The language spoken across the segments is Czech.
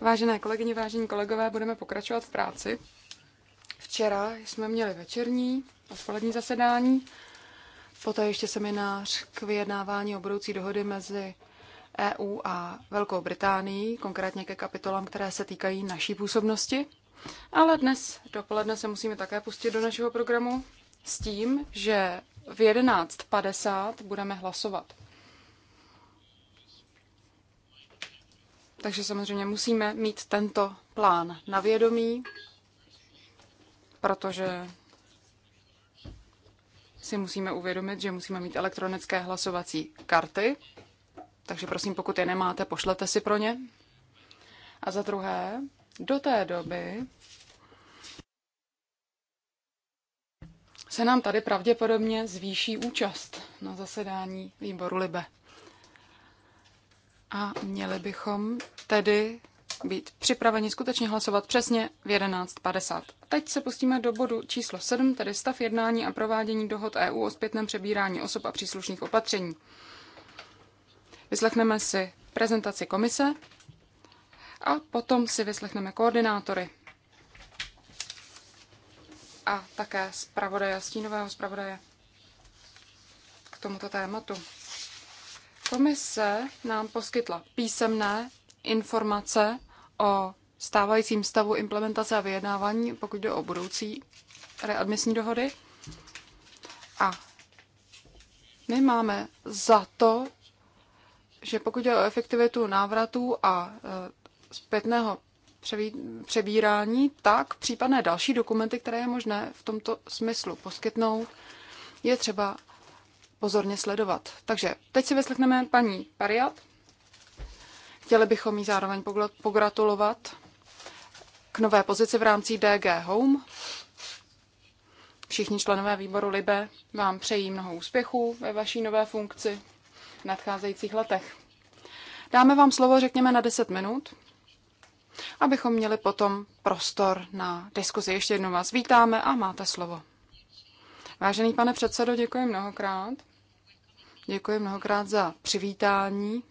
Vážené kolegyně, vážení kolegové, budeme pokračovat v práci. Včera jsme měli večerní odpolední zasedání, poté ještě seminář k vyjednávání o budoucí dohody mezi EU a Velkou Británií, konkrétně ke kapitolám, které se týkají naší působnosti. Ale dnes dopoledne se musíme také pustit do našeho programu s tím, že v 11.50 budeme hlasovat. Takže samozřejmě musíme mít tento plán na vědomí, protože si musíme uvědomit, že musíme mít elektronické hlasovací karty. Takže prosím, pokud je nemáte, pošlete si pro ně. A za druhé, do té doby se nám tady pravděpodobně zvýší účast na zasedání výboru Libe. A měli bychom tedy být připraveni skutečně hlasovat přesně v 11.50. Teď se pustíme do bodu číslo 7, tedy stav jednání a provádění dohod EU o zpětném přebírání osob a příslušných opatření. Vyslechneme si prezentaci komise a potom si vyslechneme koordinátory a také zpravodaje, stínového zpravodaje k tomuto tématu. Komise nám poskytla písemné informace o stávajícím stavu implementace a vyjednávání, pokud jde o budoucí readmisní dohody. A my máme za to, že pokud jde o efektivitu návratů a e, zpětného přebírání, tak případné další dokumenty, které je možné v tomto smyslu poskytnout, je třeba pozorně sledovat. Takže teď si vyslechneme paní Pariat. Chtěli bychom jí zároveň pogratulovat k nové pozici v rámci DG Home. Všichni členové výboru Libe vám přejí mnoho úspěchů ve vaší nové funkci v nadcházejících letech. Dáme vám slovo, řekněme, na 10 minut abychom měli potom prostor na diskuzi. Ještě jednou vás vítáme a máte slovo. Vážený pane předsedo, děkuji mnohokrát. Děkuji mnohokrát za přivítání.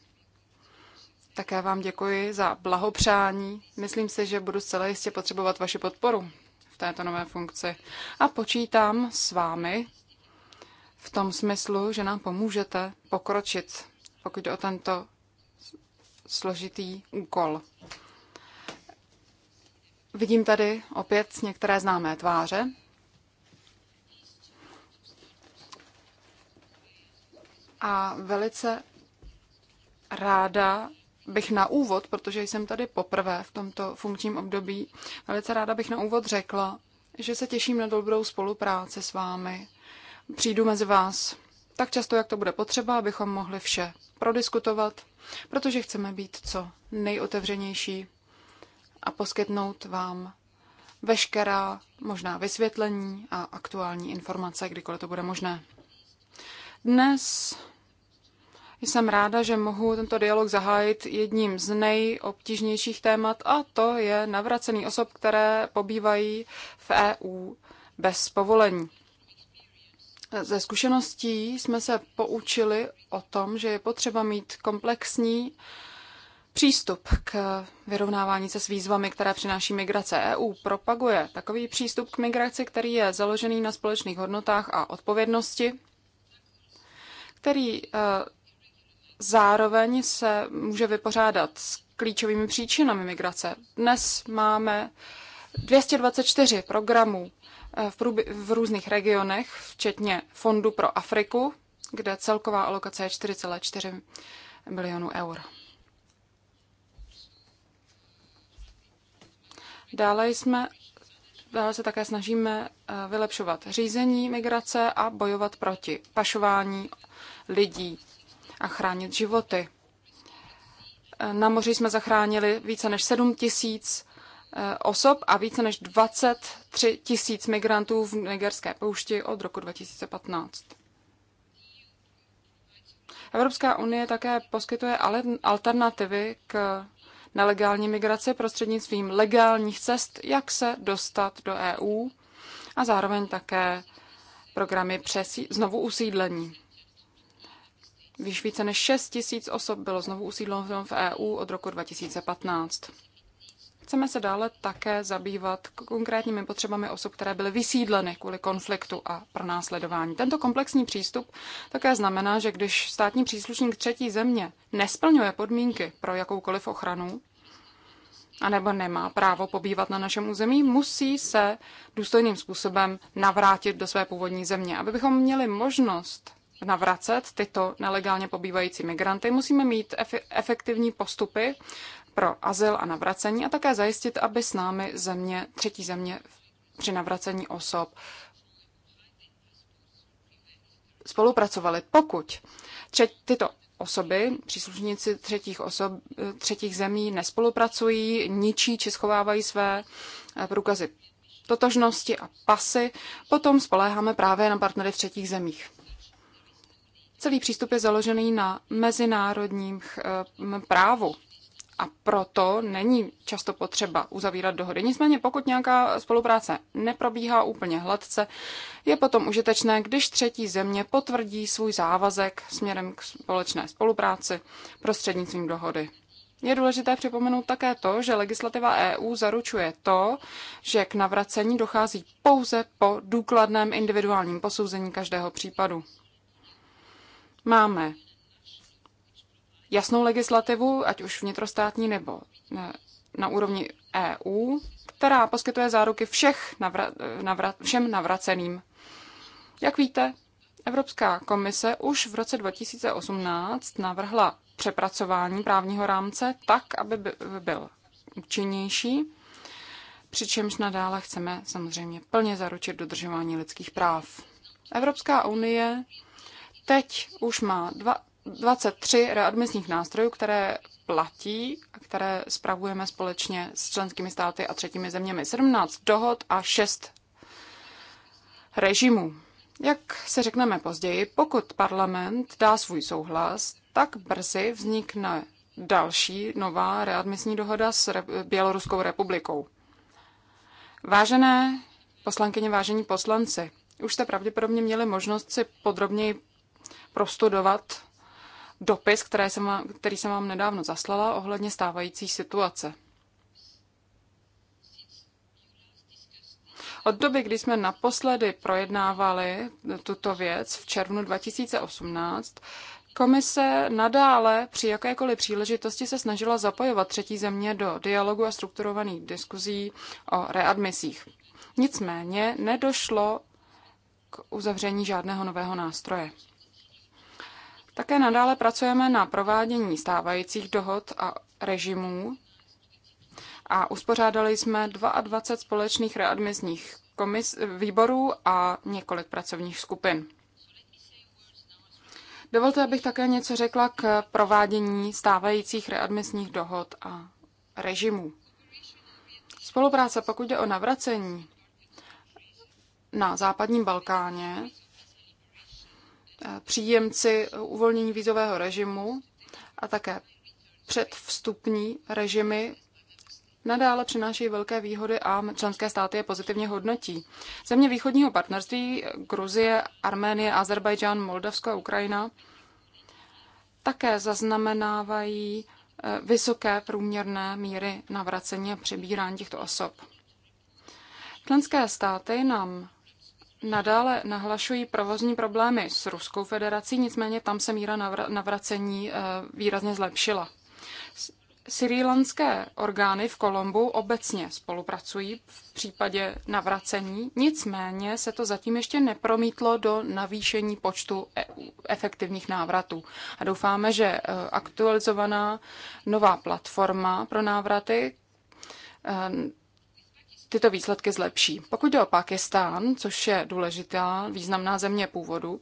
Také vám děkuji za blahopřání. Myslím si, že budu zcela jistě potřebovat vaši podporu v této nové funkci. A počítám s vámi v tom smyslu, že nám pomůžete pokročit, pokud o tento složitý úkol. Vidím tady opět některé známé tváře. A velice ráda bych na úvod, protože jsem tady poprvé v tomto funkčním období, velice ráda bych na úvod řekla, že se těším na dobrou spolupráci s vámi. Přijdu mezi vás tak často, jak to bude potřeba, abychom mohli vše prodiskutovat, protože chceme být co nejotevřenější a poskytnout vám veškerá možná vysvětlení a aktuální informace, kdykoliv to bude možné. Dnes jsem ráda, že mohu tento dialog zahájit jedním z nejobtížnějších témat a to je navracený osob, které pobývají v EU bez povolení. Ze zkušeností jsme se poučili o tom, že je potřeba mít komplexní přístup k vyrovnávání se s výzvami, které přináší migrace. EU propaguje takový přístup k migraci, který je založený na společných hodnotách a odpovědnosti, který eh, zároveň se může vypořádat s klíčovými příčinami migrace. Dnes máme 224 programů eh, v, v různých regionech, včetně Fondu pro Afriku, kde celková alokace je 4,4 milionů eur. Dále jsme Dále se také snažíme eh, vylepšovat řízení migrace a bojovat proti pašování lidí a chránit životy. Eh, na moři jsme zachránili více než 7 tisíc eh, osob a více než 23 tisíc migrantů v nigerské poušti od roku 2015. Evropská unie také poskytuje alternativy k nelegální migraci prostřednictvím legálních cest, jak se dostat do EU a zároveň také programy přesí, znovu usídlení. Víš, více než 6 tisíc osob bylo znovu usídleno v EU od roku 2015. Chceme se dále také zabývat konkrétními potřebami osob, které byly vysídleny kvůli konfliktu a pronásledování. Tento komplexní přístup také znamená, že když státní příslušník třetí země nesplňuje podmínky pro jakoukoliv ochranu, anebo nemá právo pobývat na našem území, musí se důstojným způsobem navrátit do své původní země. Abychom měli možnost navracet tyto nelegálně pobývající migranty, musíme mít efektivní postupy pro azyl a navracení a také zajistit, aby s námi země, třetí země při navracení osob spolupracovali. Pokud třetí, tyto osoby, příslušníci třetích, osob, třetích zemí nespolupracují, ničí či schovávají své eh, průkazy totožnosti a pasy, potom spoléháme právě na partnery v třetích zemích. Celý přístup je založený na mezinárodním eh, právu a proto není často potřeba uzavírat dohody. Nicméně pokud nějaká spolupráce neprobíhá úplně hladce, je potom užitečné, když třetí země potvrdí svůj závazek směrem k společné spolupráci prostřednictvím dohody. Je důležité připomenout také to, že legislativa EU zaručuje to, že k navracení dochází pouze po důkladném individuálním posouzení každého případu. Máme jasnou legislativu, ať už vnitrostátní nebo eh, na úrovni EU, která poskytuje záruky všech navra- navra- všem navraceným. Jak víte, Evropská komise už v roce 2018 navrhla přepracování právního rámce tak, aby byl účinnější, přičemž nadále chceme samozřejmě plně zaručit dodržování lidských práv. Evropská unie teď už má dva, 23 readmisních nástrojů, které platí a které spravujeme společně s členskými státy a třetími zeměmi. 17 dohod a 6 režimů. Jak se řekneme později, pokud parlament dá svůj souhlas, tak brzy vznikne další nová readmisní dohoda s Běloruskou republikou. Vážené poslankyně, vážení poslanci, už jste pravděpodobně měli možnost si podrobněji prostudovat dopis, které jsem který jsem vám nedávno zaslala ohledně stávající situace. Od doby, kdy jsme naposledy projednávali tuto věc v červnu 2018, Komise nadále při jakékoliv příležitosti se snažila zapojovat třetí země do dialogu a strukturovaných diskuzí o readmisích. Nicméně nedošlo k uzavření žádného nového nástroje. Také nadále pracujeme na provádění stávajících dohod a režimů a uspořádali jsme 22 společných readmisních komis, výborů a několik pracovních skupin. Dovolte, abych také něco řekla k provádění stávajících readmisních dohod a režimů. Spolupráce, pokud jde o navracení na západním Balkáně, Eh, příjemci uvolnění vízového režimu a také předvstupní režimy nadále přinášejí velké výhody a členské státy je pozitivně hodnotí. Země východního partnerství, Gruzie, Arménie, Azerbajdžán, Moldavsko a Ukrajina, také zaznamenávají eh, vysoké průměrné míry navracení a přebírání těchto osob. Členské státy nám nadále nahlašují provozní problémy s Ruskou federací, nicméně tam se míra navracení eh, výrazně zlepšila. Syrílanské orgány v Kolombu obecně spolupracují v případě navracení, nicméně se to zatím ještě nepromítlo do navýšení počtu e-, efektivních návratů. A doufáme, že eh, aktualizovaná nová platforma pro návraty eh, tyto výsledky zlepší. Pokud jde o Pakistán, což je důležitá, významná země původu,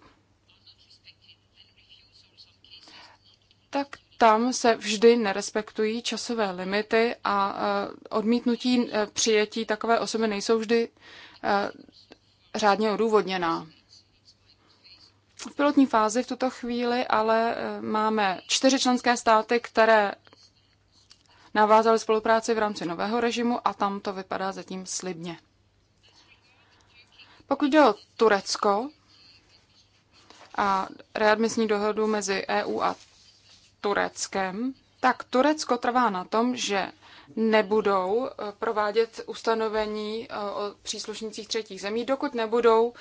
tak tam se vždy nerespektují časové limity a e, odmítnutí e, přijetí takové osoby nejsou vždy e, řádně odůvodněná. V pilotní fázi v tuto chvíli ale máme čtyři členské státy, které navázali spolupráci v rámci nového režimu a tam to vypadá zatím slibně. Pokud jde o Turecko a readmisní dohodu mezi EU a Tureckem, tak Turecko trvá na tom, že nebudou eh, provádět ustanovení eh, o příslušnících třetích zemí, dokud nebudou,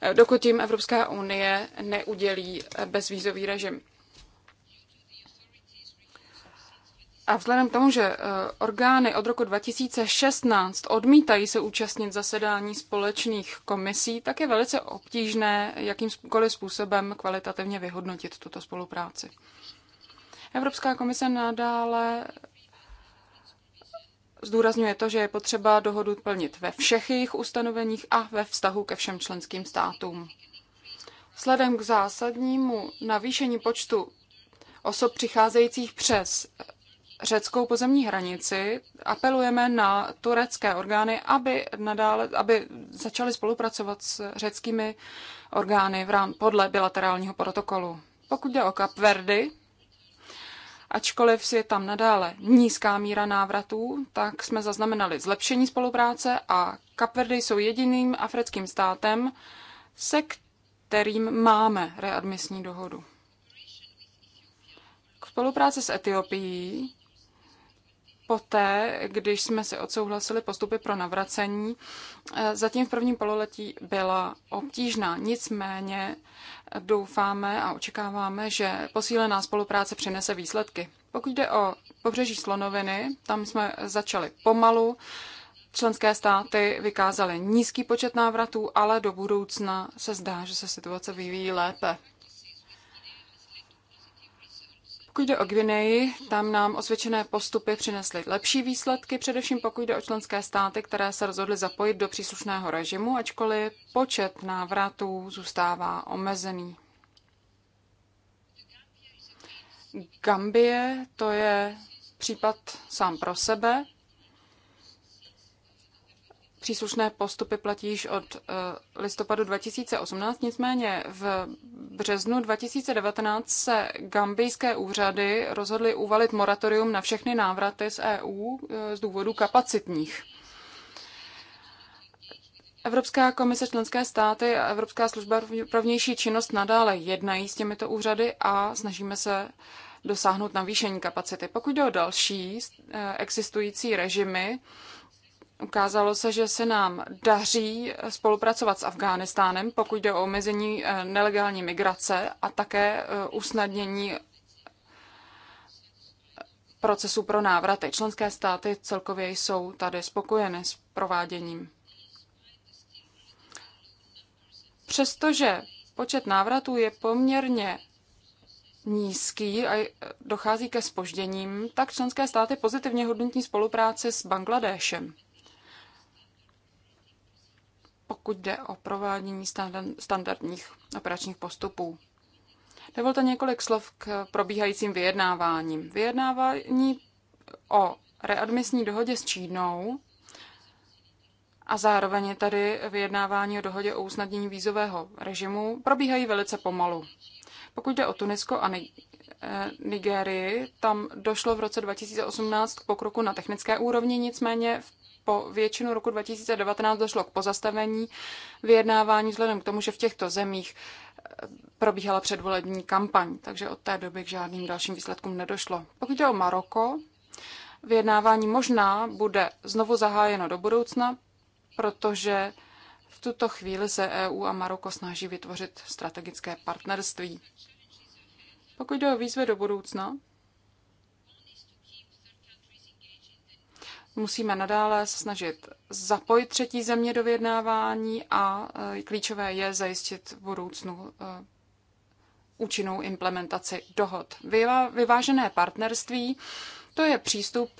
eh, dokud jim Evropská unie neudělí bezvízový režim. A vzhledem k tomu, že eh, orgány od roku 2016 odmítají se účastnit zasedání společných komisí, tak je velice obtížné jakýmkoliv způsobem kvalitativně vyhodnotit tuto spolupráci. Evropská komise nadále zdůrazňuje to, že je potřeba dohodu plnit ve všech jejich ustanoveních a ve vztahu ke všem členským státům. Vzhledem k zásadnímu navýšení počtu osob přicházejících přes řeckou pozemní hranici, apelujeme na turecké orgány, aby, nadále, aby začaly spolupracovat s řeckými orgány v rám, podle bilaterálního protokolu. Pokud jde o Kapverdy, ačkoliv je tam nadále nízká míra návratů, tak jsme zaznamenali zlepšení spolupráce a Kapverdy jsou jediným africkým státem, se kterým máme readmisní dohodu K spolupráci s Etiopií poté, když jsme si odsouhlasili postupy pro navracení, eh, zatím v prvním pololetí byla obtížná. Nicméně doufáme a očekáváme, že posílená spolupráce přinese výsledky. Pokud jde o pobřeží Slonoviny, tam jsme začali pomalu. Členské státy vykázaly nízký počet návratů, ale do budoucna se zdá, že se situace vyvíjí lépe. Pokud jde o Gvineji, tam nám osvědčené postupy přinesly lepší výsledky, především pokud jde o členské státy, které se rozhodly zapojit do příslušného režimu, ačkoliv počet návratů zůstává omezený. Gambie to je případ sám pro sebe. Příslušné postupy platí již od eh, listopadu 2018, nicméně v březnu 2019 se gambijské úřady rozhodly uvalit moratorium na všechny návraty z EU eh, z důvodu kapacitních. Evropská komise členské státy a Evropská služba pro vnější činnost nadále jednají s těmito úřady a snažíme se dosáhnout navýšení kapacity. Pokud jde o další eh, existující režimy, Ukázalo se, že se nám daří spolupracovat s Afghánistánem, pokud jde o omezení eh, nelegální migrace a také eh, usnadnění eh, procesu pro návraty. Členské státy celkově jsou tady spokojeny s prováděním. Přestože počet návratů je poměrně nízký a dochází ke spožděním, tak členské státy pozitivně hodnotí spolupráci s Bangladéšem pokud jde o provádění standardních operačních postupů. Dovolte několik slov k probíhajícím vyjednáváním. Vyjednávání o readmisní dohodě s Čínou a zároveň je tady vyjednávání o dohodě o usnadnění vízového režimu probíhají velice pomalu. Pokud jde o Tunisko a eh, Nigérii, tam došlo v roce 2018 k pokroku na technické úrovni, nicméně v po většinu roku 2019 došlo k pozastavení vyjednávání vzhledem k tomu, že v těchto zemích eh, probíhala předvolební kampaň, takže od té doby k žádným dalším výsledkům nedošlo. Pokud jde o Maroko, vyjednávání možná bude znovu zahájeno do budoucna, protože v tuto chvíli se EU a Maroko snaží vytvořit strategické partnerství. Pokud jde o výzvy do budoucna, Musíme nadále se snažit zapojit třetí země do vyjednávání a eh, klíčové je zajistit v budoucnu eh, účinnou implementaci dohod. Vyvážené partnerství to je přístup,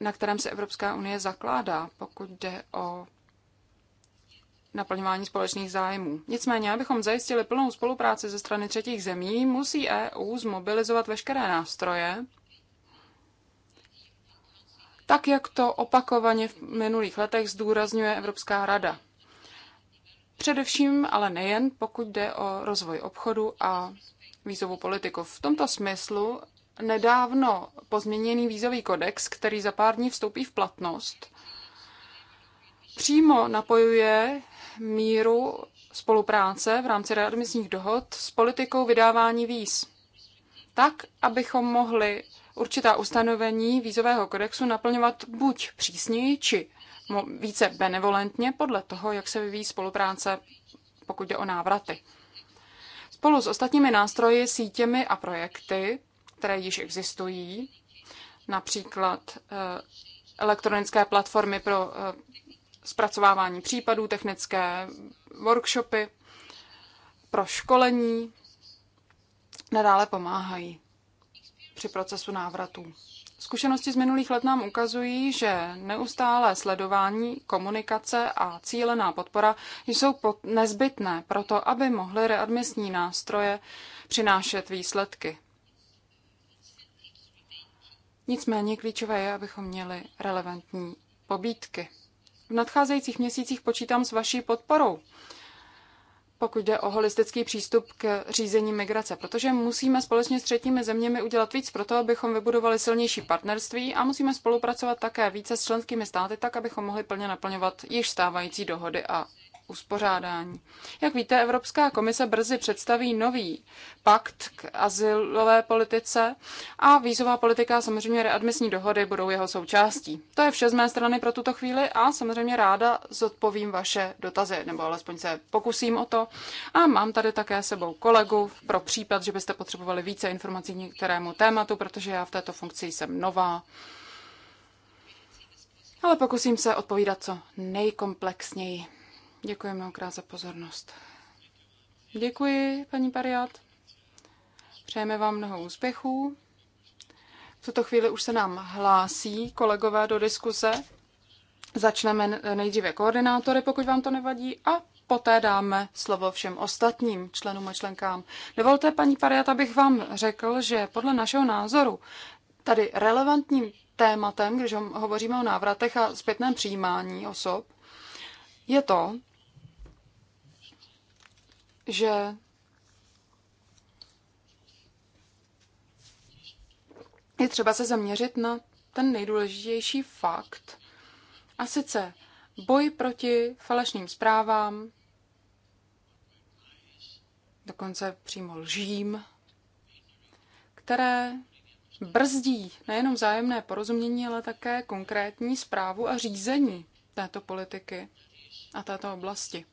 na kterém se Evropská unie zakládá, pokud jde o naplňování společných zájmů. Nicméně, abychom zajistili plnou spolupráci ze strany třetích zemí, musí EU zmobilizovat veškeré nástroje, tak jak to opakovaně v minulých letech zdůrazňuje Evropská rada. Především, ale nejen, pokud jde o rozvoj obchodu a vízovou politiku. V tomto smyslu nedávno pozměněný vízový kodex, který za pár dní vstoupí v platnost, přímo napojuje míru spolupráce v rámci readmisních dohod s politikou vydávání víz. Tak, abychom mohli určitá ustanovení vízového kodexu naplňovat buď přísněji, či více benevolentně podle toho, jak se vyvíjí spolupráce, pokud jde o návraty. Spolu s ostatními nástroji, sítěmi a projekty, které již existují, například eh, elektronické platformy pro eh, zpracovávání případů, technické workshopy pro školení, nadále pomáhají při procesu návratu. Zkušenosti z minulých let nám ukazují, že neustálé sledování, komunikace a cílená podpora jsou nezbytné pro to, aby mohly readmisní nástroje přinášet výsledky. Nicméně klíčové je, abychom měli relevantní pobídky. V nadcházejících měsících počítám s vaší podporou pokud jde o holistický přístup k řízení migrace, protože musíme společně s třetími zeměmi udělat víc pro to, abychom vybudovali silnější partnerství a musíme spolupracovat také více s členskými státy, tak abychom mohli plně naplňovat již stávající dohody a uspořádání. Jak víte, Evropská komise brzy představí nový pakt k asilové politice a vízová politika a samozřejmě readmisní dohody budou jeho součástí. To je vše z mé strany pro tuto chvíli a samozřejmě ráda zodpovím vaše dotazy, nebo alespoň se pokusím o to. A mám tady také sebou kolegu pro případ, že byste potřebovali více informací k některému tématu, protože já v této funkci jsem nová. Ale pokusím se odpovídat co nejkomplexněji. Děkuji mnohokrát za pozornost. Děkuji, paní Pariat. Přejeme vám mnoho úspěchů. V tuto chvíli už se nám hlásí kolegové do diskuze. Začneme nejdříve koordinátory, pokud vám to nevadí, a poté dáme slovo všem ostatním členům a členkám. Dovolte, paní Pariat, abych vám řekl, že podle našeho názoru tady relevantním tématem, když hovoříme o návratech a zpětném přijímání osob, je to, že je třeba se zaměřit na ten nejdůležitější fakt, a sice boj proti falešným zprávám, dokonce přímo lžím, které brzdí nejenom zájemné porozumění, ale také konkrétní zprávu a řízení této politiky a této oblasti.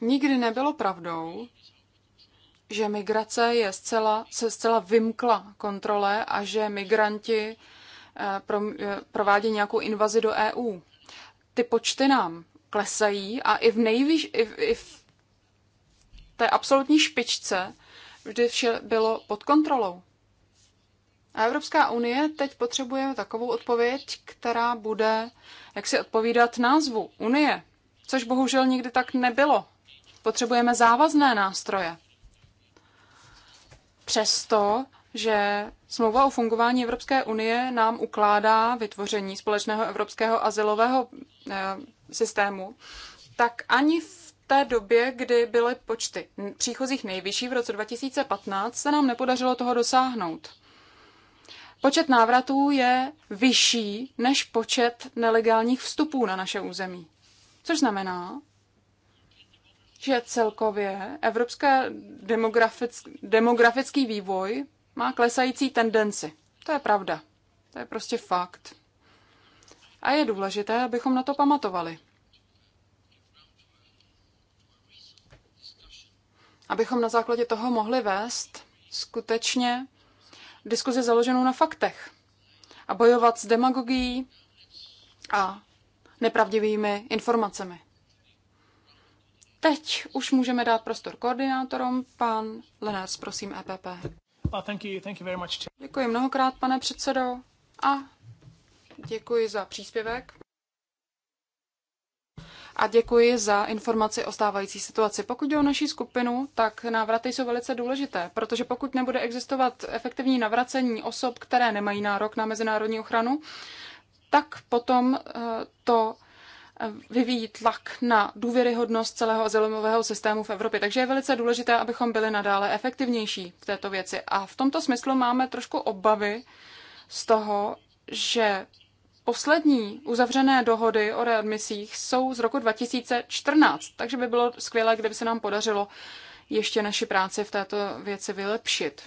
Nikdy nebylo pravdou, že migrace je zcela, se zcela vymkla kontrole a že migranti eh, eh, provádí nějakou invazi do EU. Ty počty nám klesají a i v, nejvíš, i v, i v té absolutní špičce vždy vše bylo pod kontrolou. A Evropská unie teď potřebuje takovou odpověď, která bude, jak si odpovídat názvu Unie, což bohužel nikdy tak nebylo. Potřebujeme závazné nástroje. Přesto, že smlouva o fungování Evropské unie nám ukládá vytvoření společného evropského e, systému, tak ani v té době, kdy byly počty příchozích nejvyšší v roce 2015, se nám nepodařilo toho dosáhnout. Počet návratů je vyšší než počet nelegálních vstupů na naše území. Což znamená, že celkově evropský demografický, demografický vývoj má klesající tendenci. To je pravda. To je prostě fakt. A je důležité, abychom na to pamatovali. Abychom na základě toho mohli vést skutečně diskuzi založenou na faktech a bojovat s demagogií a nepravdivými informacemi. Teď už můžeme dát prostor koordinátorům. Pan Lenars, prosím, EPP. Děkuji mnohokrát, pane předsedo, a děkuji za příspěvek a děkuji za informaci o stávající situaci. Pokud jde o naší skupinu, tak návraty jsou velice důležité, protože pokud nebude existovat efektivní navracení osob, které nemají nárok na mezinárodní ochranu, tak potom eh, to eh, vyvíjí tlak na důvěryhodnost celého azylového systému v Evropě. Takže je velice důležité, abychom byli nadále efektivnější v této věci. A v tomto smyslu máme trošku obavy z toho, že poslední uzavřené dohody o readmisích jsou z roku 2014, takže by bylo skvělé, kdyby se nám podařilo ještě naši práci v této věci vylepšit.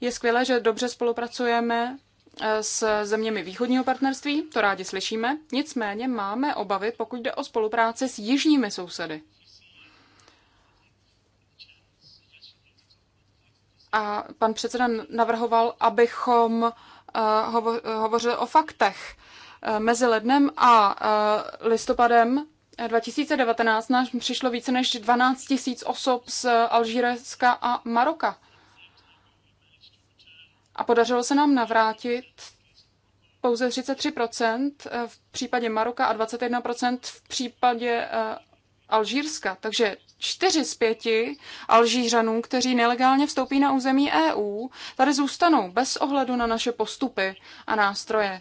Je skvělé, že dobře spolupracujeme eh, s zeměmi východního partnerství, to rádi slyšíme, nicméně máme obavy, pokud jde o spolupráci s jižními sousedy. A pan předseda navrhoval, abychom eh, hovořili o faktech. Eh, mezi lednem a eh, listopadem 2019 eh, nám přišlo více než 12 tisíc osob z Alžírska a Maroka. A podařilo se nám navrátit pouze 33% v případě Maroka a 21% v případě Alžírska. Takže čtyři z pěti Alžířanů, kteří nelegálně vstoupí na území EU, tady zůstanou bez ohledu na naše postupy a nástroje.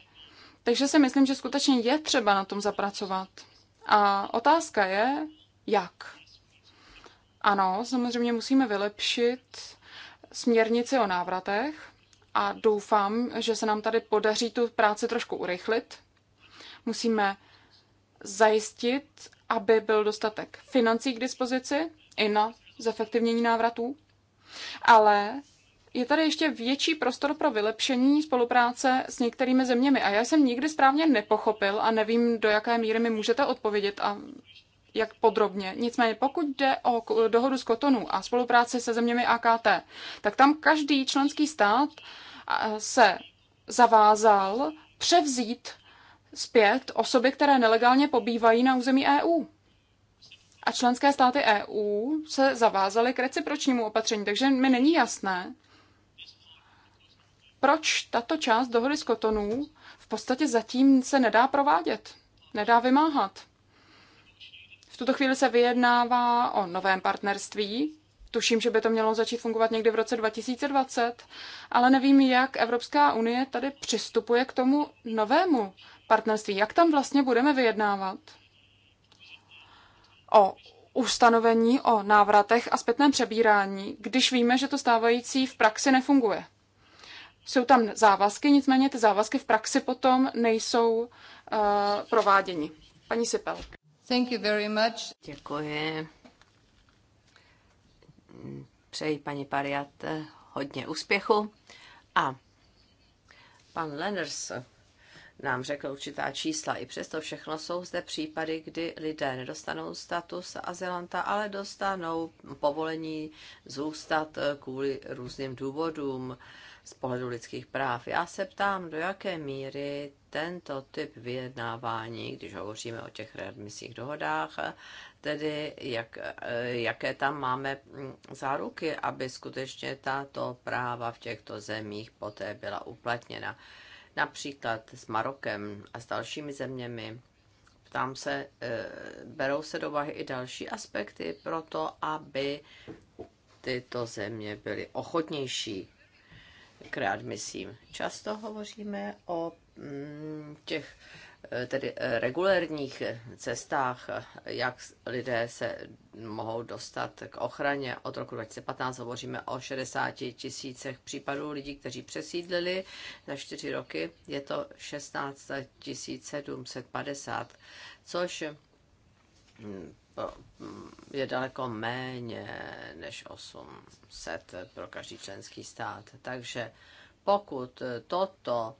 Takže si myslím, že skutečně je třeba na tom zapracovat. A otázka je, jak. Ano, samozřejmě musíme vylepšit směrnici o návratech a doufám, že se nám tady podaří tu práci trošku urychlit. Musíme zajistit, aby byl dostatek financí k dispozici i na zefektivnění návratů, ale je tady ještě větší prostor pro vylepšení spolupráce s některými zeměmi. A já jsem nikdy správně nepochopil a nevím, do jaké míry mi můžete odpovědět a jak podrobně. Nicméně, pokud jde o dohodu z Kotonu a spolupráci se zeměmi AKT, tak tam každý členský stát se zavázal převzít zpět osoby, které nelegálně pobývají na území EU. A členské státy EU se zavázaly k recipročnímu opatření, takže mi není jasné, proč tato část dohody z kotonů v podstatě zatím se nedá provádět, nedá vymáhat. V tuto chvíli se vyjednává o novém partnerství. Tuším, že by to mělo začít fungovat někdy v roce 2020, ale nevím, jak Evropská unie tady přistupuje k tomu novému partnerství. Jak tam vlastně budeme vyjednávat? O ustanovení o návratech a zpětném přebírání, když víme, že to stávající v praxi nefunguje. Jsou tam závazky, nicméně ty závazky v praxi potom nejsou uh, eh, prováděni. Paní Sipel. Thank you very much. Děkuji. Přeji paní Pariat hodně úspěchu. A pan Lenners nám řekl určitá čísla. I přesto všechno jsou zde případy, kdy lidé nedostanou status azylanta, ale dostanou povolení zůstat eh, kvůli různým důvodům z pohledu lidských práv. Já se ptám, do jaké míry tento typ vyjednávání, když hovoříme o těch readmisích dohodách, tedy jak, eh, jaké tam máme mm, záruky, aby skutečně tato práva v těchto zemích poté byla uplatněna například s Marokem a s dalšími zeměmi. Tam se, eh, berou se do vahy i další aspekty pro to, aby tyto země byly ochotnější k readmisím. Často hovoříme o mm, těch Eh, tedy eh, regulérních cestách, eh, jak lidé se mohou dostat k ochraně. Od roku 2015 hovoříme o 60 tisícech případů lidí, kteří přesídlili za 4 roky. Je to 16 750, což hm, hm, je daleko méně než 800 pro každý členský stát. Takže pokud toto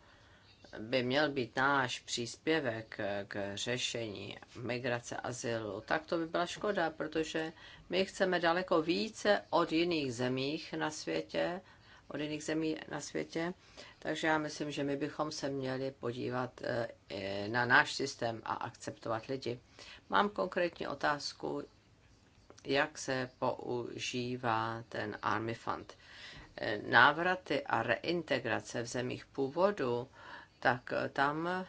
by měl být náš příspěvek k řešení migrace azylu, tak to by byla škoda, protože my chceme daleko více od jiných zemích na světě, od jiných zemí na světě, takže já myslím, že my bychom se měli podívat eh, na náš systém a akceptovat lidi. Mám konkrétní otázku, jak se používá ten Army Fund. Eh, návraty a reintegrace v zemích původu tak eh, tam eh,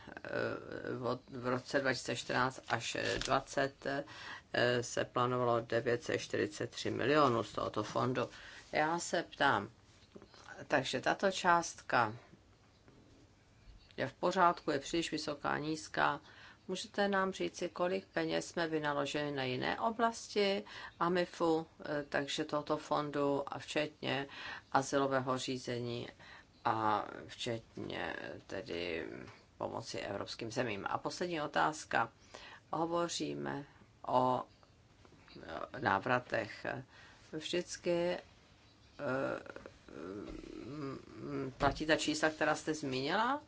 v roce 2014 až 2020 eh, se plánovalo 943 milionů z tohoto fondu. Já se ptám, takže tato částka je v pořádku, je příliš vysoká, nízká. Můžete nám říci, kolik peněz jsme vynaložili na jiné oblasti AMIFu, takže tohoto fondu a včetně asilového řízení a včetně tedy pomoci evropským zemím. A poslední otázka. Hovoříme o návratech. Vždycky e, platí ta čísla, která jste zmínila?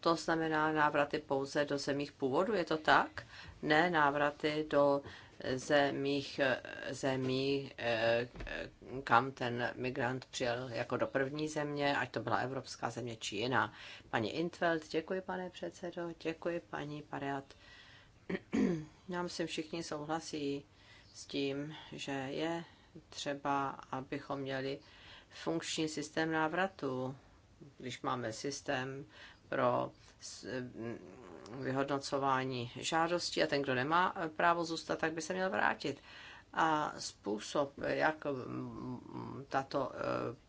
To znamená návraty pouze do zemích původu, je to tak? Ne návraty do zemích, zemí, eh, kam ten migrant přijel jako do první země, ať to byla evropská země či jiná. Paní Intveld, děkuji pane předsedo, děkuji paní Pariat. Já myslím, všichni souhlasí s tím, že je třeba, abychom měli funkční systém návratu, když máme systém pro vyhodnocování žádosti a ten, kdo nemá právo zůstat, tak by se měl vrátit. A způsob, jak mm, tato e,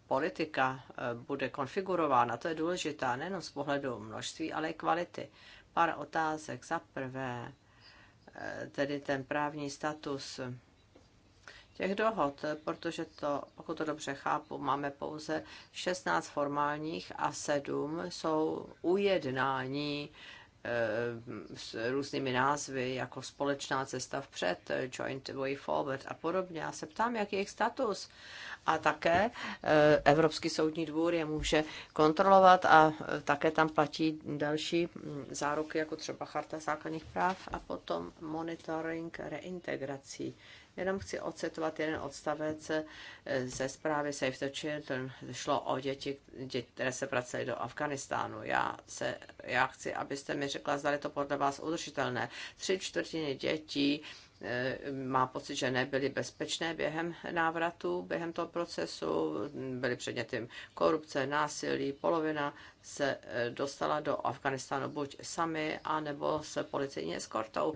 politika e, bude konfigurována, to je důležitá nejen z pohledu množství, ale i kvality. Pár otázek. Za prvé, e, tedy ten právní status těch dohod, protože to, pokud to dobře chápu, máme pouze 16 formálních a 7 jsou ujednání Eh, s různými názvy, jako společná cesta vpřed, joint way forward a podobně. Já se ptám, jaký je jejich status. A také eh, Evropský soudní dvůr je může kontrolovat a eh, také tam platí další hm, záruky, jako třeba Charta základních práv a potom monitoring reintegrací Jenom chci ocitovat jeden odstavec eh, ze zprávy Save the Children. Šlo o děti, děti které se vracely do Afganistánu. Já, se, já chci, abyste mi řekla, zda je to podle vás udržitelné. Tři čtvrtiny dětí eh, má pocit, že nebyly bezpečné během návratu, během toho procesu, byly předmětem korupce, násilí, polovina se eh, dostala do Afganistánu buď sami, anebo se policejní eskortou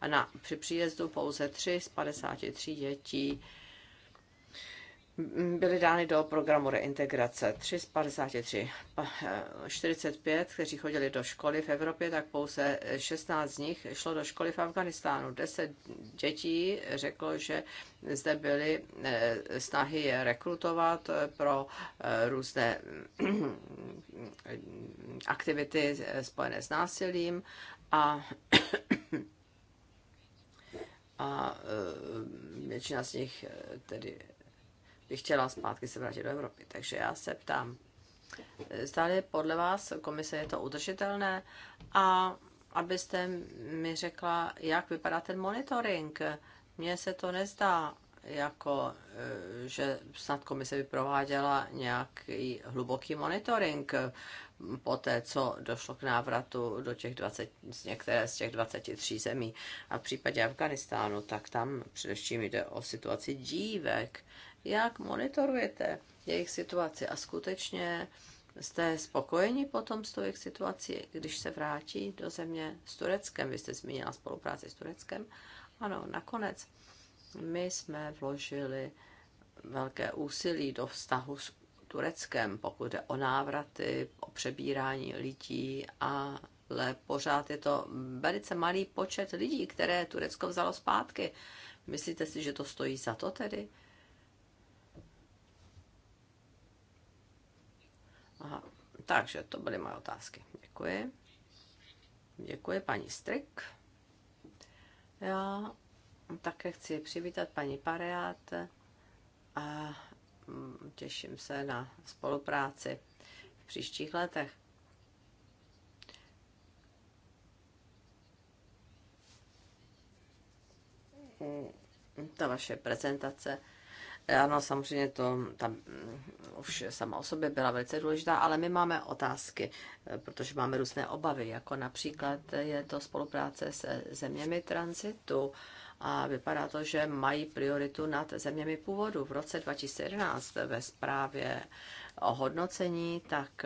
a na, při příjezdu pouze 3 z 53 dětí byly dány do programu reintegrace 3 z 53. 45, eh, kteří chodili do školy v Evropě, tak pouze 16 z nich šlo do školy v Afganistánu. 10 dětí řeklo, že zde byly eh, snahy je rekrutovat eh, pro různé aktivity spojené s násilím a a e, většina z nich e, tedy by chtěla zpátky se vrátit do Evropy. Takže já se ptám, zdali e, podle vás komise je to udržitelné a abyste mi řekla, jak vypadá ten monitoring. Mně se to nezdá, jako že snad komise by prováděla nějaký hluboký monitoring poté, co došlo k návratu do těch 20, z některé z těch 23 zemí. A v případě Afganistánu, tak tam především jde o situaci dívek. Jak monitorujete jejich situaci a skutečně jste spokojeni potom s tou jejich situací, když se vrátí do země s Tureckem? Vy jste zmínila spolupráci s Tureckem. Ano, nakonec my jsme vložili velké úsilí do vztahu s Tureckem, pokud jde o návraty, o přebírání lidí, ale pořád je to velice malý počet lidí, které Turecko vzalo zpátky. Myslíte si, že to stojí za to tedy? Aha, takže to byly moje otázky. Děkuji. Děkuji, paní Strik. Já také chci přivítat paní Pareát a Mm, těším se na spolupráci v příštích letech. Mm, ta vaše prezentace, ano, samozřejmě to tam mm, už sama o sobě byla velice důležitá, ale my máme otázky, eh, protože máme různé obavy, jako například je to spolupráce se zeměmi transitu a vypadá to, že mají prioritu nad zeměmi původu. V roce 2011 ve zprávě o hodnocení, tak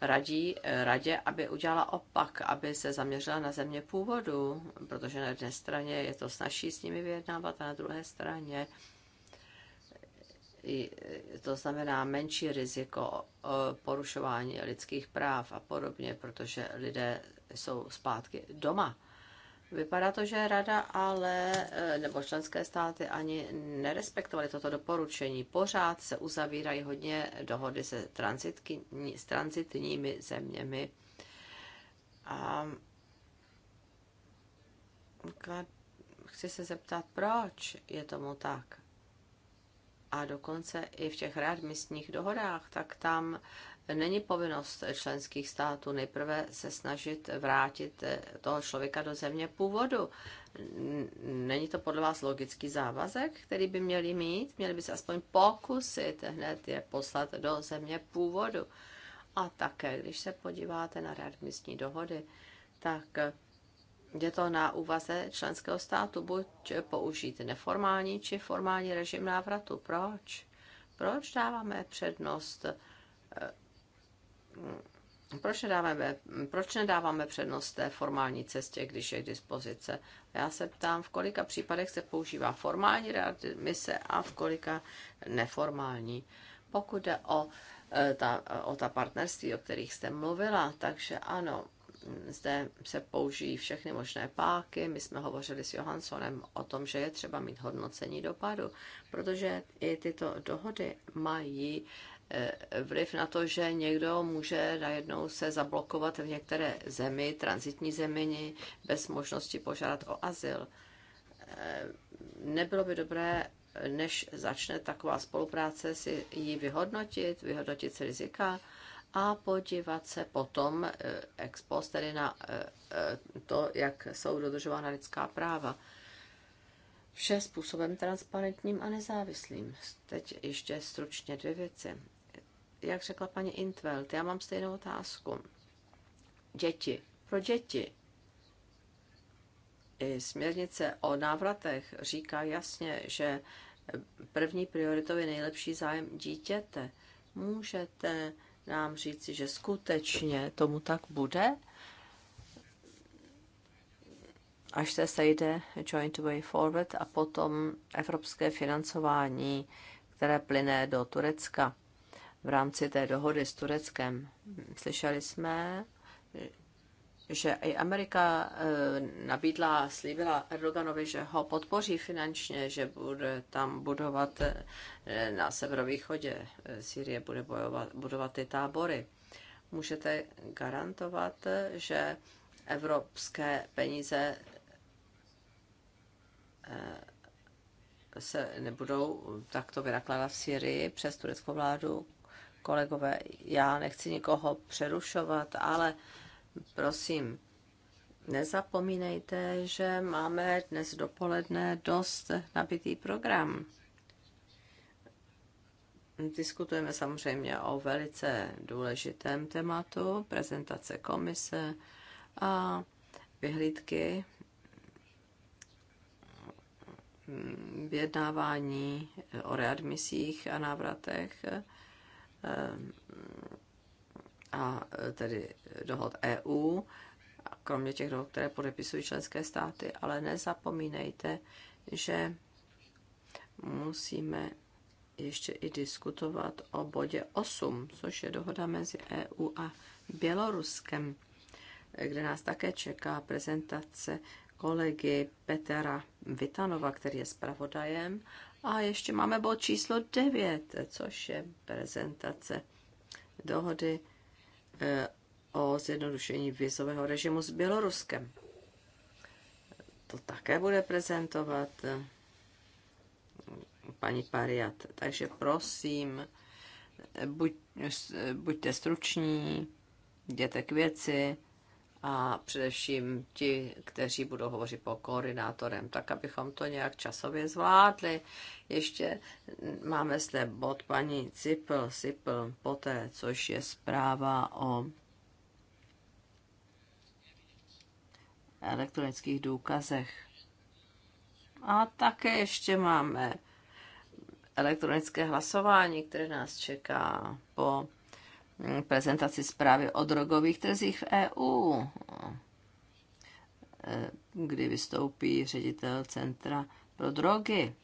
radí radě, aby udělala opak, aby se zaměřila na země původu, protože na jedné straně je to snažší s nimi vyjednávat a na druhé straně to znamená menší riziko e, porušování lidských práv a podobně, protože lidé jsou zpátky doma. Vypadá to, že rada ale, eh, nebo členské státy ani nerespektovaly toto doporučení. Pořád se uzavírají hodně dohody se transitky, s transitními zeměmi. A chci se zeptat, proč je tomu tak? A dokonce i v těch readmisních dohodách, tak tam není povinnost členských států nejprve se snažit vrátit eh, toho člověka do země původu. Není to podle vás logický závazek, který by měli mít? Měli by se aspoň pokusit hned je poslat do země původu. A také, když se podíváte na readmisní dohody, tak eh, je to na úvaze členského státu buď použít neformální či formální režim návratu. Proč? Proč dáváme přednost eh, proč nedáváme, proč nedáváme přednost té formální cestě, když je k dispozice? Já se ptám, v kolika případech se používá formální readmise a v kolika neformální. Pokud jde o eh, ta, o ta partnerství, o kterých jste mluvila, takže ano, zde se použijí všechny možné páky. My jsme hovořili s Johanssonem o tom, že je třeba mít hodnocení dopadu, protože i tyto dohody mají Eh, vliv na to, že někdo může najednou se zablokovat v některé zemi, transitní zemini, bez možnosti požádat o azyl. Eh, nebylo by dobré, než začne taková spolupráce, si ji vyhodnotit, vyhodnotit si rizika a podívat se potom eh, ex post, tedy na to, jak jsou dodržována lidská práva. Vše způsobem transparentním a nezávislým. Teď ještě stručně dvě věci jak řekla paní Intveld, já mám stejnou otázku. Děti. Pro děti. I směrnice o návratech říká jasně, že první prioritou je nejlepší zájem dítěte. Můžete nám říci, že skutečně tomu tak bude? Až se sejde Joint Way Forward a potom evropské financování, které plyne do Turecka v rámci té dohody s Tureckem. Slyšeli jsme, že i Amerika eh, nabídla, slíbila Erdoganovi, že ho podpoří finančně, že bude tam budovat eh, na severovýchodě eh, Sýrie, bude bojovat, budovat ty tábory. Můžete garantovat, že evropské peníze se nebudou takto vynakládat v Syrii přes tureckou vládu, kolegové, já nechci nikoho přerušovat, ale prosím, nezapomínejte, že máme dnes dopoledne dost nabitý program. Diskutujeme samozřejmě o velice důležitém tématu, prezentace komise a vyhlídky mm, vyjednávání o readmisích a návratech Ehm, a tedy dohod EU, kromě těch dohod, které podepisují členské státy, ale nezapomínejte, že musíme ještě i diskutovat o bodě 8, což je dohoda mezi EU a Běloruskem, kde nás také čeká prezentace kolegy Petra Vitanova, který je zpravodajem a ještě máme bod číslo 9, což je prezentace dohody eh, o zjednodušení vizového režimu s Běloruskem. To také bude prezentovat eh, paní Pariat. Takže prosím, eh, buď, buďte struční, jděte k věci, a především ti, kteří budou hovořit po koordinátorem, tak abychom to nějak časově zvládli. Ještě máme zde bod paní Cipl, Cipl poté, což je zpráva o elektronických důkazech. A také ještě máme elektronické hlasování, které nás čeká po prezentaci zprávy o drogových trzích v EU, eh, kdy vystoupí ředitel Centra pro drogy.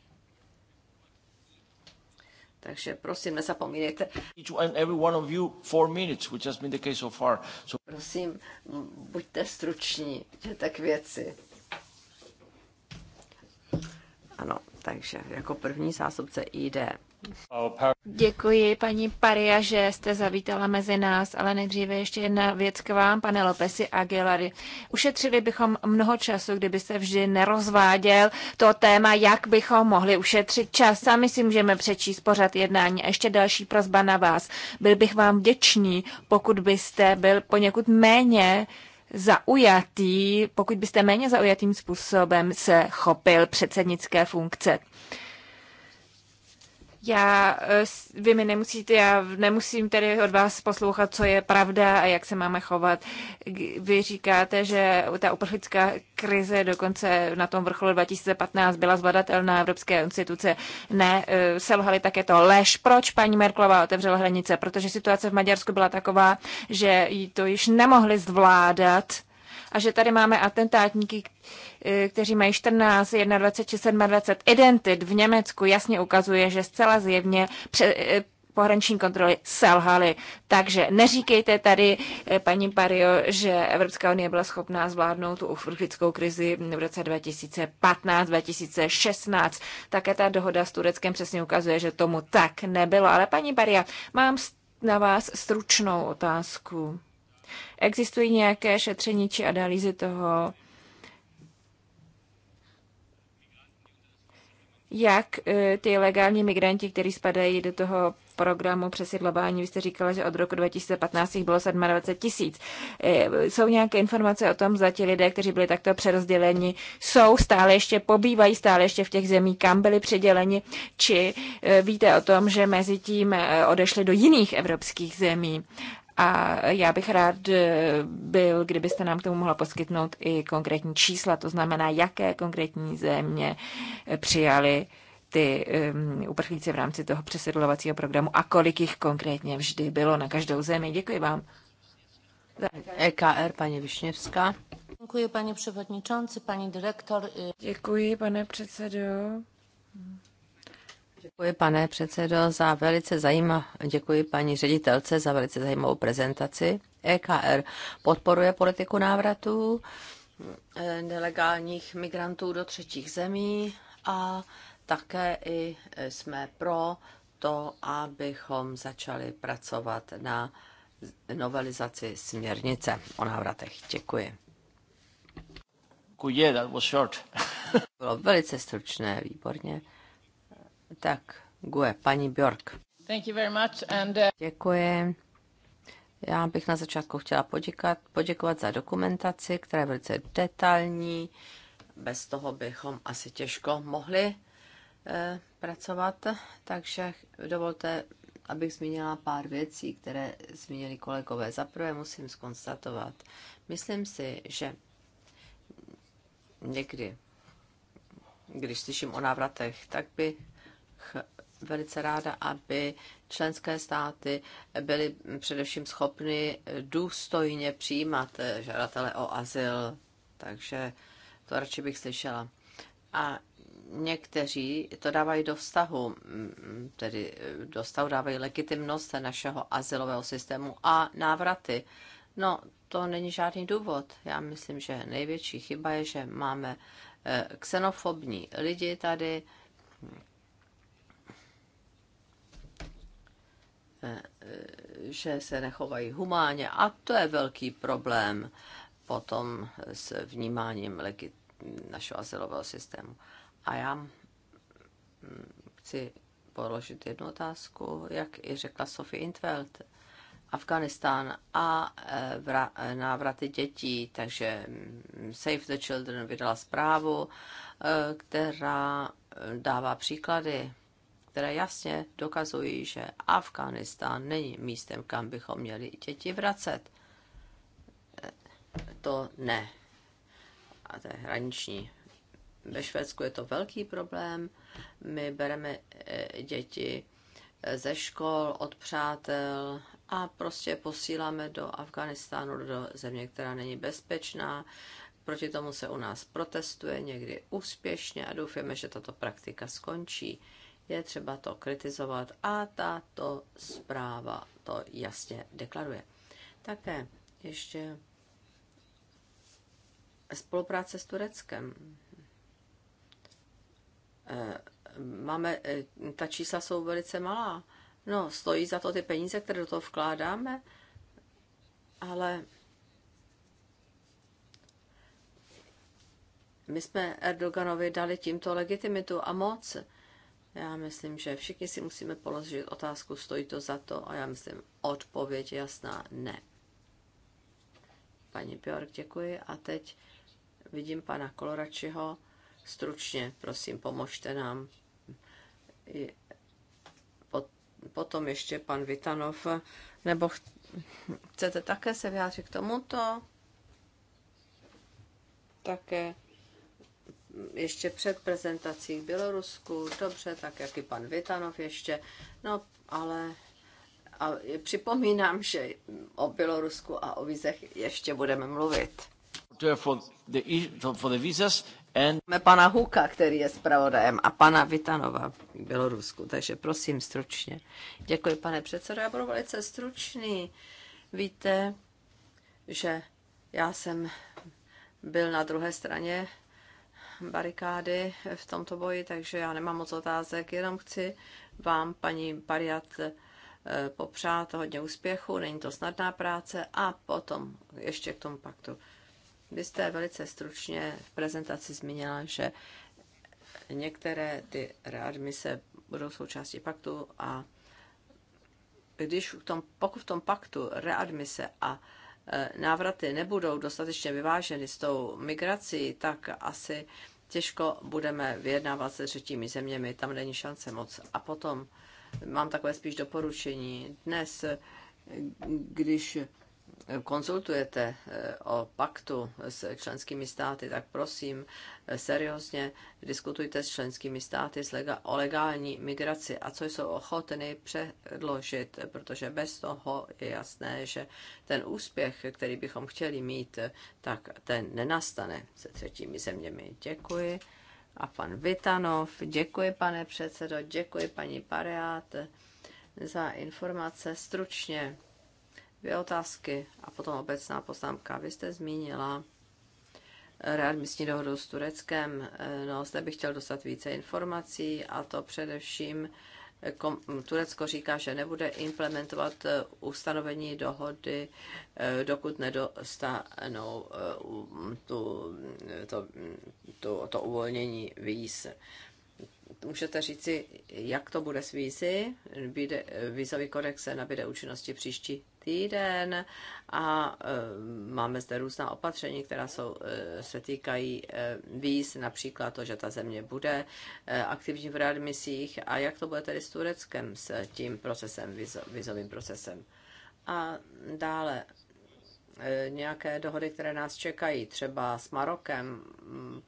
Takže prosím, nezapomínejte. Each and every one of you four minutes, which has been the case so far. So... Prosím, buďte struční, že tak věci. Ano, takže jako první zásobce jde Děkuji, paní Paria, že jste zavítala mezi nás, ale nejdříve ještě jedna věc k vám, pane Lopesi Aguilary. Ušetřili bychom mnoho času, kdyby se vždy nerozváděl to téma, jak bychom mohli ušetřit čas. Sami si můžeme přečíst pořad jednání. A ještě další prozba na vás. Byl bych vám vděčný, pokud byste byl poněkud méně zaujatý, pokud byste méně zaujatým způsobem se chopil předsednické funkce. Já, eh, vy mi nemusíte, já nemusím tedy od vás poslouchat, co je pravda a jak se máme chovat. Vy říkáte, že ta uprchlická krize dokonce na tom vrcholu 2015 byla zvladatelná Evropské instituce. Ne, eh, selhali také to lež. Proč paní Merklová otevřela hranice? Protože situace v Maďarsku byla taková, že ji to již nemohli zvládat a že tady máme atentátníky, E, kteří mají 14, 21, 27 identit v Německu, jasně ukazuje, že zcela zjevně pře- e, pohraniční kontroly selhaly. Takže neříkejte tady, e, paní Pario, že Evropská unie byla schopná zvládnout tu uprchlickou krizi v roce 2015-2016. Také ta dohoda s Tureckem přesně ukazuje, že tomu tak nebylo. Ale paní Paria, mám na vás stručnou otázku. Existují nějaké šetření či analýzy toho, jak e, ty legální migranti, kteří spadají do toho programu přesidlování, vy jste říkala, že od roku 2015 jich bylo 27 tisíc. E, jsou nějaké informace o tom, za ti lidé, kteří byli takto přerozděleni, jsou stále ještě, pobývají stále ještě v těch zemích, kam byli předěleni, či e, víte o tom, že mezi tím odešli do jiných evropských zemí. A já bych rád eh, byl, kdybyste nám k tomu mohla poskytnout i konkrétní čísla, to znamená, jaké konkrétní země eh, přijali ty um, uprchlíci v rámci toho přesedlovacího programu a kolik jich konkrétně vždy bylo na každou zemi. Děkuji vám. EKR, paní Višněvská. Děkuji, paní předsedající, paní direktor. Děkuji, pane předsedo. Děkuji, pane předsedo, za velice zajímavou, děkuji paní ředitelce za velice zajímavou prezentaci. EKR podporuje politiku návratu eh, nelegálních migrantů do třetích zemí a také i eh, jsme pro to, abychom začali pracovat na novelizaci směrnice o návratech. Děkuji. Děkuji, that was short. Bylo velice stručné, výborně. Tak, Gue, paní Bjork. Thank you very much and, uh... Děkuji. Já bych na začátku chtěla poděkat, poděkovat za dokumentaci, která je velice detailní. Bez toho bychom asi těžko mohli eh, pracovat, takže dovolte, abych zmínila pár věcí, které zmínili kolegové. Za prvé musím skonstatovat, myslím si, že někdy, když slyším o návratech, tak by velice ráda, aby členské státy byly především schopny důstojně přijímat eh, žadatele o azyl. Takže to radši bych slyšela. A někteří to dávají do vztahu, mm, tedy eh, do vztahu dávají legitimnost našeho azylového systému a návraty. No, to není žádný důvod. Já myslím, že největší chyba je, že máme eh, ksenofobní lidi tady, že se nechovají humánně a to je velký problém potom s vnímáním legit, našeho asilového systému. A já mm, chci položit jednu otázku, jak i řekla Sophie Intveld. Afganistán a e, návraty dětí, takže mm, Save the Children vydala zprávu, e, která e, dává příklady které jasně dokazují, že Afghánistán není místem, kam bychom měli děti vracet. To ne. A to je hraniční. Ve Švédsku je to velký problém. My bereme eh, děti eh, ze škol, od přátel a prostě posíláme do Afganistánu, do země, která není bezpečná. Proti tomu se u nás protestuje, někdy úspěšně a doufáme, že tato praktika skončí je třeba to kritizovat a tato zpráva to jasně deklaruje. Také ještě spolupráce s Tureckem. Eh, máme, eh, ta čísla jsou velice malá. No, stojí za to ty peníze, které do toho vkládáme, ale my jsme Erdoganovi dali tímto legitimitu a moc. Já myslím, že všichni si musíme položit otázku, stojí to za to a já myslím, odpověď jasná, ne. Paní Björk, děkuji a teď vidím pana Koloračiho. Stručně, prosím, pomožte nám. Potom ještě pan Vitanov, nebo chcete také se vyjádřit k tomuto? Také ještě před prezentací v Bělorusku, dobře, tak jak i pan Vitanov ještě, no ale a připomínám, že o Bělorusku a o vízech ještě budeme mluvit. Máme Pana Huka, který je zpravodajem, a pana Vitanova v Bělorusku, takže prosím stručně. Děkuji, pane předsedo, já budu velice stručný. Víte, že já jsem byl na druhé straně barikády v tomto boji, takže já nemám moc otázek, jenom chci vám, paní Pariat, eh, popřát hodně úspěchu, není to snadná práce a potom ještě k tomu paktu. Vy jste velice stručně v prezentaci zmínila, že některé ty readmise budou součástí paktu a když v tom, pokud v tom paktu readmise a Eh, návraty nebudou dostatečně vyváženy s tou migrací, tak asi těžko budeme vyjednávat se třetími zeměmi, tam není šance moc. A potom mám takové spíš doporučení. Dnes, když konzultujete eh, o paktu s členskými státy, tak prosím, eh, seriózně diskutujte s členskými státy o legální migraci a co jsou ochotny předložit, protože bez toho je jasné, že ten úspěch, který bychom chtěli mít, eh, tak ten nenastane se třetími zeměmi. Děkuji. A pan Vitanov, děkuji pane předsedo, děkuji paní Pareát za informace stručně Dvě otázky a potom obecná poznámka. Vy jste zmínila readmisní dohodu s Tureckem. No, zde bych chtěl dostat více informací a to především Turecko říká, že nebude implementovat eh, ustanovení dohody, eh, dokud nedostanou eh, tu, to, to, to uvolnění víz. Můžete říci, jak to bude s vízy? Vízový kodex se nabíde účinnosti příští týden a e, máme zde různá opatření, která jsou, e, se týkají e, víz, například to, že ta země bude aktivní v readmisích a jak to bude tedy s Tureckem, s tím procesem, vizovým procesem. A dále nějaké dohody, které nás čekají, třeba s Marokem, mm,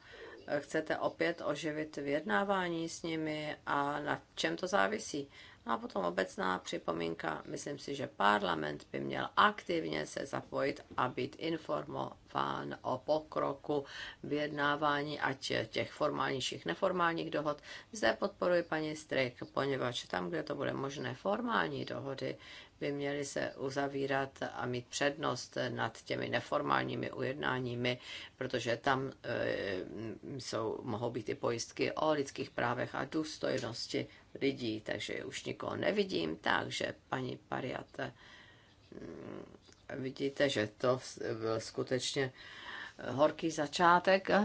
chcete opět oživit vyjednávání s nimi a na čem to závisí? No a potom obecná připomínka. Myslím si, že parlament by měl aktivně se zapojit a být informován o pokroku vyjednávání, ať těch formálnějších, neformálních dohod. Zde podporuji paní Strik, poněvadž tam, kde to bude možné, formální dohody by měly se uzavírat a mít přednost nad těmi neformálními ujednáními, protože tam eh, jsou, mohou být i pojistky o lidských právech a důstojnosti lidí, takže už nikoho nevidím, takže paní Pariate, mm, vidíte, že to byl skutečně horký začátek,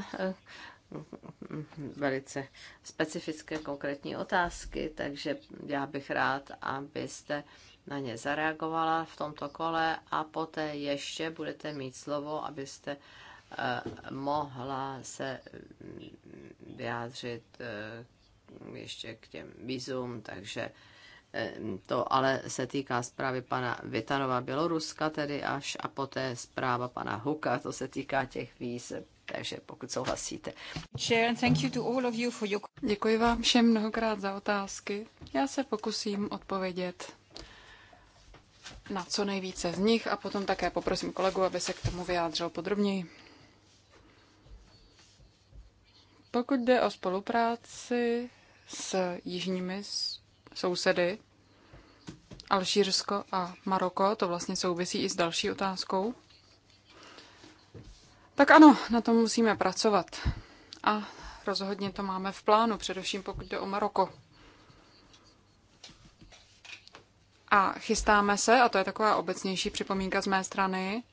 velice specifické konkrétní otázky, takže já bych rád, abyste na ně zareagovala v tomto kole a poté ještě budete mít slovo, abyste eh, mohla se mm, vyjádřit eh, ještě k těm vízům, takže eh, to ale se týká zprávy pana Vitanova Běloruska tedy až a poté zpráva pana Huka, to se týká těch víz, takže pokud souhlasíte. Děkuji vám všem mnohokrát za otázky. Já se pokusím odpovědět na co nejvíce z nich a potom také poprosím kolegu, aby se k tomu vyjádřil podrobněji. Pokud jde o spolupráci s jižními sousedy, Alžírsko a Maroko, to vlastně souvisí i s další otázkou, tak ano, na tom musíme pracovat. A rozhodně to máme v plánu, především pokud jde o Maroko. A chystáme se, a to je taková obecnější připomínka z mé strany,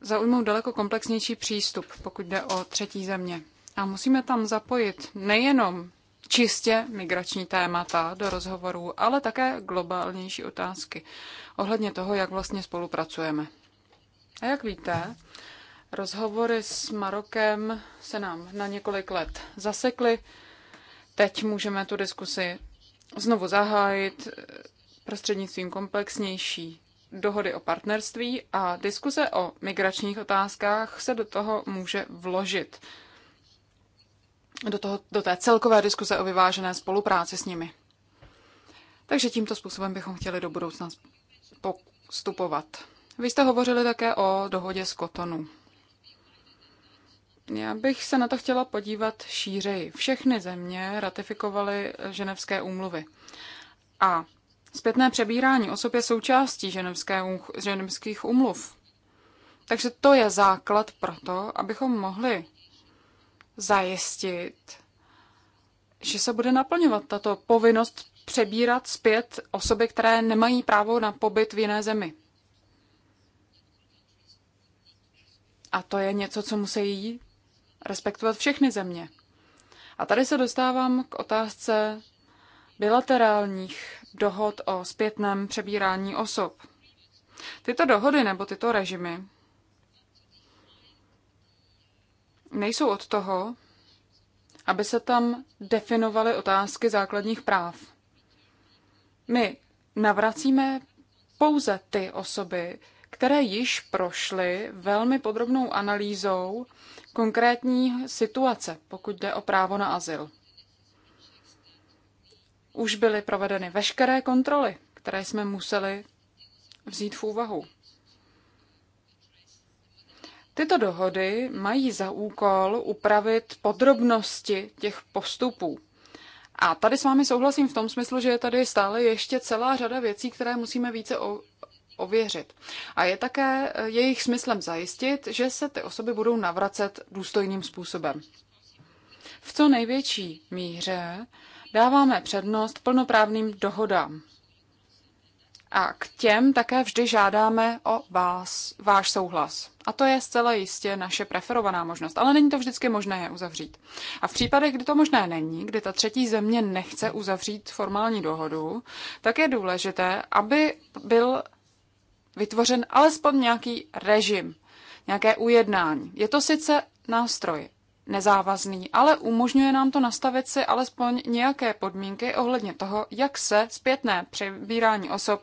zaujmout daleko komplexnější přístup, pokud jde o třetí země. A musíme tam zapojit nejenom čistě migrační témata do rozhovorů, ale také globálnější otázky ohledně toho, jak vlastně spolupracujeme. A jak víte, rozhovory s Marokem se nám na několik let zasekly teď můžeme tu diskusi znovu zahájit prostřednictvím komplexnější dohody o partnerství a diskuze o migračních otázkách se do toho může vložit. Do, toho, do té celkové diskuze o vyvážené spolupráci s nimi. Takže tímto způsobem bychom chtěli do budoucna postupovat. Vy jste hovořili také o dohodě z Kotonu. Já bych se na to chtěla podívat šířej. Všechny země ratifikovaly eh, ženevské úmluvy. A zpětné přebírání osob je součástí ženevské, ženevských úmluv. Takže to je základ pro to, abychom mohli zajistit, že se bude naplňovat tato povinnost přebírat zpět osoby, které nemají právo na pobyt v jiné zemi. A to je něco, co musí respektovat všechny země. A tady se dostávám k otázce bilaterálních dohod o zpětném přebírání osob. Tyto dohody nebo tyto režimy nejsou od toho, aby se tam definovaly otázky základních práv. My navracíme pouze ty osoby, které již prošly velmi podrobnou analýzou konkrétní situace, pokud jde o právo na azyl. Už byly provedeny veškeré kontroly, které jsme museli vzít v úvahu. Tyto dohody mají za úkol upravit podrobnosti těch postupů. A tady s vámi souhlasím v tom smyslu, že je tady stále ještě celá řada věcí, které musíme více ověřit. A je také eh, jejich smyslem zajistit, že se ty osoby budou navracet důstojným způsobem. V co největší míře dáváme přednost plnoprávným dohodám. A k těm také vždy žádáme o vás, váš souhlas. A to je zcela jistě naše preferovaná možnost, ale není to vždycky možné je uzavřít. A v případech, kdy to možné není, kdy ta třetí země nechce uzavřít formální dohodu, tak je důležité, aby byl vytvořen alespoň nějaký režim, nějaké ujednání. Je to sice nástroj nezávazný, ale umožňuje nám to nastavit si alespoň nějaké podmínky ohledně toho, jak se zpětné přebírání osob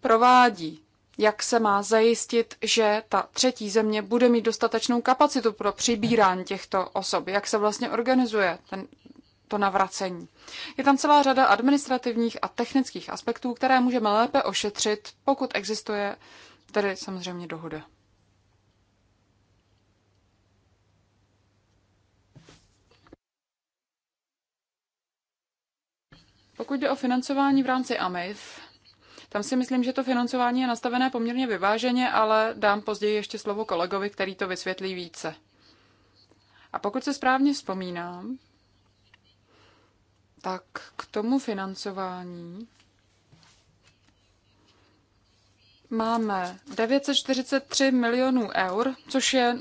provádí, jak se má zajistit, že ta třetí země bude mít dostatečnou kapacitu pro přibírání těchto osob, jak se vlastně organizuje ten to navracení. Je tam celá řada administrativních a technických aspektů, které můžeme lépe ošetřit, pokud existuje tedy samozřejmě dohoda. Pokud jde o financování v rámci AMIF, tam si myslím, že to financování je nastavené poměrně vyváženě, ale dám později ještě slovo kolegovi, který to vysvětlí více. A pokud se správně vzpomínám, tak k tomu financování máme 943 milionů eur, což je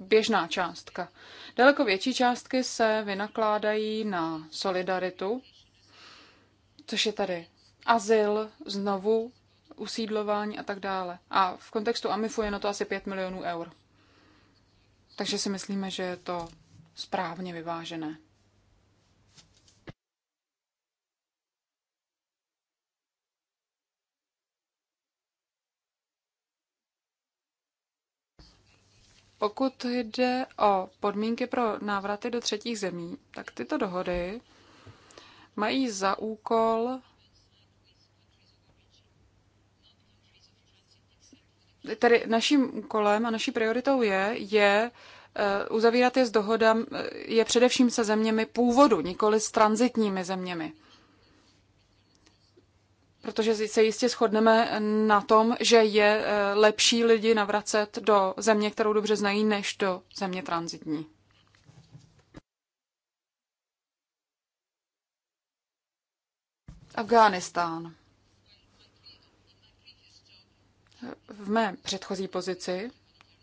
běžná částka. Daleko větší částky se vynakládají na solidaritu, což je tady azyl, znovu usídlování a tak dále. A v kontextu AMIFu je na to asi 5 milionů eur. Takže si myslíme, že je to správně vyvážené. Pokud jde o podmínky pro návraty do třetích zemí, tak tyto dohody mají za úkol Tedy naším úkolem a naší prioritou je, je e, uzavírat je s dohodám, e, je především se zeměmi původu, nikoli s transitními zeměmi protože se jistě shodneme na tom, že je eh, lepší lidi navracet do země, kterou dobře znají, než do země transitní. Afghánistán. V mé předchozí pozici,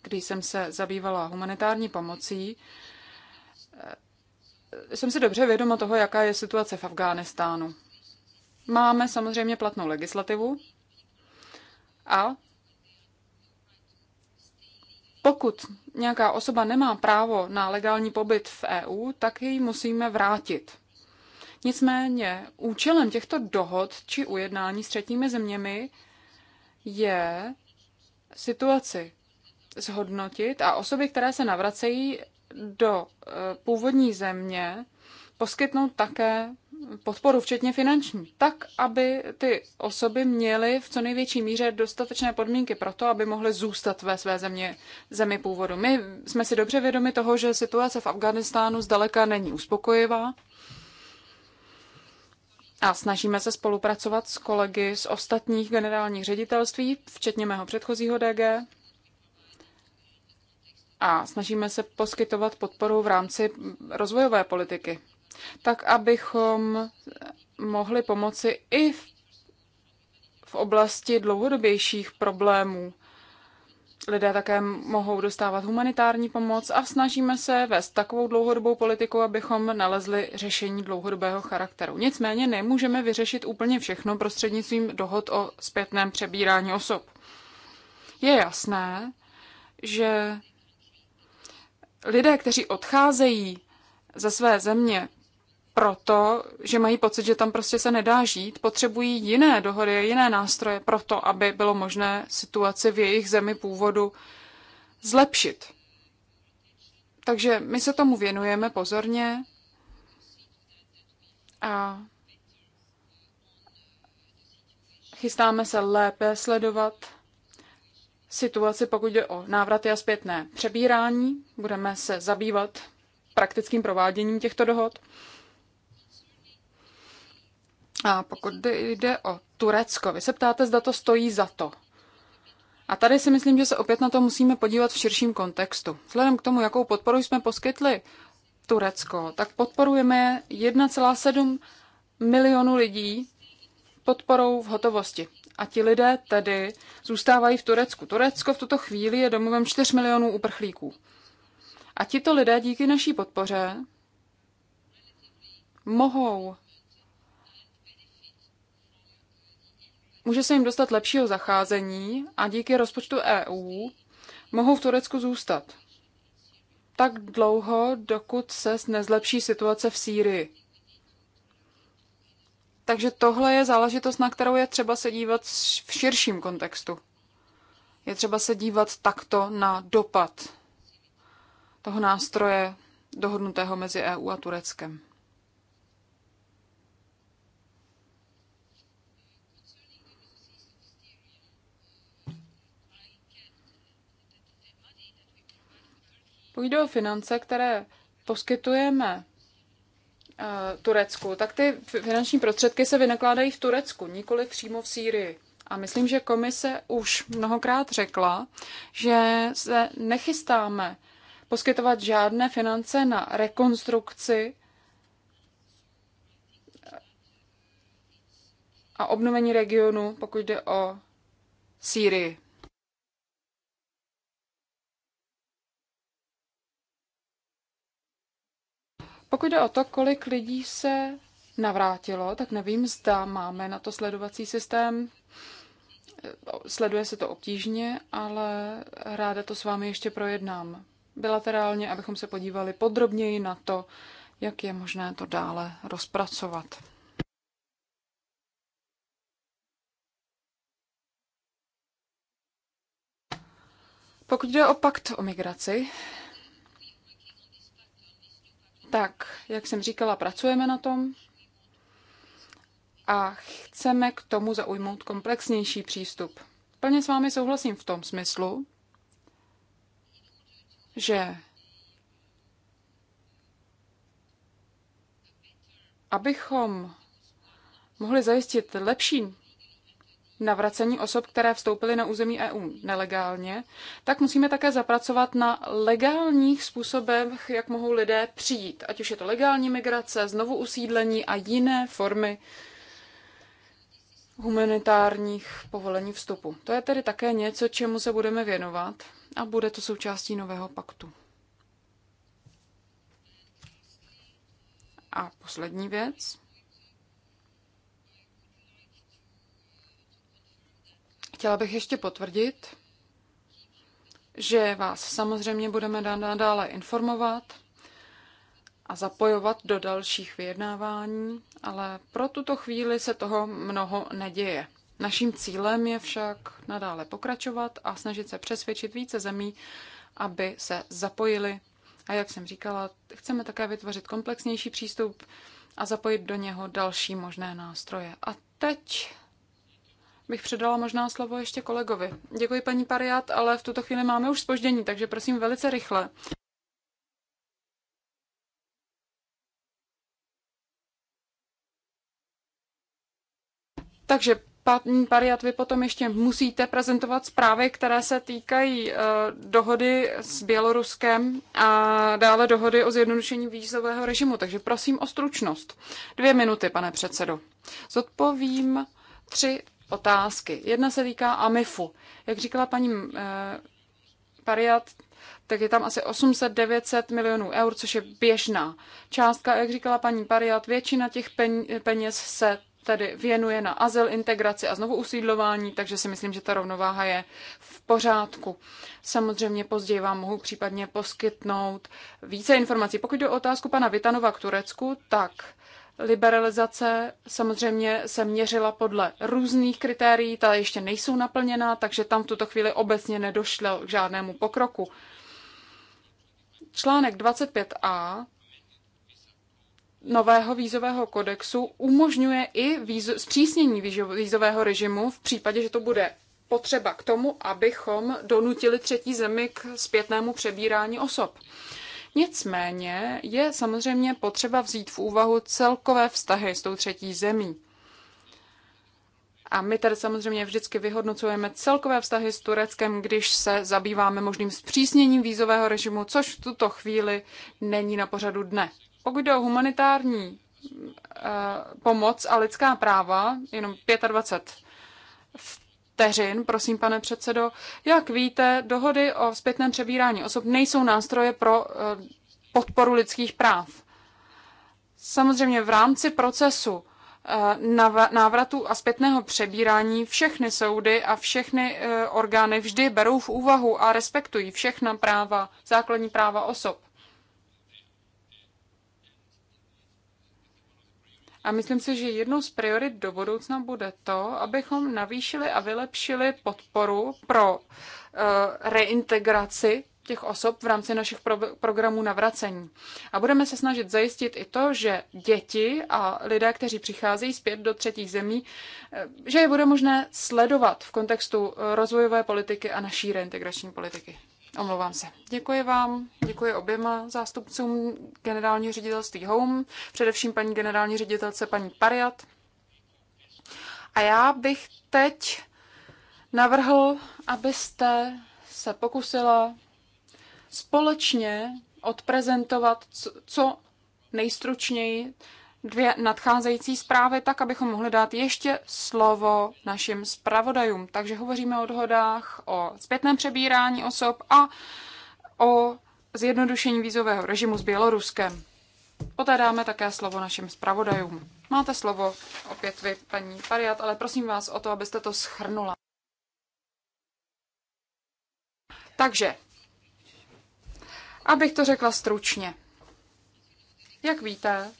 kdy jsem se zabývala humanitární pomocí, eh, jsem si dobře vědoma toho, jaká je situace v Afghánistánu. Máme samozřejmě platnou legislativu a pokud nějaká osoba nemá právo na legální pobyt v EU, tak ji musíme vrátit. Nicméně účelem těchto dohod či ujednání s třetími zeměmi je situaci zhodnotit a osoby, které se navracejí do eh, původní země, poskytnout také podporu, včetně finanční, tak, aby ty osoby měly v co největší míře dostatečné podmínky pro to, aby mohly zůstat ve své země, zemi původu. My jsme si dobře vědomi toho, že situace v Afganistánu zdaleka není uspokojivá a snažíme se spolupracovat s kolegy z ostatních generálních ředitelství, včetně mého předchozího DG, a snažíme se poskytovat podporu v rámci rozvojové politiky tak abychom mohli pomoci i v, v oblasti dlouhodobějších problémů. Lidé také mohou dostávat humanitární pomoc a snažíme se vést takovou dlouhodobou politiku, abychom nalezli řešení dlouhodobého charakteru. Nicméně nemůžeme vyřešit úplně všechno prostřednictvím dohod o zpětném přebírání osob. Je jasné, že lidé, kteří odcházejí ze své země proto, že mají pocit, že tam prostě se nedá žít, potřebují jiné dohody, jiné nástroje proto, aby bylo možné situaci v jejich zemi původu zlepšit. Takže my se tomu věnujeme pozorně a chystáme se lépe sledovat situaci, pokud jde o návraty a zpětné přebírání. Budeme se zabývat praktickým prováděním těchto dohod. A pokud jde o Turecko, vy se ptáte, zda to stojí za to. A tady si myslím, že se opět na to musíme podívat v širším kontextu. Vzhledem k tomu, jakou podporu jsme poskytli Turecko, tak podporujeme 1,7 milionu lidí podporou v hotovosti. A ti lidé tedy zůstávají v Turecku. Turecko v tuto chvíli je domovem 4 milionů uprchlíků. A tito lidé díky naší podpoře mohou může se jim dostat lepšího zacházení a díky rozpočtu EU mohou v Turecku zůstat. Tak dlouho, dokud se nezlepší situace v Sýrii. Takže tohle je záležitost, na kterou je třeba se dívat v širším kontextu. Je třeba se dívat takto na dopad toho nástroje dohodnutého mezi EU a Tureckem. půjde o finance, které poskytujeme eh, Turecku, tak ty finanční prostředky se vynakládají v Turecku, nikoli přímo v Sýrii. A myslím, že komise už mnohokrát řekla, že se nechystáme poskytovat žádné finance na rekonstrukci eh, a obnovení regionu, pokud jde o Sýrii. Pokud jde o to, kolik lidí se navrátilo, tak nevím, zda máme na to sledovací systém. Sleduje se to obtížně, ale ráda to s vámi ještě projednám bilaterálně, abychom se podívali podrobněji na to, jak je možné to dále rozpracovat. Pokud jde o pakt o migraci, tak, jak jsem říkala, pracujeme na tom a chceme k tomu zaujmout komplexnější přístup. Plně s vámi souhlasím v tom smyslu, že abychom mohli zajistit lepší navracení osob, které vstoupily na území EU nelegálně, tak musíme také zapracovat na legálních způsobech, jak mohou lidé přijít. Ať už je to legální migrace, znovu usídlení a jiné formy humanitárních povolení vstupu. To je tedy také něco, čemu se budeme věnovat a bude to součástí nového paktu. A poslední věc. Chtěla bych ještě potvrdit, že vás samozřejmě budeme nadále informovat a zapojovat do dalších vyjednávání, ale pro tuto chvíli se toho mnoho neděje. Naším cílem je však nadále pokračovat a snažit se přesvědčit více zemí, aby se zapojili. A jak jsem říkala, chceme také vytvořit komplexnější přístup a zapojit do něho další možné nástroje. A teď bych předala možná slovo ještě kolegovi. Děkuji paní Pariat, ale v tuto chvíli máme už spoždění, takže prosím velice rychle. Takže paní Pariat, vy potom ještě musíte prezentovat zprávy, které se týkají uh, dohody s Běloruskem a dále dohody o zjednodušení výzového režimu. Takže prosím o stručnost. Dvě minuty, pane předsedo. Zodpovím tři otázky. Jedna se týká AMIFu. Jak říkala paní eh, Pariat, tak je tam asi 800-900 milionů eur, což je běžná částka. Jak říkala paní Pariat, většina těch peněz se tedy věnuje na azyl, integraci a znovu usídlování, takže si myslím, že ta rovnováha je v pořádku. Samozřejmě později vám mohu případně poskytnout více informací. Pokud jde o otázku pana Vitanova k Turecku, tak Liberalizace samozřejmě se měřila podle různých kritérií, ta ještě nejsou naplněna, takže tam v tuto chvíli obecně nedošlo k žádnému pokroku. Článek 25a nového vízového kodexu umožňuje i vízo, zpřísnění vízového režimu v případě, že to bude potřeba k tomu, abychom donutili třetí zemi k zpětnému přebírání osob. Nicméně je samozřejmě potřeba vzít v úvahu celkové vztahy s tou třetí zemí. A my tady samozřejmě vždycky vyhodnocujeme celkové vztahy s Tureckem, když se zabýváme možným zpřísněním vízového režimu, což v tuto chvíli není na pořadu dne. Pokud jde o humanitární eh, pomoc a lidská práva, jenom 25 vteřin, prosím pane předsedo. Jak víte, dohody o zpětném přebírání osob nejsou nástroje pro eh, podporu lidských práv. Samozřejmě v rámci procesu eh, návratu a zpětného přebírání všechny soudy a všechny eh, orgány vždy berou v úvahu a respektují všechna práva, základní práva osob. A myslím si, že jednou z priorit do budoucna bude to, abychom navýšili a vylepšili podporu pro eh, reintegraci těch osob v rámci našich pro- programů navracení. A budeme se snažit zajistit i to, že děti a lidé, kteří přicházejí zpět do třetích zemí, eh, že je bude možné sledovat v kontextu eh, rozvojové politiky a naší reintegrační politiky. Omlouvám se. Děkuji vám, děkuji oběma zástupcům generální ředitelství Home, především paní generální ředitelce paní Pariat. A já bych teď navrhl, abyste se pokusila společně odprezentovat co nejstručněji dvě nadcházející zprávy, tak abychom mohli dát ještě slovo našim zpravodajům. Takže hovoříme o dohodách, o zpětném přebírání osob a o zjednodušení vízového režimu s Běloruskem. Poté dáme také slovo našim zpravodajům. Máte slovo opět vy, paní Pariat, ale prosím vás o to, abyste to schrnula. Takže, abych to řekla stručně. Jak víte,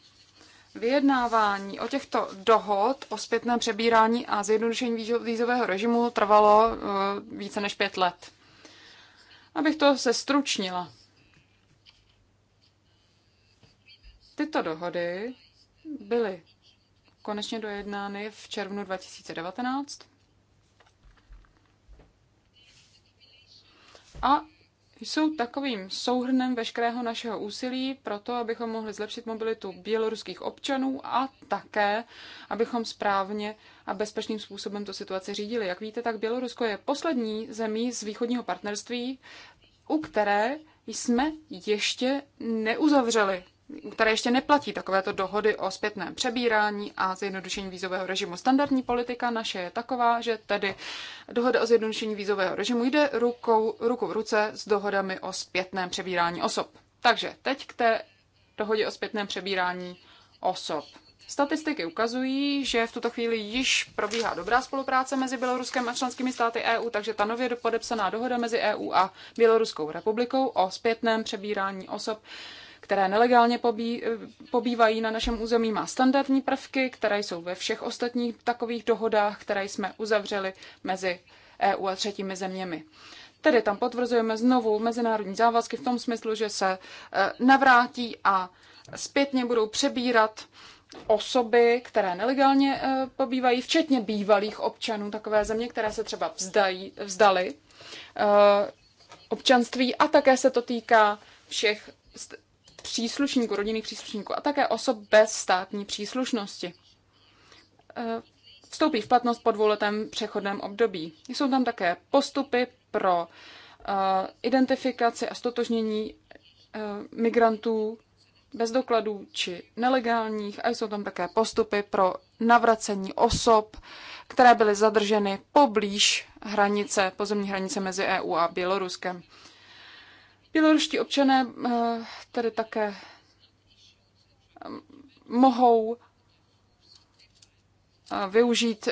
Vyjednávání o těchto dohod o zpětném přebírání a zjednodušení vízového režimu trvalo eh, více než pět let. Abych to se stručnila, Tyto dohody byly konečně dojednány v červnu 2019 a jsou takovým souhrnem veškerého našeho úsilí pro to, abychom mohli zlepšit mobilitu běloruských občanů a také, abychom správně a bezpečným způsobem tu situaci řídili. Jak víte, tak Bělorusko je poslední zemí z východního partnerství, u které jsme ještě neuzavřeli které ještě neplatí takovéto dohody o zpětném přebírání a zjednodušení vízového režimu. Standardní politika naše je taková, že tedy dohoda o zjednodušení vízového režimu jde rukou, ruku v ruce s dohodami o zpětném přebírání osob. Takže teď k té dohodě o zpětném přebírání osob. Statistiky ukazují, že v tuto chvíli již probíhá dobrá spolupráce mezi Běloruskem a členskými státy EU, takže ta nově podepsaná dohoda mezi EU a Běloruskou republikou o zpětném přebírání osob které nelegálně pobí, pobývají na našem území, má standardní prvky, které jsou ve všech ostatních takových dohodách, které jsme uzavřeli mezi EU a třetími zeměmi. Tedy tam potvrzujeme znovu mezinárodní závazky v tom smyslu, že se e, navrátí a zpětně budou přebírat osoby, které nelegálně e, pobývají, včetně bývalých občanů takové země, které se třeba vzdají, vzdali e, občanství a také se to týká všech příslušníků, rodinných příslušníků a také osob bez státní příslušnosti. E, vstoupí v platnost po dvouletém přechodném období. Jsou tam také postupy pro e, identifikaci a stotožnění e, migrantů bez dokladů či nelegálních a jsou tam také postupy pro navracení osob, které byly zadrženy poblíž hranice, pozemní hranice mezi EU a Běloruskem. Běloruští občané eh, tedy také eh, mohou eh, využít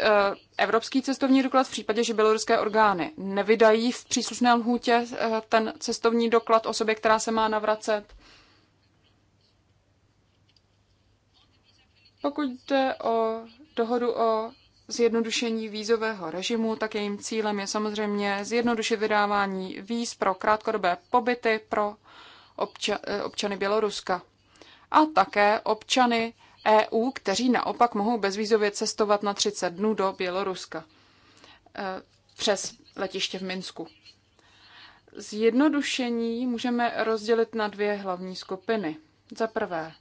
evropský cestovní doklad v případě, že běloruské orgány nevydají v příslušné lhůtě ten cestovní doklad osobě, která se má navracet. Pokud jde o dohodu o zjednodušení vízového režimu, tak jejím cílem je samozřejmě zjednodušit vydávání víz pro krátkodobé pobyty pro obča- eh, občany Běloruska a také občany EU, kteří naopak mohou bezvízově cestovat na 30 dnů do Běloruska eh, přes letiště v Minsku. Zjednodušení můžeme rozdělit na dvě hlavní skupiny. Za prvé,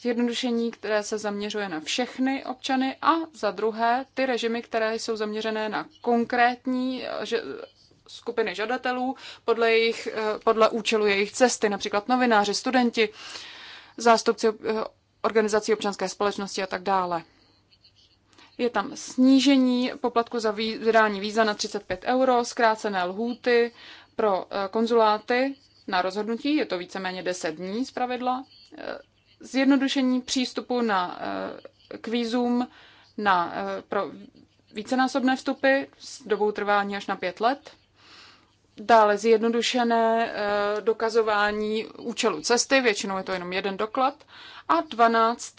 zjednodušení, které se zaměřuje na všechny občany a za druhé ty režimy, které jsou zaměřené na konkrétní eh, skupiny žadatelů podle, jejich, eh, podle účelu jejich cesty, například novináři, studenti, zástupci eh, organizací občanské společnosti a tak dále. Je tam snížení poplatku za vydání víza na 35 euro, zkrácené lhůty pro konzuláty na rozhodnutí, je to víceméně 10 dní z pravidla, zjednodušení přístupu na, eh, k vízům na, eh, pro vícenásobné vstupy s dobou trvání až na pět let. Dále zjednodušené eh, dokazování účelu cesty, většinou je to jenom jeden doklad, a 12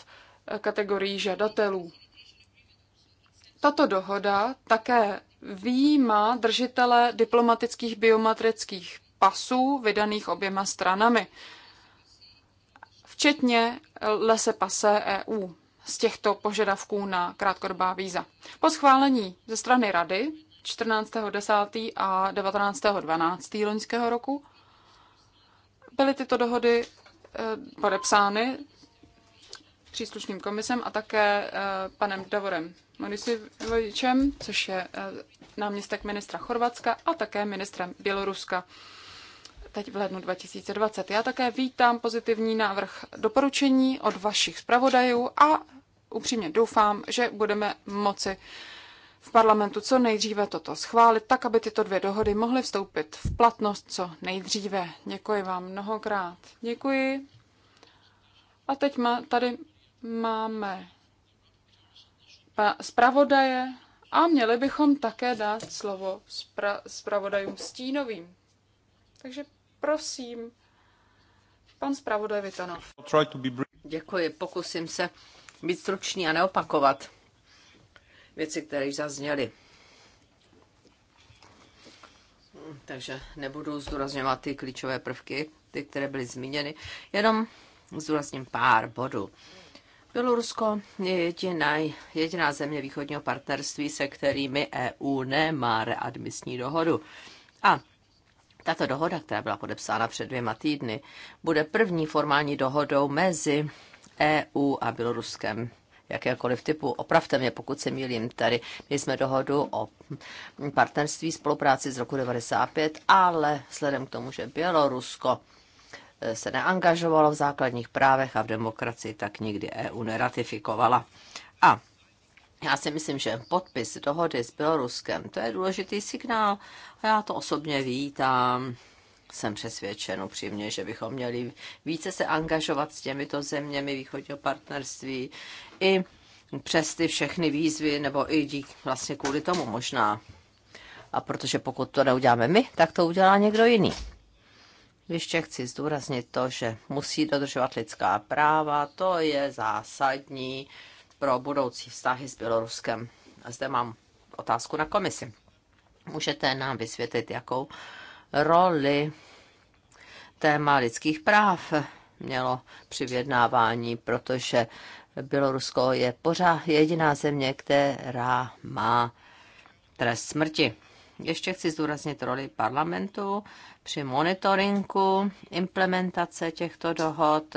kategorií žadatelů. Tato dohoda také výjímá držitele diplomatických biometrických pasů vydaných oběma stranami včetně eh, lese pase EU z těchto požadavků na krátkodobá víza. Po schválení ze strany Rady 14.10. a 19.12. loňského roku byly tyto dohody eh, podepsány příslušným komisem a také eh, panem Davorem Monisivovičem, což je náměstek ministra Chorvatska a také ministrem Běloruska teď v lednu 2020. Já také vítám pozitivní návrh doporučení od vašich zpravodajů a upřímně doufám, že budeme moci v parlamentu co nejdříve toto schválit, tak aby tyto dvě dohody mohly vstoupit v platnost co nejdříve. Děkuji vám mnohokrát. Děkuji. A teď má, tady máme zpravodaje a měli bychom také dát slovo spra- zpravodajům stínovým. Takže Prosím, pan zpravodaj Vitanov. Děkuji, pokusím se být stručný a neopakovat věci, které již zazněly. Takže nebudu zdůrazňovat ty klíčové prvky, ty, které byly zmíněny, jenom zdůrazním pár bodů. Bělorusko je jediná, jediná země východního partnerství, se kterými EU nemá readmisní dohodu. A tato dohoda, která byla podepsána před dvěma týdny, bude první formální dohodou mezi EU a Běloruskem jakékoliv typu. Opravte mě, pokud se mýlím. Tady my jsme dohodu o partnerství spolupráci z roku 95, ale vzhledem k tomu, že Bělorusko eh, se neangažovalo v základních právech a v demokracii, tak nikdy EU neratifikovala. A já si myslím, že podpis dohody s Běloruskem, to je důležitý signál a já to osobně vítám. Jsem přesvědčen upřímně, že bychom měli více se angažovat s těmito zeměmi východního partnerství i přes ty všechny výzvy, nebo i dík vlastně kvůli tomu možná. A protože pokud to neuděláme my, tak to udělá někdo jiný. Ještě chci zdůraznit to, že musí dodržovat lidská práva, to je zásadní pro budoucí vztahy s Běloruskem. Zde mám otázku na komisi. Můžete nám vysvětlit, jakou roli téma lidských práv mělo při vyjednávání, protože Bělorusko je pořád jediná země, která má trest smrti. Ještě chci zdůraznit roli parlamentu při monitoringu implementace těchto dohod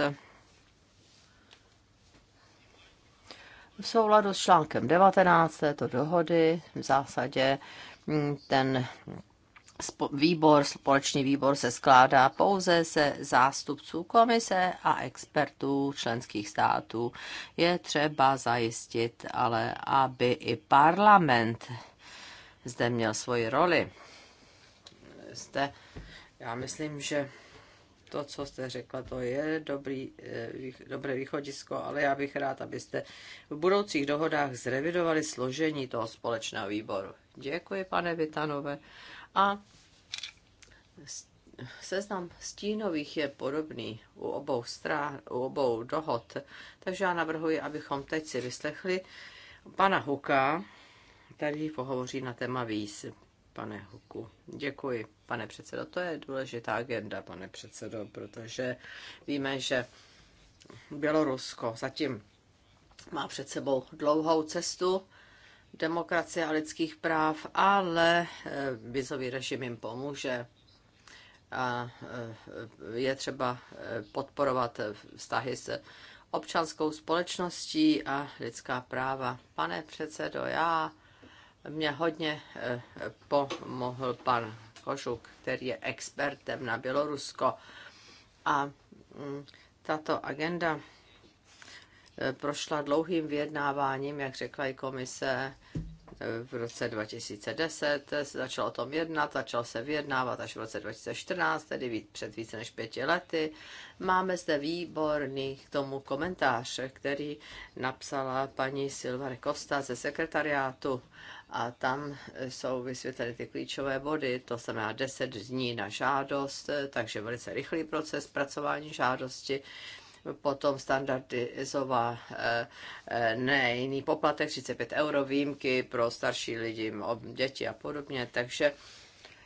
V souladu s článkem 19 této dohody v zásadě mm, ten výbor, společný výbor se skládá pouze se zástupců komise a expertů členských států. Je třeba zajistit ale, aby i parlament zde měl svoji roli. Zde já myslím, že to, co jste řekla, to je dobrý, eh, dobré východisko, ale já bych rád, abyste v budoucích dohodách zrevidovali složení toho společného výboru. Děkuji, pane Vitanové. A seznam stínových je podobný u obou, strán, u obou dohod, takže já navrhuji, abychom teď si vyslechli pana Huka, který pohovoří na téma víz pane Huku. Děkuji, pane předsedo. To je důležitá agenda, pane předsedo, protože víme, že Bělorusko zatím má před sebou dlouhou cestu demokracie a lidských práv, ale eh, vizový režim jim pomůže. A eh, je třeba eh, podporovat vztahy s občanskou společností a lidská práva. Pane předsedo, já mě hodně eh, pomohl pan Kožuk, který je expertem na Bělorusko. A mm, tato agenda eh, prošla dlouhým vyjednáváním, jak řekla i komise, eh, v roce 2010 se začalo o tom jednat, začalo se vyjednávat až v roce 2014, tedy před více než pěti lety. Máme zde výborný k tomu komentář, který napsala paní Silva Costa ze sekretariátu a tam jsou vysvětleny ty klíčové body, to znamená 10 dní na žádost, takže velice rychlý proces pracování žádosti, potom standardizová eh, eh, ne jiný poplatek, 35 euro výjimky pro starší lidi, děti a podobně, takže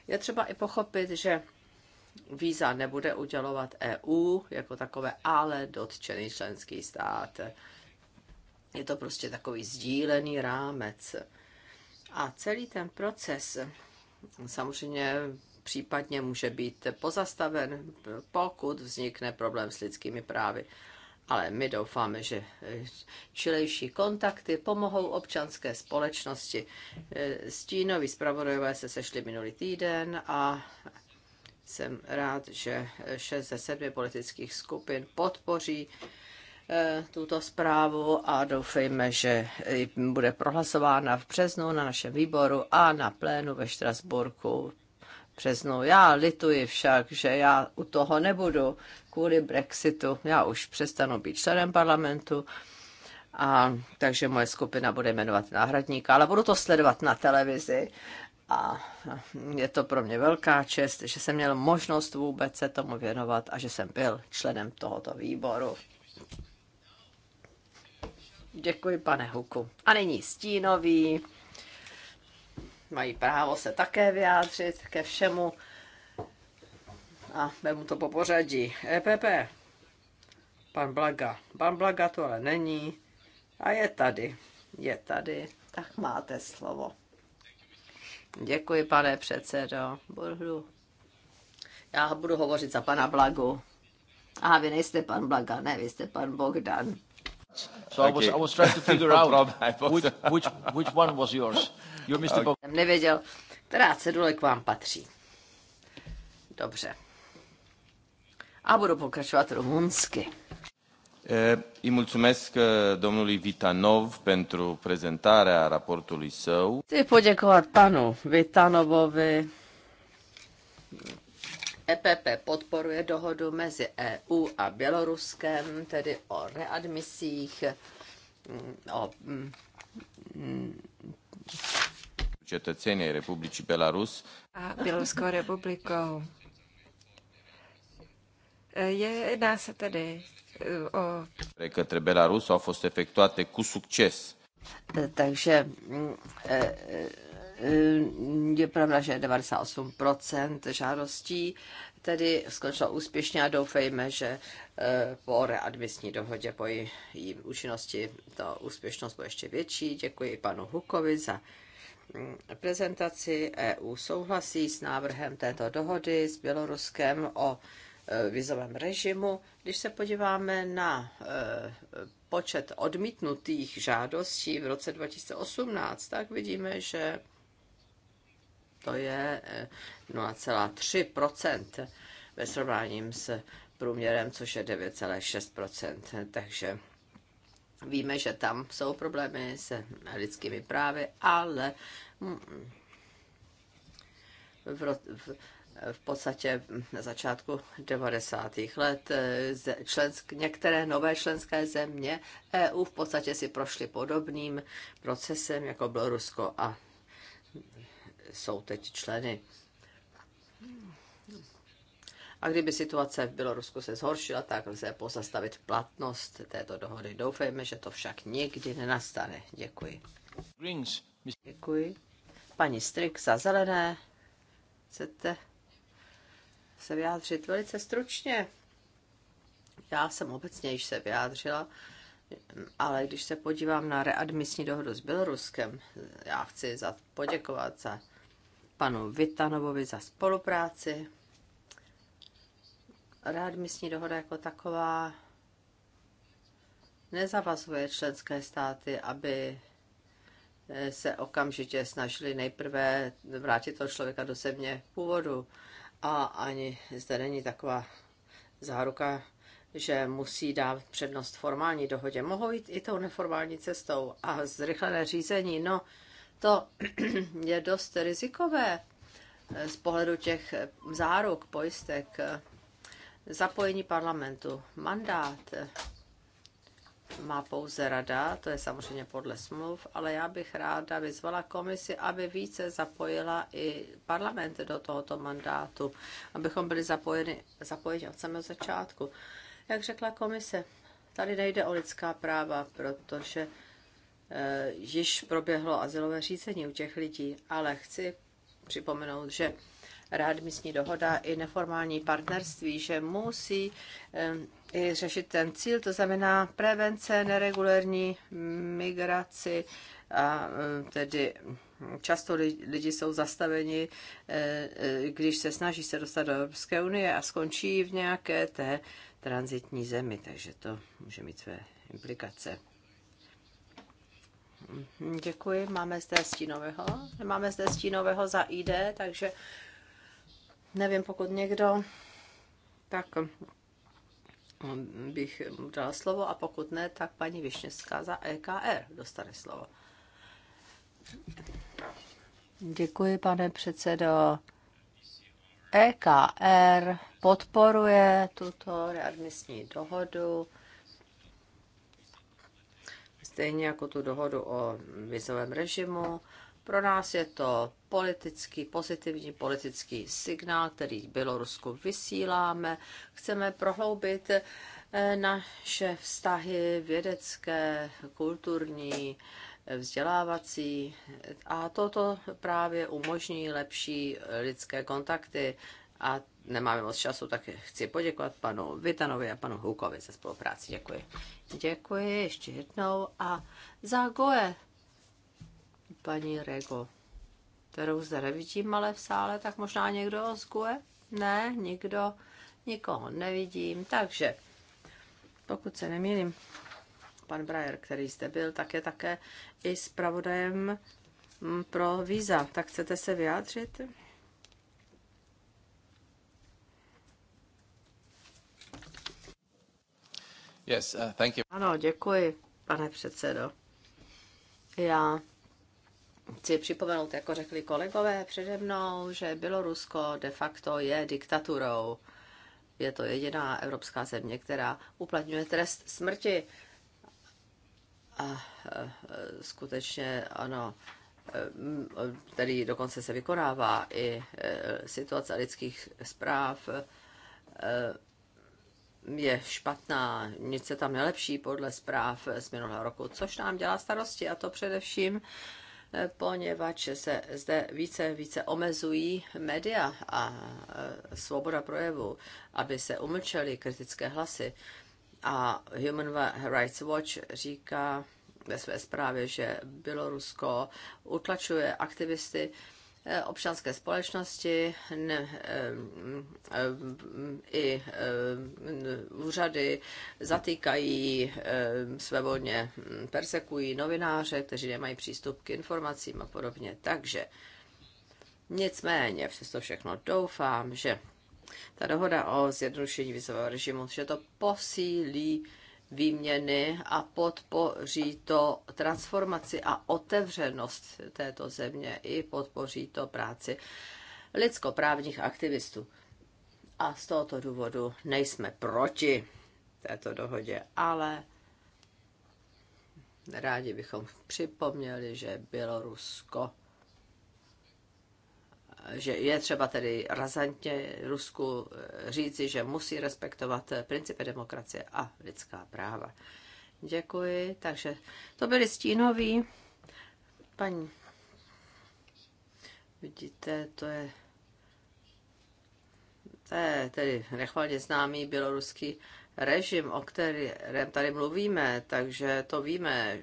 je třeba i pochopit, že víza nebude udělovat EU jako takové, ale dotčený členský stát. Je to prostě takový sdílený rámec. A celý ten proces samozřejmě případně může být pozastaven, pokud vznikne problém s lidskými právy. Ale my doufáme, že čilejší kontakty pomohou občanské společnosti. Stínoví zpravodajové se sešli minulý týden a jsem rád, že šest ze sedmi politických skupin podpoří Eh, tuto zprávu a doufejme, že bude prohlasována v březnu na našem výboru a na plénu ve Štrasburku březnu. Já lituji však, že já u toho nebudu kvůli Brexitu. Já už přestanu být členem parlamentu, a, takže moje skupina bude jmenovat náhradníka, ale budu to sledovat na televizi. A je to pro mě velká čest, že jsem měl možnost vůbec se tomu věnovat a že jsem byl členem tohoto výboru. Děkuji, pane Huku. A nyní stínový. Mají právo se také vyjádřit ke všemu. A vemu to po pořadí. EPP. Pan Blaga. Pan Blaga to ale není. A je tady. Je tady. Tak máte slovo. Děkuji, pane předsedo. Budu. Já budu hovořit za pana Blagu. A vy nejste pan Blaga, ne, vy jste pan Bogdan. So okay. I, was, I was trying to figure no out which, which, which one was yours. You're Mr. Okay. Jsem nevěděl, která cedule k vám patří. Dobře. A budu pokračovat rumunsky. Eh, îi mulțumesc eh, domnului Vitanov pentru prezentarea raportului său. Chci poděkovat panu Vitanovovi EPP podporuje dohodu mezi EU a Běloruskem, tedy o readmisích, mm, o mm, cetățenii Republiky Belarus. A Běloruskou republikou. Je, jedná se tedy uh, o... Către Belarus au fost efectuate cu succes. E, takže mm, e, je pravda, že 98% žádostí tedy skončilo úspěšně a doufejme, že eh, po readmisní dohodě, po její účinnosti, to úspěšnost bude ještě větší. Děkuji panu Hukovi za mm, prezentaci. EU souhlasí s návrhem této dohody s Běloruskem o eh, vizovém režimu. Když se podíváme na eh, počet odmítnutých žádostí v roce 2018, tak vidíme, že to je 0,3 eh, ve srovnání s průměrem, což je 9,6 Takže víme, že tam jsou problémy s lidskými právy, ale mm, v, v, v podstatě na začátku 90. let eh, člensk, některé nové členské země EU v podstatě si prošly podobným procesem, jako bylo Rusko a jsou teď členy. A kdyby situace v Bělorusku se zhoršila, tak lze pozastavit platnost této dohody. Doufejme, že to však nikdy nenastane. Děkuji. Děkuji. Paní Strik za zelené. Chcete se vyjádřit velice stručně? Já jsem obecně již se vyjádřila, ale když se podívám na readmisní dohodu s Běloruskem, já chci za, poděkovat za panu Vitanovovi za spolupráci. Rád Readmisní dohoda jako taková nezavazuje členské státy, aby eh, se okamžitě snažili nejprve vrátit toho člověka do země původu. A ani zde není taková záruka, že musí dát přednost formální dohodě. Mohou jít i tou neformální cestou. A zrychlené řízení, no, to je dost rizikové eh, z pohledu těch záruk, pojistek, eh, zapojení parlamentu, mandát eh, má pouze rada, to je samozřejmě podle smluv, ale já bych ráda vyzvala komisi, aby více zapojila i parlament do tohoto mandátu, abychom byli zapojeni, zapojeni od samého začátku. Jak řekla komise, tady nejde o lidská práva, protože Eh, již proběhlo azylové řízení u těch lidí, ale chci připomenout, že rád místní dohoda i neformální partnerství, že musí eh, i řešit ten cíl, to znamená prevence neregulární migraci, a eh, tedy často lidi jsou zastaveni, když se snaží se dostat do Evropské unie a skončí v nějaké té transitní zemi, takže to může mít své implikace. Děkuji. Máme zde stínového. Máme zde stínového za ID, takže nevím, pokud někdo, tak bych dala slovo a pokud ne, tak paní Višněvská za EKR dostane slovo. Děkuji, pane předsedo. EKR podporuje tuto readmisní dohodu stejně jako tu dohodu o vizovém režimu. Pro nás je to politický, pozitivní politický signál, který Bělorusku vysíláme. Chceme prohloubit eh, naše vztahy vědecké, kulturní, eh, vzdělávací a toto právě umožní lepší lidské kontakty a nemáme moc času, tak chci poděkovat panu Vitanovi a panu Houkovi za spolupráci. Děkuji. Děkuji ještě jednou a za Goe, paní Rego, kterou zde nevidím, ale v sále, tak možná někdo z Goe? Ne, nikdo, nikoho nevidím, takže pokud se nemýlím, pan Brajer, který jste byl, tak je také i zpravodajem mm, pro víza. Tak chcete se vyjádřit? Yes, uh, thank you. Ano, děkuji, pane předsedo. Já chci připomenout, jako řekli kolegové přede mnou, že Bělorusko de facto je diktaturou. Je to jediná evropská země, která uplatňuje trest smrti. A e, skutečně ano, e, tedy dokonce se vykonává i e, situace lidských zpráv je špatná, nic se tam nelepší podle zpráv z minulého roku, což nám dělá starosti a to především eh, poněvadž se zde více více omezují média a eh, svoboda projevu, aby se umlčely kritické hlasy. A Human Rights Watch říká ve své zprávě, že Bělorusko utlačuje aktivisty, Eh, občanské společnosti ne, eh, eh, i úřady zatýkají svévolně, persekují novináře, kteří nemají přístup k informacím a podobně. Takže nicméně přesto všechno doufám, že ta dohoda o zjednodušení vizového režimu, že to posílí výměny a podpoří to transformaci a otevřenost této země i podpoří to práci lidskoprávních aktivistů. A z tohoto důvodu nejsme proti této dohodě, ale rádi bychom připomněli, že Bělorusko že je třeba tedy razantně Rusku eh, říci, že musí respektovat eh, principy demokracie a lidská práva. Děkuji. Takže to byli stínoví. Paní, vidíte, to je, to je tedy nechvalně známý běloruský režim, o kterém tady mluvíme, takže to víme,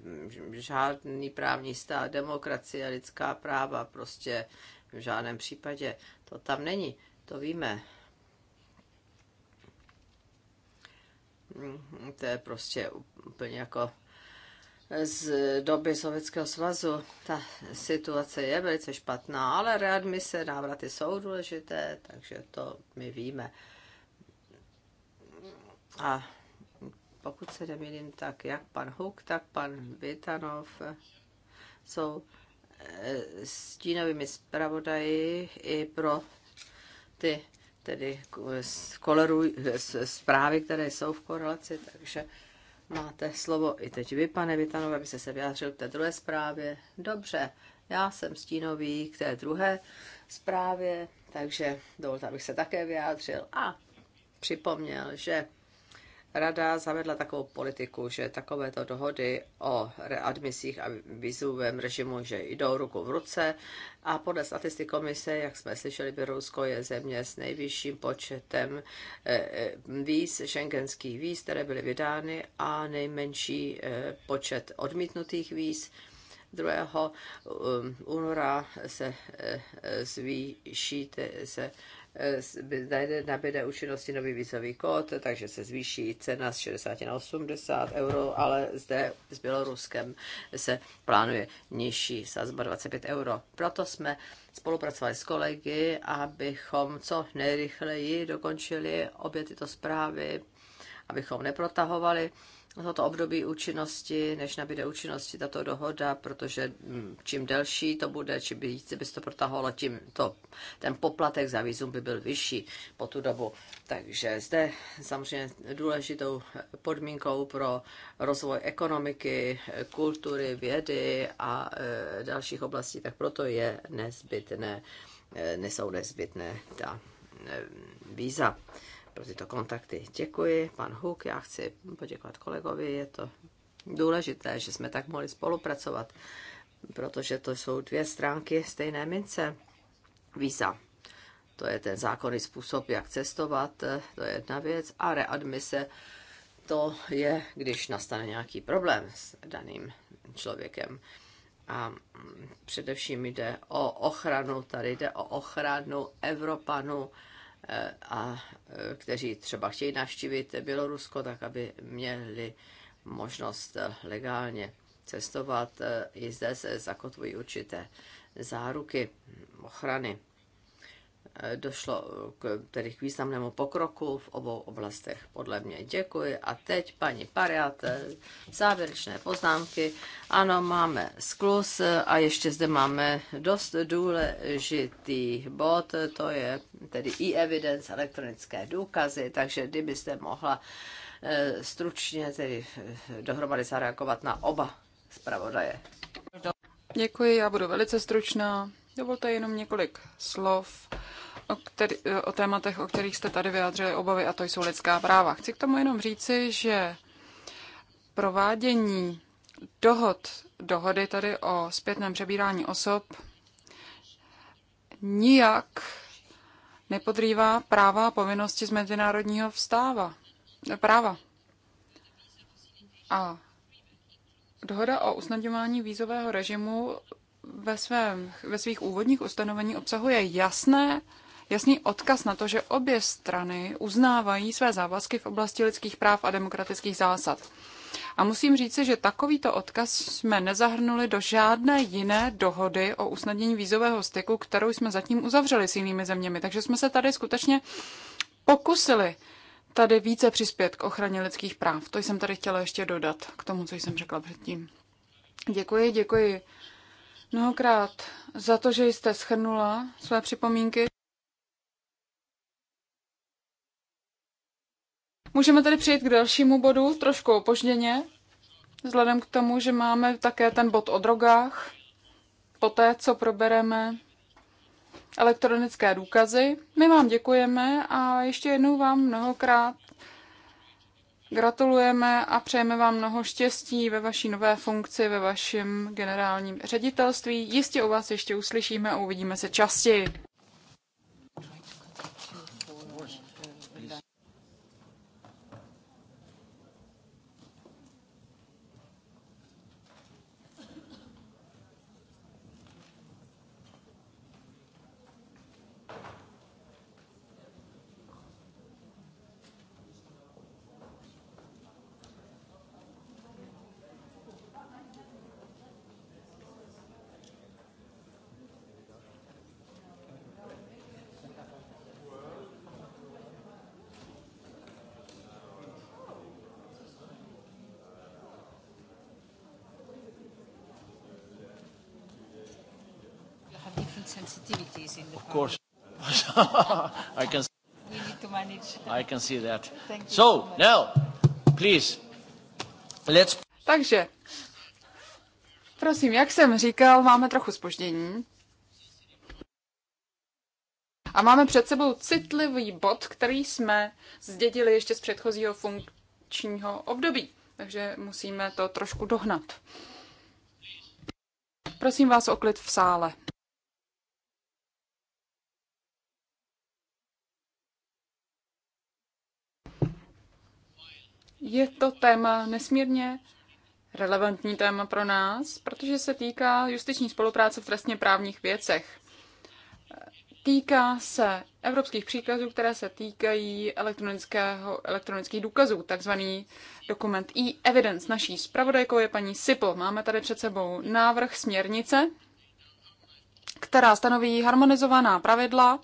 žádný právní stát, demokracie, lidská práva, prostě v žádném případě. To tam není, to víme. Mm, to je prostě úplně jako z doby Sovětského svazu. Ta situace je velice špatná, ale readmise, návraty jsou důležité, takže to my víme. A pokud se nemýlím, tak jak pan Huk, tak pan Vitanov jsou Eh, stínovými zpravodaji i pro ty tedy koleru, zprávy, které jsou v korelaci, takže máte slovo i teď vy, pane Vitanové, se se vyjádřil k té druhé zprávě. Dobře, já jsem stínový k té druhé zprávě, takže dovolte, abych se také vyjádřil a připomněl, že rada zavedla takovou politiku, že takovéto dohody o readmisích a vizovém režimu, že jdou ruku v ruce a podle statistik komise, jak jsme slyšeli, Rusko je země s nejvyšším počtem eh, eh, víz, šengenských víz, které byly vydány a nejmenší eh, počet odmítnutých víz. 2. února se zvýší se Eh, nabíde účinnosti nový vízový kód, takže se zvýší cena z 60 na 80 euro, ale zde s Běloruskem se plánuje nižší sazba 25 euro. Proto jsme spolupracovali s kolegy, abychom co nejrychleji dokončili obě tyto zprávy, abychom neprotahovali toto období účinnosti, než nabíde účinnosti tato dohoda, protože mm, čím delší to bude, čím více by se to protahovalo, tím to, ten poplatek za výzum by byl vyšší po tu dobu. Takže zde samozřejmě důležitou podmínkou pro rozvoj ekonomiky, kultury, vědy a e, dalších oblastí, tak proto je nezbytné, e, nesou nezbytné ta e, víza pro tyto kontakty. Děkuji, pan Huk, já chci poděkovat kolegovi, je to důležité, že jsme tak mohli spolupracovat, protože to jsou dvě stránky stejné mince. Víza. To je ten zákonný způsob, jak cestovat, to je jedna věc. A readmise, to je, když nastane nějaký problém s daným člověkem. A především jde o ochranu, tady jde o ochranu Evropanů a e, kteří třeba chtějí navštívit Bělorusko, tak aby měli možnost e, legálně cestovat. E, I zde se zakotvují určité záruky ochrany Eh, došlo k, tedy k významnému pokroku v obou oblastech. Podle mě děkuji. A teď paní Pariat, eh, závěrečné poznámky. Ano, máme sklus eh, a ještě zde máme dost důležitý bod, to je tedy e-evidence, elektronické důkazy, takže kdybyste mohla stručně tedy dohromady zareagovat na oba zpravodaje. Děkuji, já budu velice stručná. Dovolte jenom několik slov o, který, o tématech, o kterých jste tady vyjádřili obavy, a to jsou lidská práva. Chci k tomu jenom říci, že provádění dohod, dohody tady o zpětném přebírání osob nijak nepodrývá práva a povinnosti z mezinárodního vstáva, práva. A dohoda o usnadňování vízového režimu ve, svém, ve svých úvodních ustanovení obsahuje jasné, jasný odkaz na to, že obě strany uznávají své závazky v oblasti lidských práv a demokratických zásad. A musím říci, že takovýto odkaz jsme nezahrnuli do žádné jiné dohody o usnadnění vízového styku, kterou jsme zatím uzavřeli s jinými zeměmi. Takže jsme se tady skutečně pokusili tady více přispět k ochraně lidských práv. To jsem tady chtěla ještě dodat k tomu, co jsem řekla předtím. Děkuji, děkuji mnohokrát za to, že jste schrnula své připomínky. Můžeme tedy přijít k dalšímu bodu, trošku opožděně, vzhledem k tomu, že máme také ten bod o drogách, poté, co probereme elektronické důkazy. My vám děkujeme a ještě jednou vám mnohokrát Gratulujeme a přejeme vám mnoho štěstí ve vaší nové funkci, ve vašem generálním ředitelství. Jistě o vás ještě uslyšíme a uvidíme se častěji. I can. We need to manage. I can see that. Thank you so, so now, please, let's. Takže, prosím, jak jsem říkal, máme trochu spoždění. A máme před sebou citlivý bod, který jsme zdědili ještě z předchozího funkčního období. Takže musíme to trošku dohnat. Prosím vás o klid v sále. je to téma nesmírně relevantní téma pro nás, protože se týká justiční spolupráce v trestně právních věcech. Týká se evropských příkazů, které se týkají elektronického, elektronických důkazů, takzvaný dokument e-evidence. Naší zpravodajkou je paní Sipl. Máme tady před sebou návrh směrnice, která stanoví harmonizovaná pravidla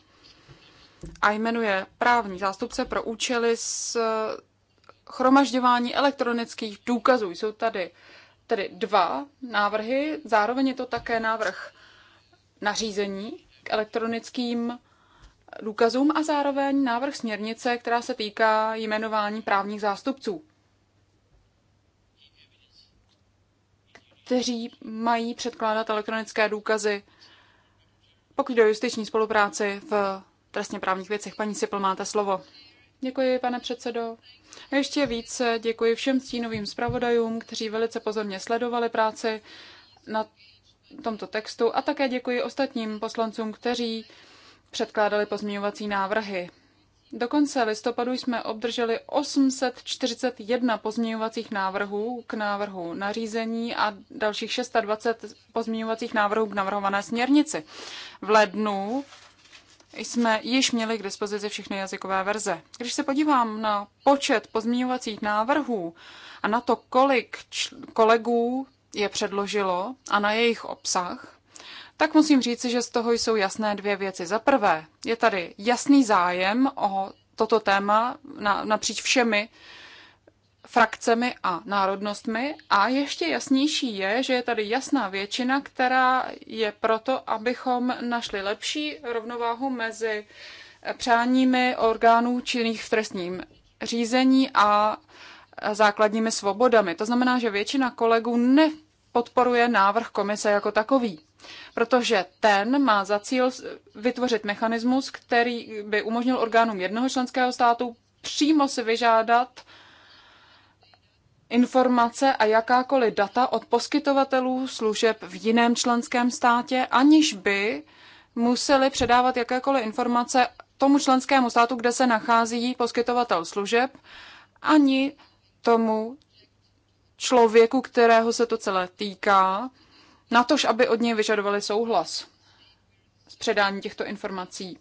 a jmenuje právní zástupce pro účely s chromažďování elektronických důkazů. Jsou tady tedy dva návrhy, zároveň je to také návrh nařízení k elektronickým důkazům a zároveň návrh směrnice, která se týká jmenování právních zástupců, kteří mají předkládat elektronické důkazy, pokud do justiční spolupráci v trestně právních věcech. Paní Sipl, máte slovo. Děkuji, pane předsedo. A ještě více děkuji všem stínovým zpravodajům, kteří velice pozorně sledovali práci na tomto textu a také děkuji ostatním poslancům, kteří předkládali pozměňovací návrhy. Do konce listopadu jsme obdrželi 841 pozměňovacích návrhů k návrhu nařízení a dalších 620 pozměňovacích návrhů k navrhované směrnici. V lednu jsme již měli k dispozici všechny jazykové verze. Když se podívám na počet pozměňovacích návrhů a na to, kolik kolegů je předložilo a na jejich obsah, tak musím říci, že z toho jsou jasné dvě věci. Za prvé, je tady jasný zájem o toto téma na, napříč všemi frakcemi a národnostmi a ještě jasnější je, že je tady jasná většina, která je proto, abychom našli lepší rovnováhu mezi přáními orgánů činných v trestním řízení a základními svobodami. To znamená, že většina kolegů nepodporuje návrh komise jako takový, protože ten má za cíl vytvořit mechanismus, který by umožnil orgánům jednoho členského státu přímo si vyžádat informace a jakákoliv data od poskytovatelů služeb v jiném členském státě, aniž by museli předávat jakékoliv informace tomu členskému státu, kde se nachází poskytovatel služeb, ani tomu člověku, kterého se to celé týká, natož aby od něj vyžadovali souhlas s předání těchto informací.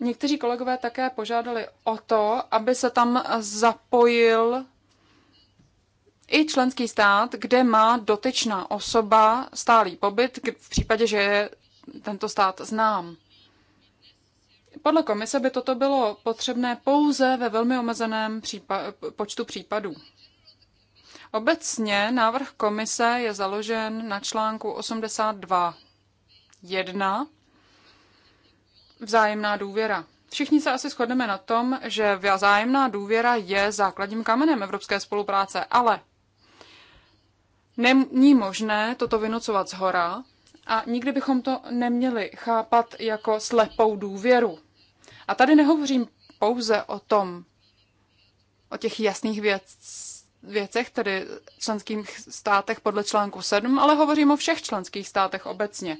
Někteří kolegové také požádali o to, aby se tam zapojil i členský stát, kde má dotyčná osoba stálý pobyt v případě, že je tento stát znám. Podle komise by toto bylo potřebné pouze ve velmi omezeném případ, počtu případů. Obecně návrh komise je založen na článku 82.1 vzájemná důvěra. Všichni se asi shodneme na tom, že vzájemná důvěra je základním kamenem evropské spolupráce, ale není možné toto vynocovat z hora a nikdy bychom to neměli chápat jako slepou důvěru. A tady nehovořím pouze o tom, o těch jasných věcech, věcech, tedy členských státech podle článku 7, ale hovořím o všech členských státech obecně.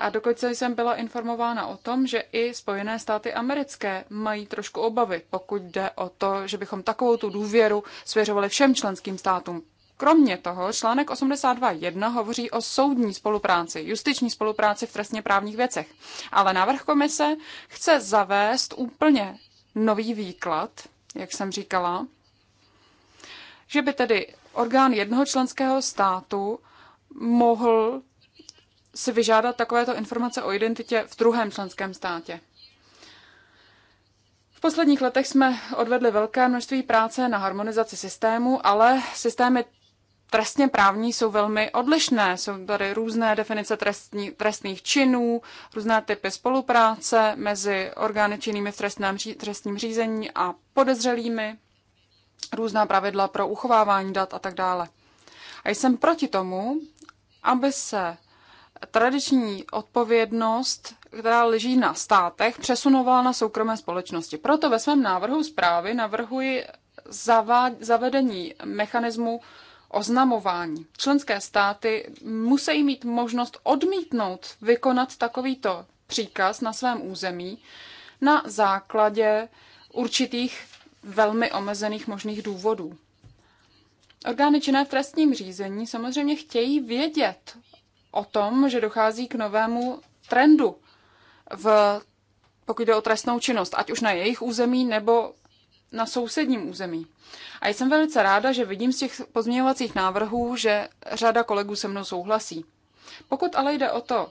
A dokonce jsem byla informována o tom, že i Spojené státy americké mají trošku obavy, pokud jde o to, že bychom takovou tu důvěru svěřovali všem členským státům. Kromě toho článek 82.1 hovoří o soudní spolupráci, justiční spolupráci v trestně právních věcech. Ale návrh komise chce zavést úplně nový výklad, jak jsem říkala, že by tedy orgán jednoho členského státu mohl si vyžádat takovéto informace o identitě v druhém členském státě. V posledních letech jsme odvedli velké množství práce na harmonizaci systému, ale systémy trestně právní jsou velmi odlišné. Jsou tady různé definice trestní, trestných činů, různé typy spolupráce mezi orgány činnými v trestném, trestním řízení a podezřelými, různá pravidla pro uchovávání dat a tak dále. A jsem proti tomu, aby se tradiční odpovědnost, která leží na státech, přesunovala na soukromé společnosti. Proto ve svém návrhu zprávy navrhuji zavedení mechanismu oznamování. Členské státy musí mít možnost odmítnout vykonat takovýto příkaz na svém území na základě určitých velmi omezených možných důvodů. Orgány činné v trestním řízení samozřejmě chtějí vědět, o tom, že dochází k novému trendu, v, pokud jde o trestnou činnost, ať už na jejich území nebo na sousedním území. A jsem velice ráda, že vidím z těch pozměňovacích návrhů, že řada kolegů se mnou souhlasí. Pokud ale jde o to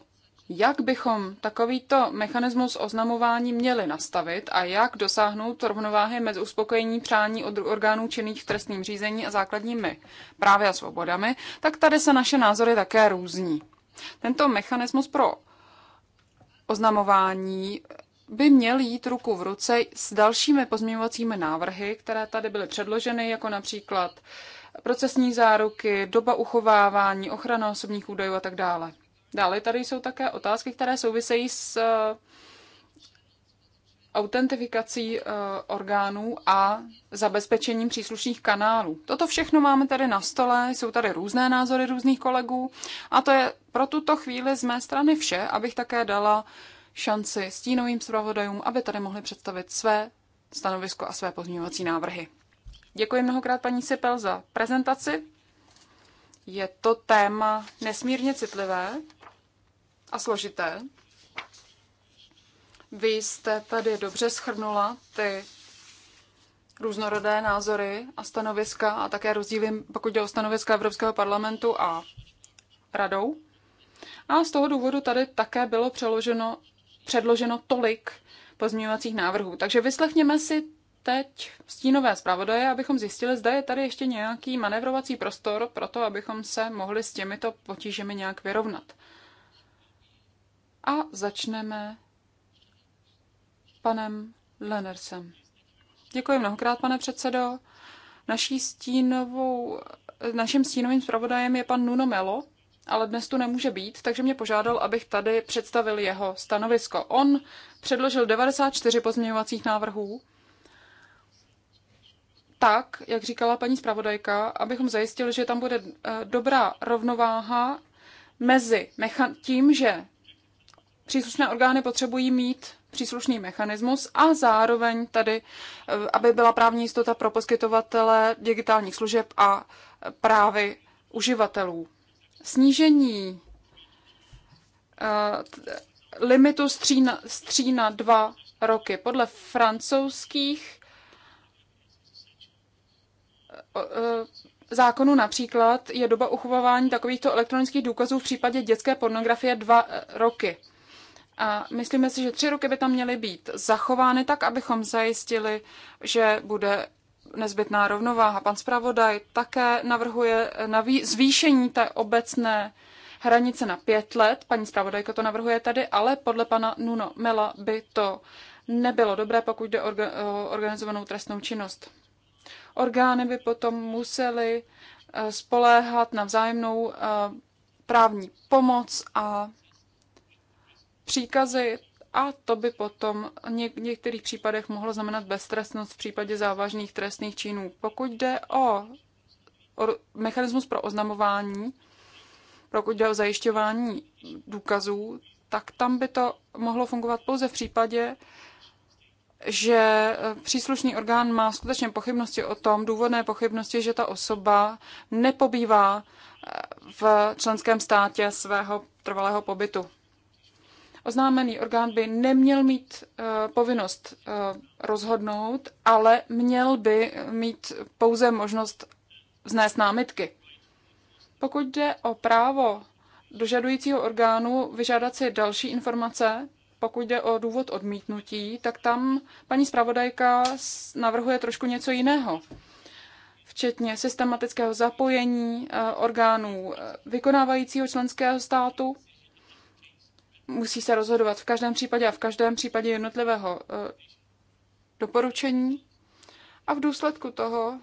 jak bychom takovýto mechanismus oznamování měli nastavit a jak dosáhnout rovnováhy mezi uspokojení přání od orgánů činných v trestním řízení a základními právy a svobodami, tak tady se naše názory také různí. Tento mechanismus pro oznamování by měl jít ruku v ruce s dalšími pozměňovacími návrhy, které tady byly předloženy, jako například procesní záruky, doba uchovávání, ochrana osobních údajů a tak dále. Dále tady jsou také otázky, které souvisejí s eh, autentifikací eh, orgánů a zabezpečením příslušných kanálů. Toto všechno máme tady na stole, jsou tady různé názory různých kolegů a to je pro tuto chvíli z mé strany vše, abych také dala šanci stínovým zpravodajům, aby tady mohli představit své stanovisko a své pozměňovací návrhy. Děkuji mnohokrát paní Sipel za prezentaci. Je to téma nesmírně citlivé, a složité. Vy jste tady dobře schrnula ty různorodé názory a stanoviska a také rozdíly, pokud jde o stanoviska Evropského parlamentu a radou. A z toho důvodu tady také bylo přeloženo, předloženo tolik pozměňovacích návrhů. Takže vyslechněme si teď stínové zpravodaje, abychom zjistili, zda je tady ještě nějaký manevrovací prostor pro to, abychom se mohli s těmito potížemi nějak vyrovnat. A začneme panem Lenersem. Děkuji mnohokrát, pane předsedo. Naší stínovou, naším stínovým zpravodajem je pan Nuno Melo, ale dnes tu nemůže být, takže mě požádal, abych tady představil jeho stanovisko. On předložil 94 pozměňovacích návrhů, tak, jak říkala paní zpravodajka, abychom zajistili, že tam bude eh, dobrá rovnováha mezi tím, že Příslušné orgány potřebují mít příslušný mechanismus a zároveň tady, eh, aby byla právní jistota pro poskytovatele digitálních služeb a eh, právy uživatelů. Snížení eh, limitu tří střína dva roky. Podle francouzských zákonu například je doba uchovávání takovýchto elektronických důkazů v případě dětské pornografie dva roky. A myslíme si, že tři roky by tam měly být zachovány tak, abychom zajistili, že bude nezbytná rovnováha. Pan zpravodaj také navrhuje na zvýšení té obecné hranice na pět let. Paní zpravodajka to navrhuje tady, ale podle pana Nuno Mela by to nebylo dobré, pokud jde o organizovanou trestnou činnost. Orgány by potom musely eh, spoléhat na vzájemnou eh, právní pomoc a příkazy a to by potom v některých případech mohlo znamenat beztrestnost v případě závažných trestných činů. Pokud jde o, o mechanismus pro oznamování, pokud jde o zajišťování důkazů, tak tam by to mohlo fungovat pouze v případě, že eh, příslušný orgán má skutečně pochybnosti o tom, důvodné pochybnosti, že ta osoba nepobývá eh, v členském státě svého trvalého pobytu. Oznámený orgán by neměl mít eh, povinnost eh, rozhodnout, ale měl by mít pouze možnost vznést námitky. Pokud jde o právo dožadujícího orgánu vyžádat si další informace, pokud jde o důvod odmítnutí, tak tam paní zpravodajka navrhuje trošku něco jiného, včetně systematického zapojení eh, orgánů vykonávajícího členského státu musí se rozhodovat v každém případě a v každém případě jednotlivého eh, doporučení. A v důsledku toho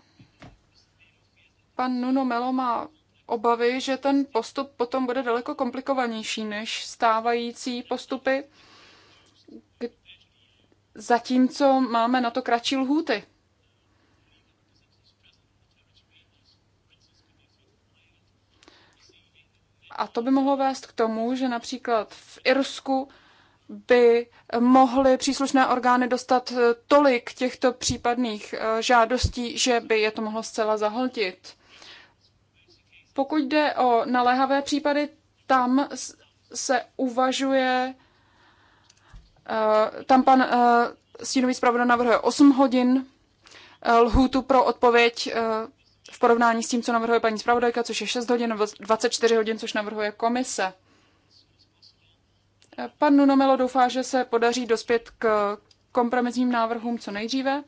pan Nuno Melo má obavy, že ten postup potom bude daleko komplikovanější než stávající postupy, zatímco máme na to kratší lhůty. A to by mohlo vést k tomu, že například v Irsku by mohly příslušné orgány dostat eh, tolik těchto případných eh, žádostí, že by je to mohlo zcela zahltit. Pokud jde o naléhavé případy, tam se uvažuje, eh, tam pan stínový zpravodaj navrhuje 8 hodin lhůtu pro odpověď v porovnání s tím, co navrhuje paní zpravodajka, což je 6 hodin, 24 hodin, což navrhuje komise. Pan Nunomelo doufá, že se podaří dospět k kompromisním návrhům co nejdříve.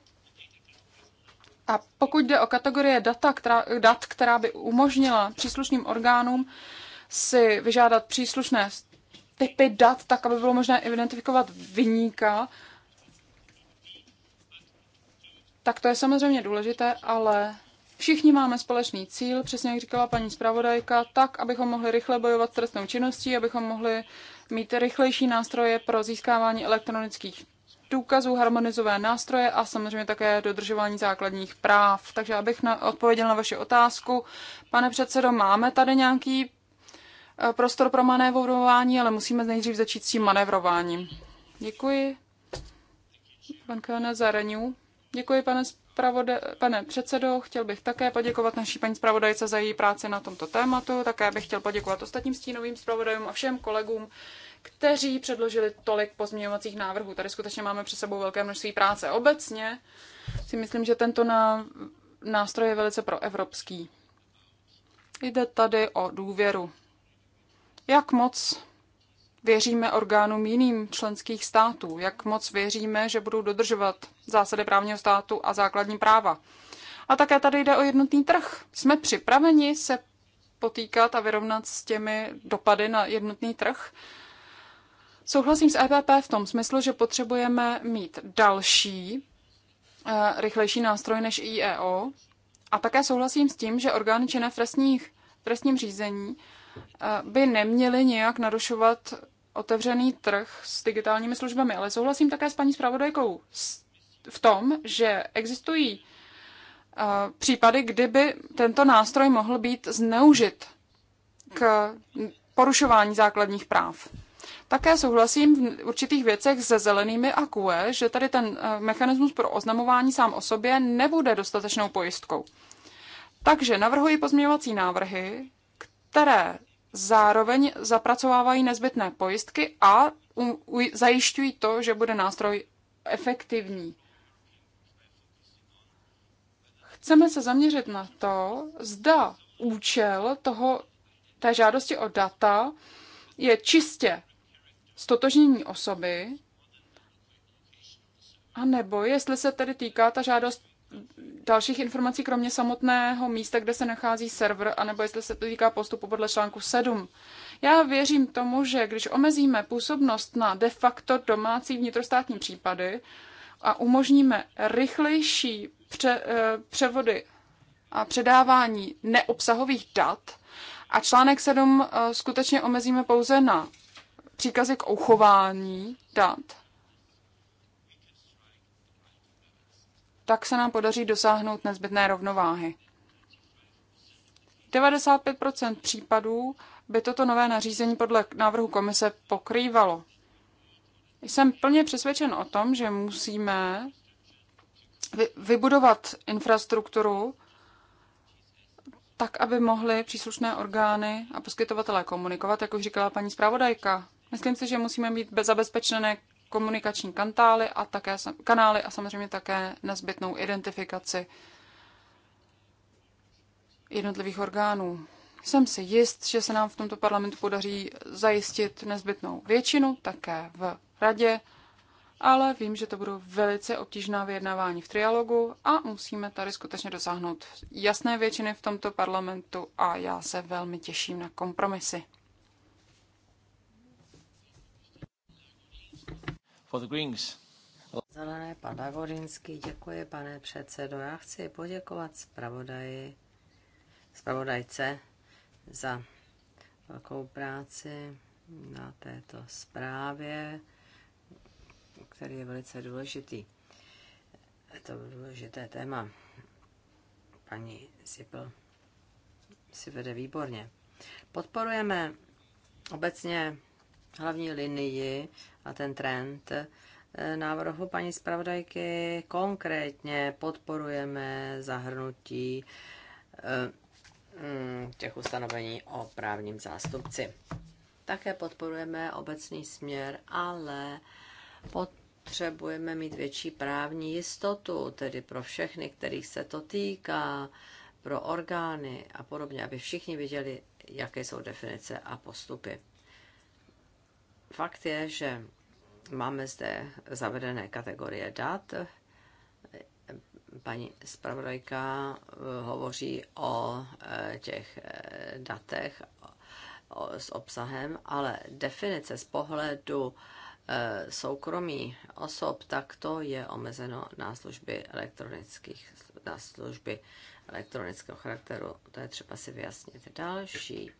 A pokud jde o kategorie data, která, dat, která by umožnila příslušným orgánům si vyžádat příslušné typy dat, tak aby bylo možné identifikovat vyníka, tak to je samozřejmě důležité, ale Všichni máme společný cíl, přesně jak říkala paní zpravodajka, tak, abychom mohli rychle bojovat s trestnou činností, abychom mohli mít rychlejší nástroje pro získávání elektronických důkazů, harmonizové nástroje a samozřejmě také dodržování základních práv. Takže abych na, odpověděl na vaši otázku, pane předsedo, máme tady nějaký e, prostor pro manévrování, ale musíme nejdřív začít s tím manévrováním. Děkuji. Pan Kane za Děkuji, pane zpravode, pane předsedo, chtěl bych také poděkovat naší paní zpravodajce za její práci na tomto tématu. Také bych chtěl poděkovat ostatním stínovým zpravodajům a všem kolegům, kteří předložili tolik pozměňovacích návrhů. Tady skutečně máme před sebou velké množství práce. Obecně si myslím, že tento nástroj je velice proevropský. Jde tady o důvěru. Jak moc věříme orgánům jiným členských států, jak moc věříme, že budou dodržovat zásady právního státu a základní práva. A také tady jde o jednotný trh. Jsme připraveni se potýkat a vyrovnat s těmi dopady na jednotný trh. Souhlasím s EPP v tom smyslu, že potřebujeme mít další eh, rychlejší nástroj než IEO. A také souhlasím s tím, že orgány činné v trestním řízení by neměly nějak narušovat otevřený trh s digitálními službami. Ale souhlasím také s paní zpravodajkou v tom, že existují uh, případy, kdyby tento nástroj mohl být zneužit k porušování základních práv. Také souhlasím v určitých věcech se zelenými a QE, že tady ten uh, mechanismus pro oznamování sám o sobě nebude dostatečnou pojistkou. Takže navrhuji pozměňovací návrhy, které zároveň zapracovávají nezbytné pojistky a u, u, zajišťují to, že bude nástroj efektivní. Chceme se zaměřit na to, zda účel toho, té žádosti o data je čistě stotožnění osoby, a nebo jestli se tedy týká ta žádost dalších informací, kromě samotného místa, kde se nachází server, anebo jestli se to týká postupu podle článku 7. Já věřím tomu, že když omezíme působnost na de facto domácí vnitrostátní případy a umožníme rychlejší pře, eh, převody a předávání neobsahových dat a článek 7 eh, skutečně omezíme pouze na příkazy k uchování dat, tak se nám podaří dosáhnout nezbytné rovnováhy. 95 případů by toto nové nařízení podle návrhu komise pokrývalo. Jsem plně přesvědčen o tom, že musíme vybudovat infrastrukturu tak, aby mohly příslušné orgány a poskytovatelé komunikovat, jak už říkala paní zpravodajka. Myslím si, že musíme mít zabezpečené komunikační kantály a také, kanály a samozřejmě také nezbytnou identifikaci jednotlivých orgánů. Jsem si jist, že se nám v tomto parlamentu podaří zajistit nezbytnou většinu, také v radě, ale vím, že to budou velice obtížná vyjednávání v trialogu a musíme tady skutečně dosáhnout jasné většiny v tomto parlamentu a já se velmi těším na kompromisy. for the Greens. Zelené Padagorinský, děkuji pane předsedo. Já chci poděkovat zpravodaji, zpravodajce za velkou práci na této zprávě, který je velice důležitý. Je to důležité téma. Paní Sipl si vede výborně. Podporujeme obecně hlavní linii a ten trend eh, návrhu paní zpravodajky. Konkrétně podporujeme zahrnutí eh, mm, těch ustanovení o právním zástupci. Také podporujeme obecný směr, ale potřebujeme mít větší právní jistotu, tedy pro všechny, kterých se to týká, pro orgány a podobně, aby všichni viděli, jaké jsou definice a postupy. Fakt je, že máme zde zavedené kategorie dat. Paní zpravodajka eh, hovoří o eh, těch eh, datech s obsahem, ale definice z pohledu soukromí osob, tak to je omezeno na služby elektronických, na služby elektronického charakteru. To je třeba si vyjasnit. Další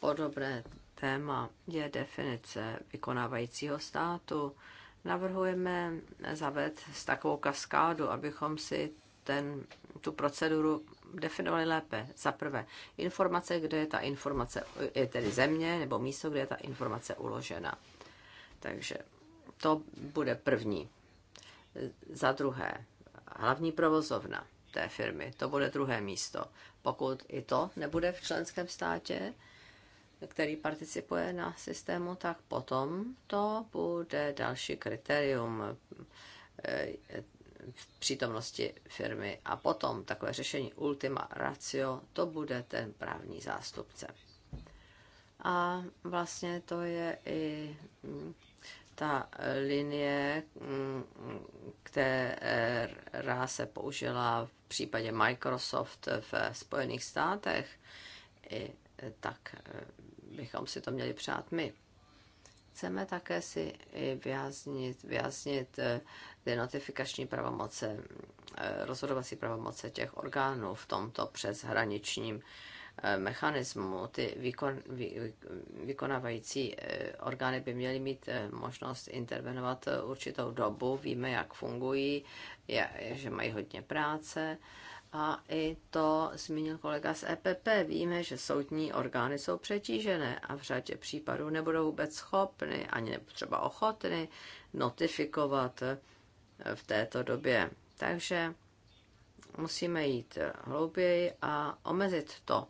podobné téma je definice vykonávajícího státu. Navrhujeme zavést s takovou kaskádu, abychom si ten, tu proceduru definovali lépe. Za prvé, informace, kde je ta informace, je tedy země nebo místo, kde je ta informace uložena. Takže to bude první. Za druhé, hlavní provozovna té firmy, to bude druhé místo. Pokud i to nebude v členském státě, který participuje na systému, tak potom to bude další kritérium v eh, přítomnosti firmy a potom takové řešení ultima ratio, to bude ten právní zástupce. A vlastně to je i mm, ta linie, mm, která se použila v případě Microsoft v Spojených státech, i tak eh, bychom si to měli přát my. Chceme také si i vyjasnit, vyjasnit eh, notifikační pravomoce, eh, rozhodovací pravomoce těch orgánů v tomto přeshraničním eh, mechanismu. Ty výkon, vý, vykonávající orgány by měly mít možnost intervenovat určitou dobu. Víme, jak fungují, je, že mají hodně práce a i to zmínil kolega z EPP. Víme, že soudní orgány jsou přetížené a v řadě případů nebudou vůbec schopny, ani třeba ochotny notifikovat eh, v této době. Takže musíme jít eh, hlouběji a omezit to.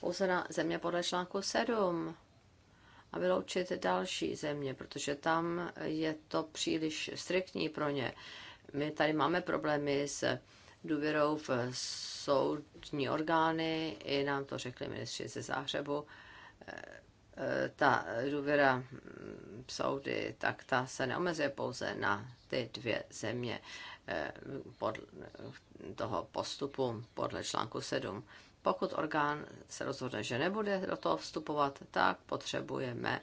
Pouze na země podle článku 7 a vyloučit další země, protože tam je to příliš striktní pro ně. My tady máme problémy s důvěrou v soudní orgány, i nám to řekli ministři ze Záhřebu. Eh, eh, ta důvěra hm, v soudy, tak ta se neomezuje pouze na ty dvě země eh, podle toho postupu podle článku 7. Pokud orgán se rozhodne, že nebude do toho vstupovat, tak potřebujeme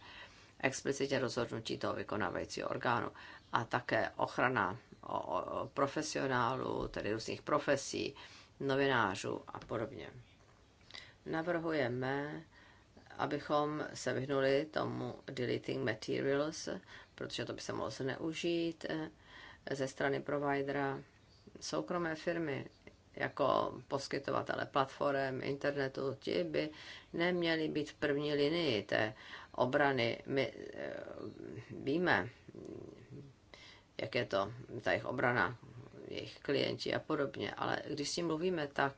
explicitně rozhodnutí toho vykonávajícího orgánu a také ochrana profesionálů, tedy různých profesí, novinářů a podobně. Navrhujeme, abychom se vyhnuli tomu deleting materials, protože to by se mohlo zneužít eh, ze strany providera. Soukromé firmy jako poskytovatele platform, internetu, ti by neměli být v první linii té obrany. My eh, víme, jak je to, ta jejich obrana, jejich klienti a podobně. Ale když s tím mluvíme, tak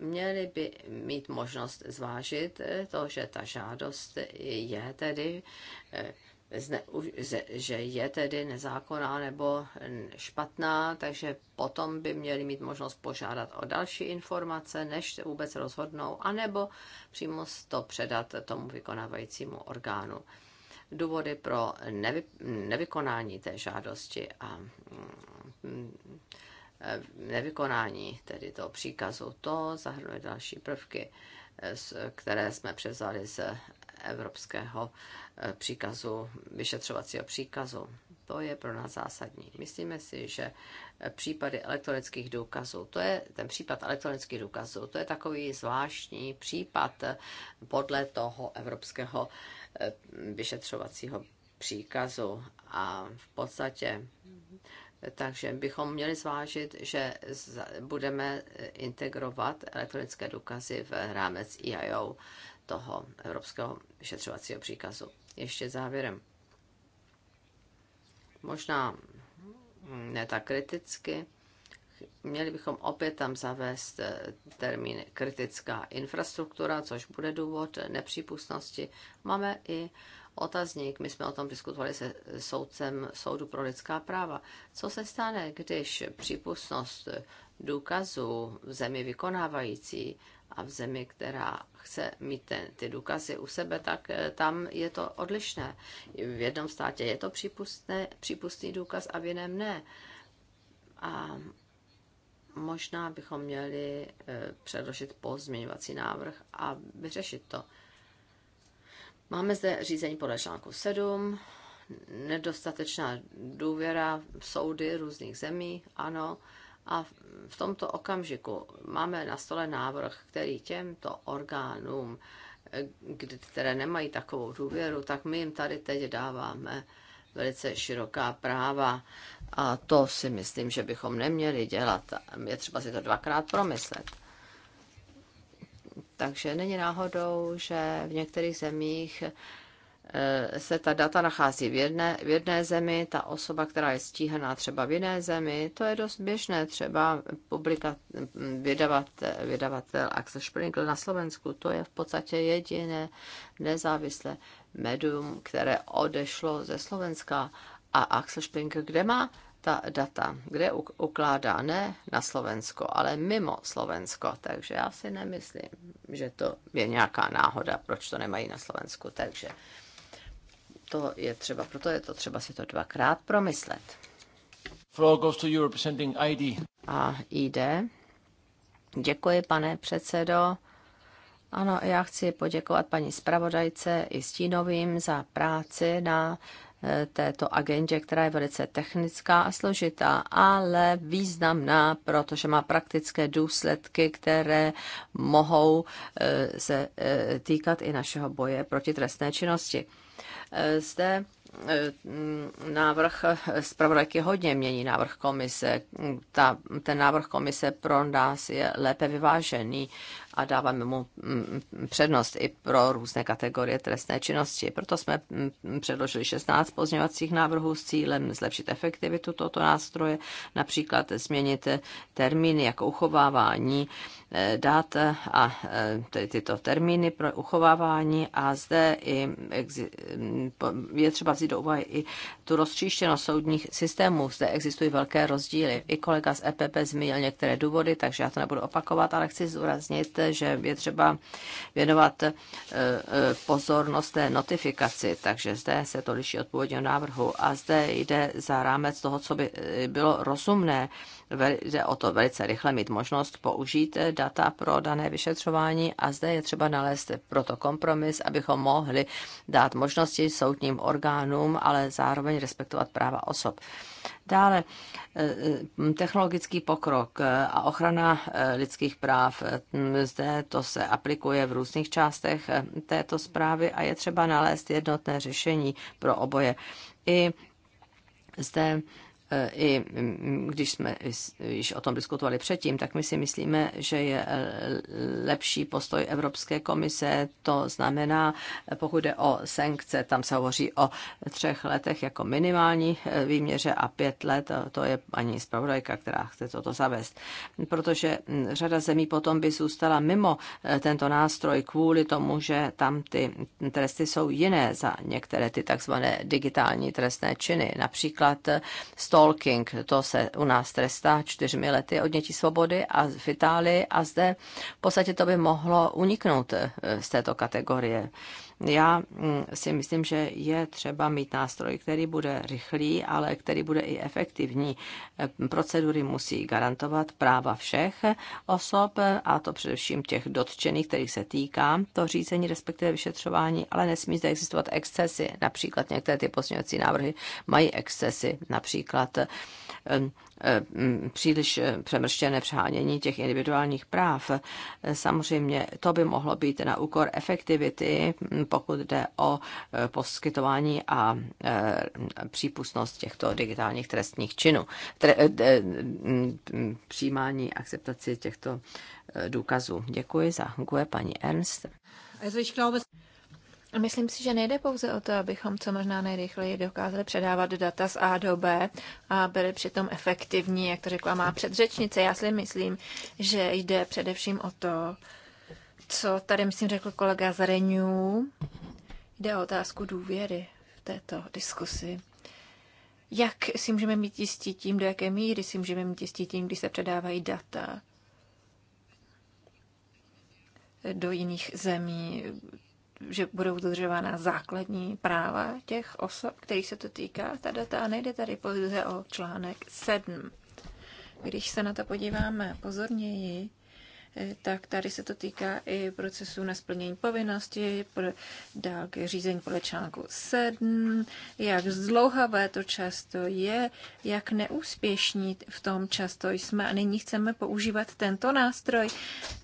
měli by mít možnost zvážit eh, to, že ta žádost je tedy eh, že je tedy nezákonná nebo špatná, takže potom by měli mít možnost požádat o další informace, než vůbec rozhodnou, anebo přímo to předat tomu vykonávajícímu orgánu důvody pro nevy, nevykonání té žádosti a mm, nevykonání tedy toho příkazu. To zahrnuje další prvky, které jsme převzali z evropského eh, příkazu, vyšetřovacího příkazu to je pro nás zásadní. Myslíme si, že případy elektronických důkazů, to je ten případ elektronických důkazů, to je takový zvláštní případ podle toho evropského eh, vyšetřovacího příkazu a v podstatě takže bychom měli zvážit, že budeme integrovat elektronické důkazy v rámec EIO toho evropského vyšetřovacího příkazu. Ještě závěrem možná ne tak kriticky, měli bychom opět tam zavést eh, termín kritická infrastruktura, což bude důvod nepřípustnosti. Máme i otazník, my jsme o tom diskutovali se soudcem Soudu pro lidská práva. Co se stane, když přípustnost důkazů v zemi vykonávající a v zemi, která chce mít ten, ty důkazy u sebe, tak eh, tam je to odlišné. V jednom státě je to přípustné, přípustný důkaz a v jiném ne. A možná bychom měli eh, předložit pozměňovací návrh a vyřešit to. Máme zde řízení podle článku 7, nedostatečná důvěra v soudy různých zemí, ano, a v tomto okamžiku máme na stole návrh, který těmto orgánům, které nemají takovou důvěru, tak my jim tady teď dáváme velice široká práva. A to si myslím, že bychom neměli dělat. Je třeba si to dvakrát promyslet. Takže není náhodou, že v některých zemích Eh, se ta data nachází v jedné, v jedné zemi, ta osoba, která je stíhaná třeba v jiné zemi, to je dost běžné. Třeba publika, vydavatel, vydavatel Axel Springl na Slovensku, to je v podstatě jediné nezávislé médium, které odešlo ze Slovenska. A Axel Springl, kde má ta data, kde ukládá, ne na Slovensko, ale mimo Slovensko. Takže já si nemyslím, že to je nějaká náhoda, proč to nemají na Slovensku. Takže to je třeba, proto je to třeba si to dvakrát promyslet. Floor goes to you representing ID. A ID. Děkuji, pane předsedo. Ano, já chci poděkovat paní zpravodajce i Stínovým za práci na eh, této agendě, která je velice technická a složitá, ale významná, protože má praktické důsledky, které mohou eh, se eh, týkat i našeho boje proti trestné činnosti. Eh, zde eh, návrh zpravodajky hodně mění návrh komise. Ta, ten návrh komise pro nás je lépe vyvážený a dáváme mu mm, přednost i pro různé kategorie trestné činnosti. Proto jsme mm, předložili 16 pozměňovacích návrhů s cílem zlepšit efektivitu tohoto nástroje, například změnit termíny jako uchovávání Eh, dát eh, a eh, tyto termíny pro uchovávání a zde i mm, je třeba vzít do úvahy i tu roztříštěnost soudních systémů. Zde existují velké rozdíly. I kolega z EPP zmínil některé důvody, takže já to nebudu opakovat, ale chci zúraznit, že je třeba věnovat pozornost té notifikaci, takže zde se to liší od původního návrhu a zde jde za rámec toho, co by bylo rozumné jde o to velice rychle mít možnost použít eh, data pro dané vyšetřování a zde je třeba nalézt proto kompromis, abychom mohli dát možnosti soudním orgánům, ale zároveň respektovat práva osob. Dále eh, eh, technologický pokrok a ochrana lidských práv. Hm, zde to se aplikuje v různých částech této zprávy a je třeba nalézt jednotné řešení pro oboje. I zde i mm, když jsme již o tom diskutovali předtím, tak my si myslíme, že je e, lepší postoj Evropské komise. To znamená, pokud jde o sankce, tam se hovoří o třech letech jako minimální e, výměře a pět let. E, to je paní zpravodajka, která chce toto zavést. Protože řada zemí potom by zůstala mimo tento nástroj kvůli tomu, že tam ty tresty jsou jiné za některé ty takzvané digitální trestné činy. Například 100 stalking, to se u nás trestá čtyřmi lety odnětí svobody a v Itálii a zde v podstatě to by mohlo uniknout eh, z této kategorie já mm, si myslím, že je třeba mít nástroj, který bude rychlý, ale který bude i efektivní. E, procedury musí garantovat práva všech osob, a to především těch dotčených, kterých se týká to řízení, respektive vyšetřování, ale nesmí zde existovat excesy. Například některé ty pozměňovací návrhy mají excesy, například e, e, příliš přemrštěné přehánění těch individuálních práv. Samozřejmě to by mohlo být na úkor efektivity pokud jde o e, poskytování a e, přípustnost těchto digitálních trestních činů, tre, de, e, přijímání, akceptaci těchto důkazů. Děkuji za GUE, paní Ernst. Myslím si, že nejde pouze o to, abychom co možná nejrychleji dokázali předávat data z A do B a byli přitom efektivní, jak to řekla má předřečnice. Já si myslím, že jde především o to, co tady, myslím, řekl kolega Zareňů, jde o otázku důvěry v této diskusi. Jak si můžeme mít jistí tím, do jaké míry si můžeme mít jistí tím, když se předávají data do jiných zemí, že budou dodržována základní práva těch osob, kterých se to týká, ta data, a nejde tady pouze o článek 7. Když se na to podíváme pozorněji, Eh, tak tady se to týká i procesu nesplnění povinnosti, dál k řízení podle článku 7, jak zdlouhavé to často je, jak neúspěšní v tom často jsme a nyní chceme používat tento nástroj.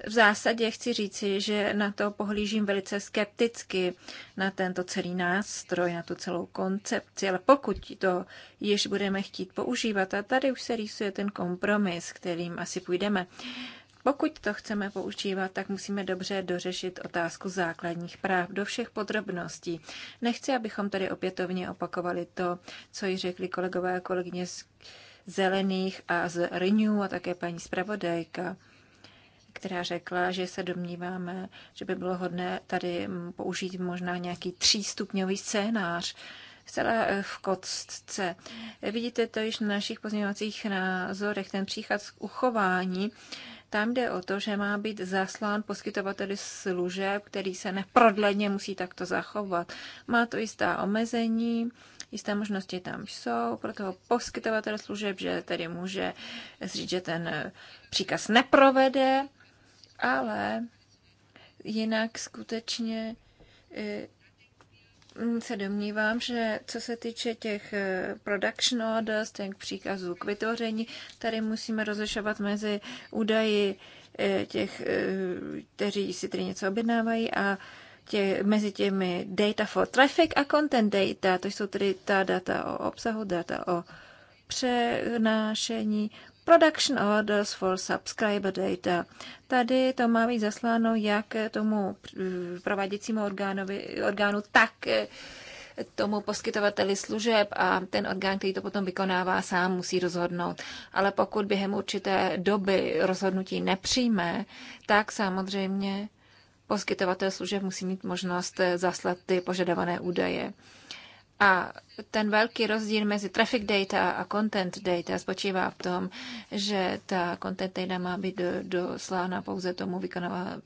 V zásadě chci říci, že na to pohlížím velice skepticky, na tento celý nástroj, na tu celou koncepci, ale pokud to již budeme chtít používat, a tady už se rýsuje ten kompromis, kterým asi půjdeme, pokud to chceme používat, tak musíme dobře dořešit otázku základních práv do všech podrobností. Nechci, abychom tady opětovně opakovali to, co ji řekli kolegové a kolegyně z Zelených a z Renew a také paní zpravodajka která řekla, že se domníváme, že by bylo hodné tady použít možná nějaký třístupňový scénář, celé eh, v kostce. Vidíte to již na našich pozměňovacích názorech, ten příchod z uchování tam jde o to, že má být zaslán poskytovateli služeb, který se neprodleně musí takto zachovat. Má to jistá omezení, jisté možnosti tam jsou pro toho poskytovatele služeb, že tedy může říct, že ten příkaz neprovede, ale jinak skutečně eh, Mm, se domnívám, že co se týče těch eh, production orders, těch příkazů k vytvoření, tady musíme rozlišovat mezi údaji eh, těch, eh, kteří si tady něco objednávají a tě, mezi těmi data for traffic a content data, to jsou tedy ta data o obsahu, data o přenášení, Production orders for subscriber data. Tady to má být zasláno jak tomu eh, prováděcímu orgánovi, orgánu, tak eh, tomu poskytovateli služeb a ten orgán, který to potom vykonává, sám musí rozhodnout. Ale pokud během určité doby rozhodnutí nepřijme, tak samozřejmě poskytovatel služeb musí mít možnost eh, zaslat ty požadované údaje. A ten velký rozdíl mezi traffic data a content data spočívá v tom, že ta content data má být doslána pouze tomu vykonává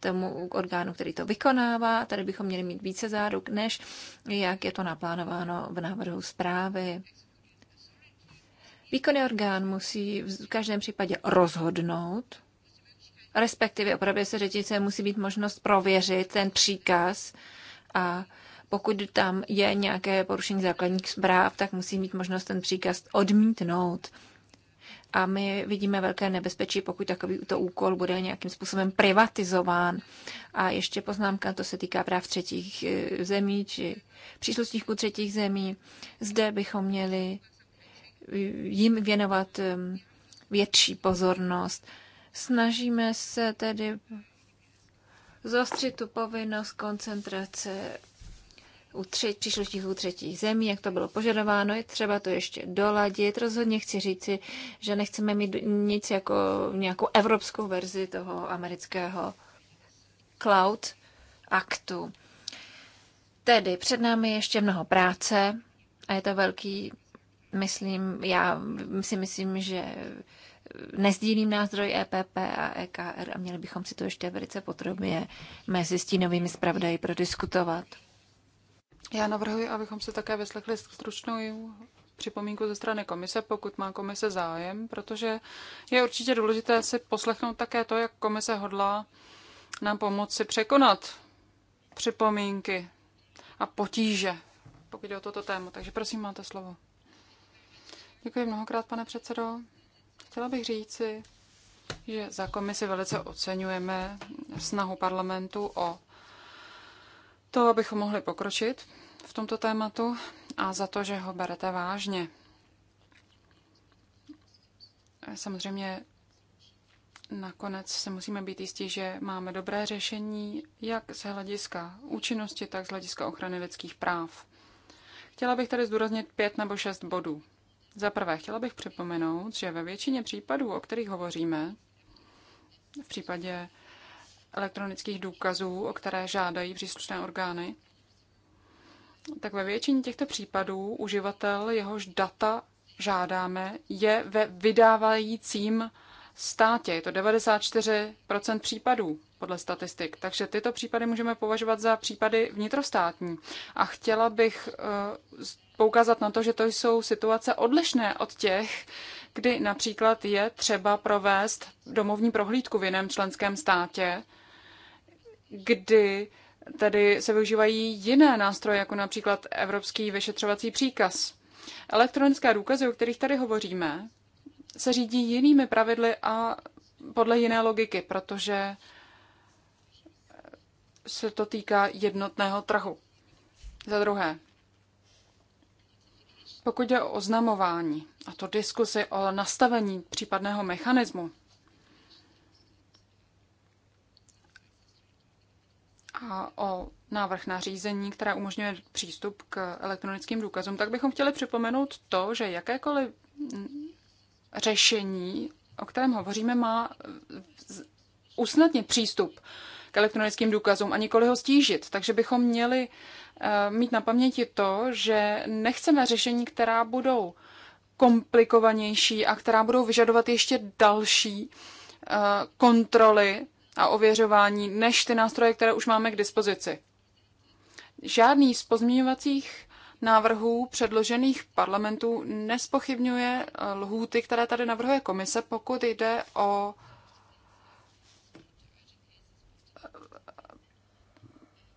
tomu orgánu, který to vykonává. Tady bychom měli mít více záruk, než jak je to naplánováno v návrhu zprávy. Výkonný orgán musí v každém případě rozhodnout, respektive opravdu se řečnice musí být možnost prověřit ten příkaz a pokud tam je nějaké porušení základních zpráv, tak musí mít možnost ten příkaz odmítnout. A my vidíme velké nebezpečí, pokud takový to úkol bude nějakým způsobem privatizován. A ještě poznámka, to se týká práv třetích eh, zemí či příslušníků třetích zemí. Zde bychom měli eh, jim věnovat ehm, větší pozornost. Snažíme se tedy zostřit tu povinnost koncentrace u tři, příslušníků třetích zemí, jak to bylo požadováno, je třeba to ještě doladit. Rozhodně chci říci, že nechceme mít nic jako nějakou evropskou verzi toho amerického cloud aktu. Tedy před námi ještě mnoho práce a je to velký, myslím, já si myslím, že nezdílím názdroj EPP a EKR a měli bychom si to ještě velice podrobně mezi stínovými zpravodaji prodiskutovat. Já navrhuji, abychom se také vyslechli stručnou připomínku ze strany komise, pokud má komise zájem, protože je určitě důležité si poslechnout také to, jak komise hodlá nám pomoci překonat připomínky a potíže, pokud je o toto téma. Takže prosím, máte slovo. Děkuji mnohokrát, pane předsedo. Chtěla bych říci, že za komisi velice oceňujeme snahu parlamentu o to, abychom mohli pokročit v tomto tématu a za to, že ho berete vážně. Samozřejmě nakonec se musíme být jistí, že máme dobré řešení jak z hlediska účinnosti, tak z hlediska ochrany lidských práv. Chtěla bych tady zdůraznit pět nebo šest bodů. Za prvé, chtěla bych připomenout, že ve většině případů, o kterých hovoříme, v případě elektronických důkazů, o které žádají příslušné orgány, tak ve většině těchto případů uživatel, jehož data žádáme, je ve vydávajícím státě. Je to 94% případů podle statistik. Takže tyto případy můžeme považovat za případy vnitrostátní. A chtěla bych eh, poukázat na to, že to jsou situace odlišné od těch, kdy například je třeba provést domovní prohlídku v jiném členském státě, kdy tedy se využívají jiné nástroje, jako například Evropský vyšetřovací příkaz. Elektronické důkazy, o kterých tady hovoříme, se řídí jinými pravidly a podle jiné logiky, protože se to týká jednotného trhu. Za druhé, pokud je o oznamování a to diskusy o nastavení případného mechanismu, a o návrh řízení, která umožňuje přístup k elektronickým důkazům, tak bychom chtěli připomenout to, že jakékoliv mm, řešení, o kterém hovoříme, má usnadnit přístup k elektronickým důkazům a nikoli ho stížit. Takže bychom měli eh, mít na paměti to, že nechceme řešení, která budou komplikovanější a která budou vyžadovat ještě další eh, kontroly a ověřování než ty nástroje, které už máme k dispozici. Žádný z pozměňovacích návrhů předložených parlamentů nespochybňuje eh, lhůty, které tady navrhuje komise, pokud jde o eh,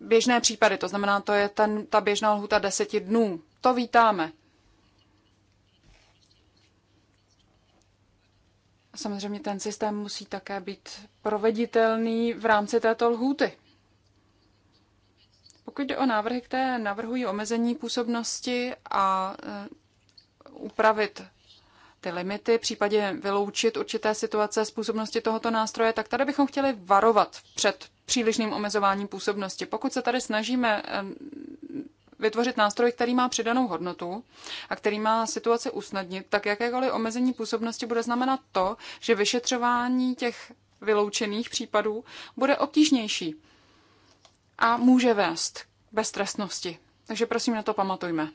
běžné případy, to znamená, to je ten, ta běžná lhůta deseti dnů. To vítáme. A samozřejmě ten systém musí také být proveditelný v rámci této lhůty. Pokud jde o návrhy, které navrhují omezení působnosti a e, upravit ty limity, případně vyloučit určité situace z působnosti tohoto nástroje, tak tady bychom chtěli varovat před přílišným omezováním působnosti. Pokud se tady snažíme e, vytvořit nástroj, který má přidanou hodnotu a který má situaci usnadnit, tak jakékoliv omezení působnosti bude znamenat to, že vyšetřování těch vyloučených případů bude obtížnější a může vést k beztrestnosti. Takže prosím na to pamatujme.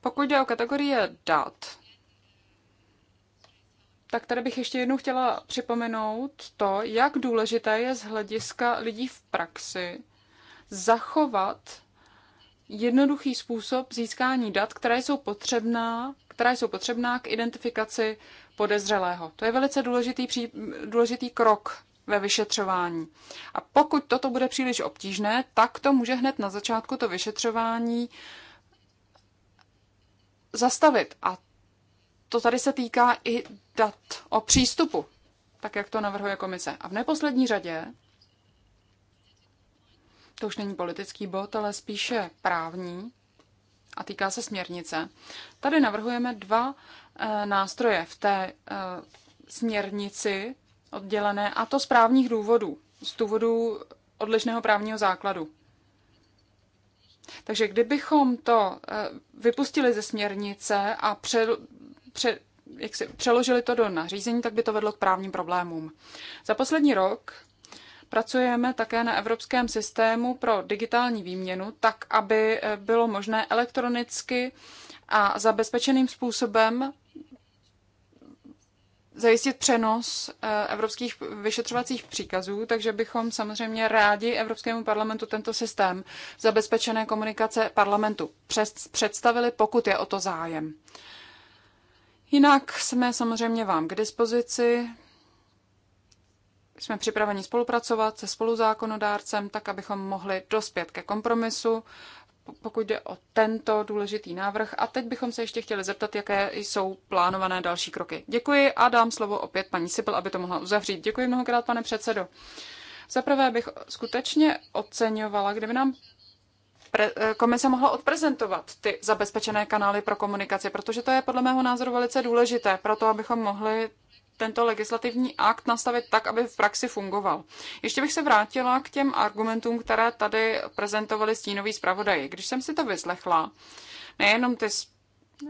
Pokud jde o kategorie dat, tak tady bych ještě jednou chtěla připomenout to, jak důležité je z hlediska lidí v praxi zachovat jednoduchý způsob získání dat, které jsou potřebná, která jsou potřebná k identifikaci podezřelého. To je velice důležitý, pří, důležitý krok ve vyšetřování. A pokud toto bude příliš obtížné, tak to může hned na začátku to vyšetřování zastavit. A to tady se týká i dat o přístupu, tak jak to navrhuje komise. A v neposlední řadě to už není politický bod, ale spíše právní a týká se směrnice. Tady navrhujeme dva eh, nástroje v té eh, směrnici oddělené, a to z právních důvodů, z důvodu odlišného právního základu. Takže kdybychom to eh, vypustili ze směrnice a pře, pře, jak si, přeložili to do nařízení, tak by to vedlo k právním problémům. Za poslední rok pracujeme také na evropském systému pro digitální výměnu, tak aby eh, bylo možné elektronicky a zabezpečeným způsobem zajistit přenos eh, evropských vyšetřovacích příkazů, takže bychom samozřejmě rádi Evropskému parlamentu tento systém zabezpečené komunikace parlamentu představili, pokud je o to zájem. Jinak jsme samozřejmě vám k dispozici jsme připraveni spolupracovat se spoluzákonodárcem, tak abychom mohli dospět ke kompromisu, pokud jde o tento důležitý návrh. A teď bychom se ještě chtěli zeptat, jaké jsou plánované další kroky. Děkuji a dám slovo opět paní Sipl, aby to mohla uzavřít. Děkuji mnohokrát, pane předsedo. Zaprvé bych skutečně oceňovala, kdyby nám komise mohla odprezentovat ty zabezpečené kanály pro komunikaci, protože to je podle mého názoru velice důležité pro to, abychom mohli tento legislativní akt nastavit tak, aby v praxi fungoval. Ještě bych se vrátila k těm argumentům, které tady prezentovali stínoví zpravodaji. Když jsem si to vyslechla, nejenom ty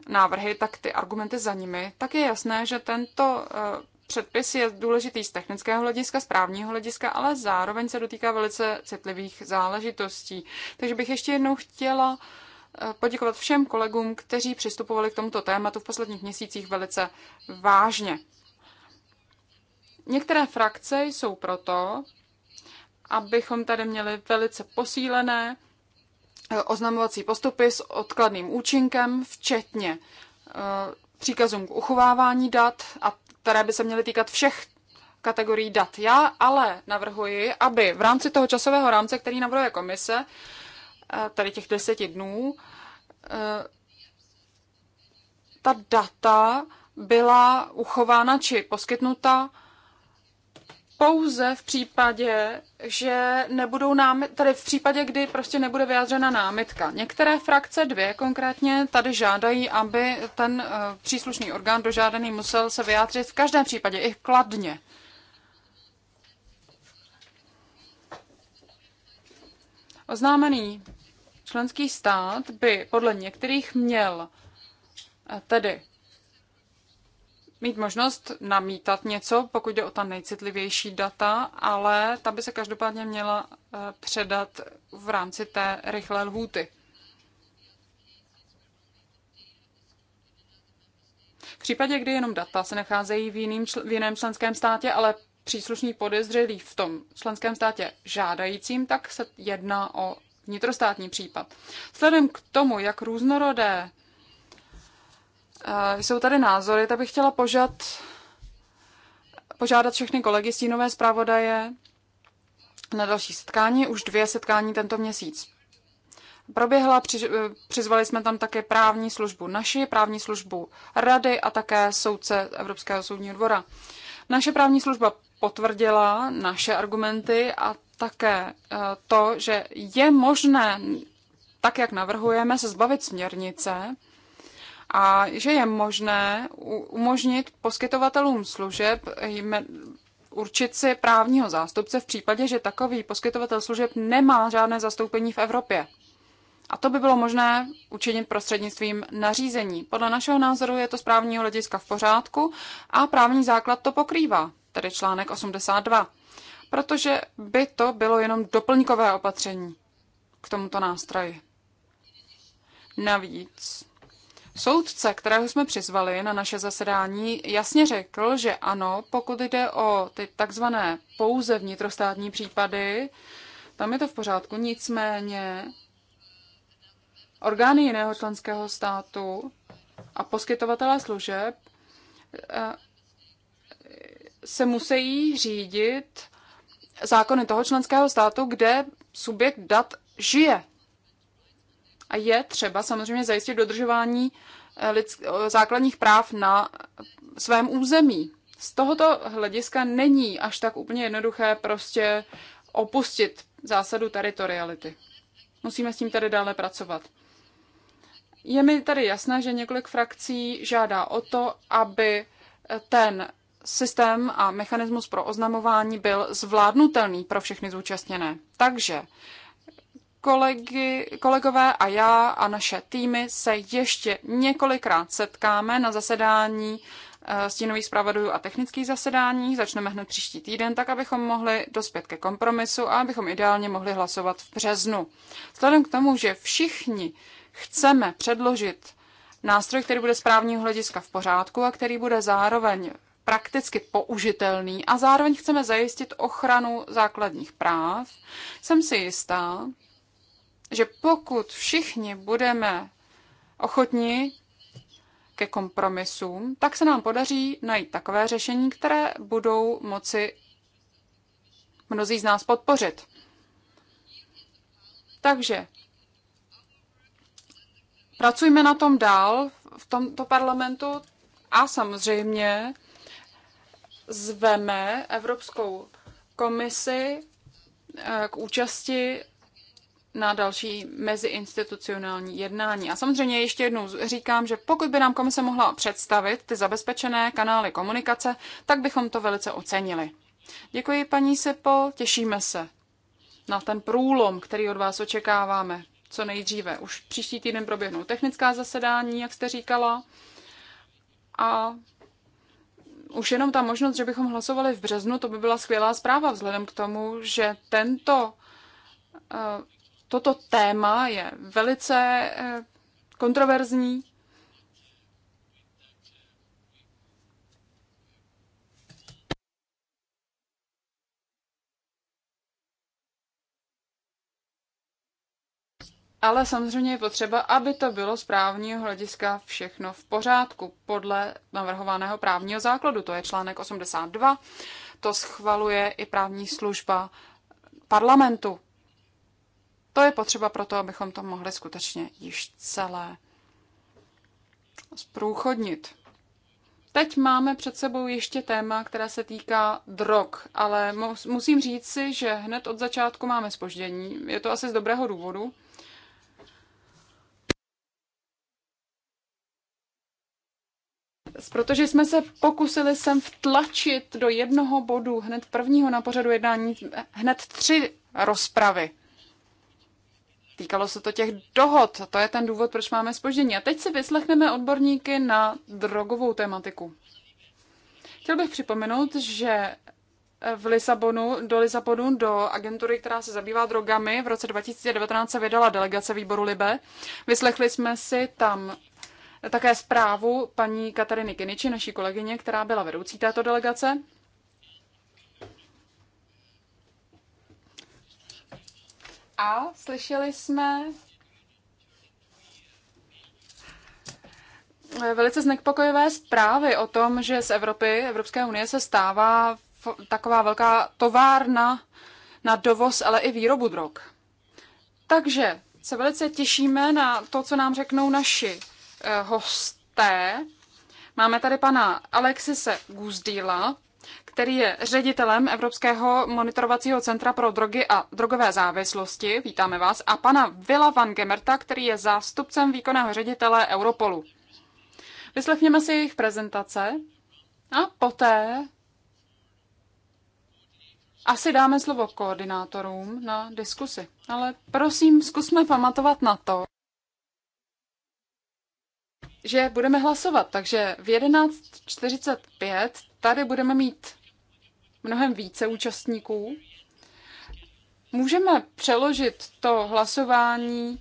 návrhy, tak ty argumenty za nimi, tak je jasné, že tento eh, předpis je důležitý z technického hlediska, z právního hlediska, ale zároveň se dotýká velice citlivých záležitostí. Takže bych ještě jednou chtěla eh, poděkovat všem kolegům, kteří přistupovali k tomuto tématu v posledních měsících velice vážně. Některé frakce jsou proto, abychom tady měli velice posílené eh, oznamovací postupy s odkladným účinkem, včetně eh, příkazům k uchovávání dat, a které by se měly týkat všech kategorií dat. Já ale navrhuji, aby v rámci toho časového rámce, který navrhuje komise, eh, tady těch deseti dnů, ta data byla uchována či poskytnuta pouze v případě, že nebudou námi, tady v případě, kdy prostě nebude vyjádřena námitka. Některé frakce, dvě konkrétně, tady žádají, aby ten uh, příslušný orgán dožádaný musel se vyjádřit v každém případě, i kladně. Oznámený členský stát by podle některých měl eh, tedy mít možnost namítat něco, pokud jde o ta nejcitlivější data, ale ta by se každopádně měla eh, předat v rámci té rychlé lhůty. V případě, kdy jenom data se nacházejí v, jiným, v jiném členském státě, ale příslušný podezřelý v tom členském státě žádajícím, tak se jedná o vnitrostátní případ. Vzhledem k tomu, jak různorodé Eh, jsou tady názory, tak bych chtěla požad, požádat všechny kolegy stínové zpravodaje na další setkání, už dvě setkání tento měsíc. Proběhla, při, eh, přizvali jsme tam také právní službu naši, právní službu rady a také soudce Evropského soudního dvora. Naše právní služba potvrdila naše argumenty a také eh, to, že je možné, tak jak navrhujeme, se zbavit směrnice, a že je možné umožnit poskytovatelům služeb určit si právního zástupce v případě, že takový poskytovatel služeb nemá žádné zastoupení v Evropě. A to by bylo možné učinit prostřednictvím nařízení. Podle našeho názoru je to z právního hlediska v pořádku a právní základ to pokrývá, tedy článek 82, protože by to bylo jenom doplňkové opatření k tomuto nástroji. Navíc Soudce, kterého jsme přizvali na naše zasedání, jasně řekl, že ano, pokud jde o ty takzvané pouze vnitrostátní případy, tam je to v pořádku, nicméně orgány jiného členského státu a poskytovatelé služeb eh, se musí řídit zákony toho členského státu, kde subjekt dat žije. A je třeba samozřejmě zajistit dodržování eh, eh, základních práv na svém území. Z tohoto hlediska není až tak úplně jednoduché prostě opustit zásadu teritoriality. Musíme s tím tady dále pracovat. Je mi tady jasné, že několik frakcí žádá o to, aby eh, ten systém a mechanismus pro oznamování byl zvládnutelný pro všechny zúčastněné. Takže kolegy, kolegové a já a naše týmy se ještě několikrát setkáme na zasedání eh, stínových zpravodajů a technických zasedání. Začneme hned příští týden, tak abychom mohli dospět ke kompromisu a abychom ideálně mohli hlasovat v březnu. Vzhledem k tomu, že všichni chceme předložit nástroj, který bude z právního hlediska v pořádku a který bude zároveň prakticky použitelný a zároveň chceme zajistit ochranu základních práv, jsem si jistá, že pokud všichni budeme ochotní ke kompromisům, tak se nám podaří najít takové řešení, které budou moci mnozí z nás podpořit. Takže pracujme na tom dál v tomto parlamentu a samozřejmě zveme Evropskou komisi eh, k účasti na další meziinstitucionální jednání. A samozřejmě ještě jednou říkám, že pokud by nám komise mohla představit ty zabezpečené kanály komunikace, tak bychom to velice ocenili. Děkuji, paní Sipo, těšíme se na ten průlom, který od vás očekáváme co nejdříve. Už příští týden proběhnou technická zasedání, jak jste říkala. A už jenom ta možnost, že bychom hlasovali v březnu, to by byla skvělá zpráva vzhledem k tomu, že tento eh, toto téma je velice eh, kontroverzní. Ale samozřejmě je potřeba, aby to bylo z právního hlediska všechno v pořádku podle navrhovaného právního základu. To je článek 82. To schvaluje i právní služba parlamentu. To je potřeba proto, abychom to mohli skutečně již celé zprůchodnit. Teď máme před sebou ještě téma, která se týká drog, ale musím říct si, že hned od začátku máme spoždění. Je to asi z dobrého důvodu. Protože jsme se pokusili sem vtlačit do jednoho bodu, hned prvního na pořadu jednání, hned tři rozpravy. Týkalo se to těch dohod, to je ten důvod, proč máme spoždění. A teď si vyslechneme odborníky na drogovou tematiku. Chtěl bych připomenout, že v Lisabonu, do Lisabonu, do agentury, která se zabývá drogami, v roce 2019 se vydala delegace výboru Libe. Vyslechli jsme si tam také zprávu paní Katariny Kiniči, naší kolegyně, která byla vedoucí této delegace. A slyšeli jsme velice znepokojivé zprávy o tom, že z Evropy, Evropské unie se stává taková velká továrna na dovoz, ale i výrobu drog. Takže se velice těšíme na to, co nám řeknou naši eh, hosté. Máme tady pana Alexise Guzdíla, který je ředitelem Evropského monitorovacího centra pro drogy a drogové závislosti. Vítáme vás. A pana Vila van Gemerta, který je zástupcem výkonného ředitele Europolu. Vyslechněme si jejich prezentace a poté asi dáme slovo koordinátorům na diskusi. Ale prosím, zkusme pamatovat na to, že budeme hlasovat. Takže v 11.45 tady budeme mít mnohem více účastníků. Můžeme přeložit to hlasování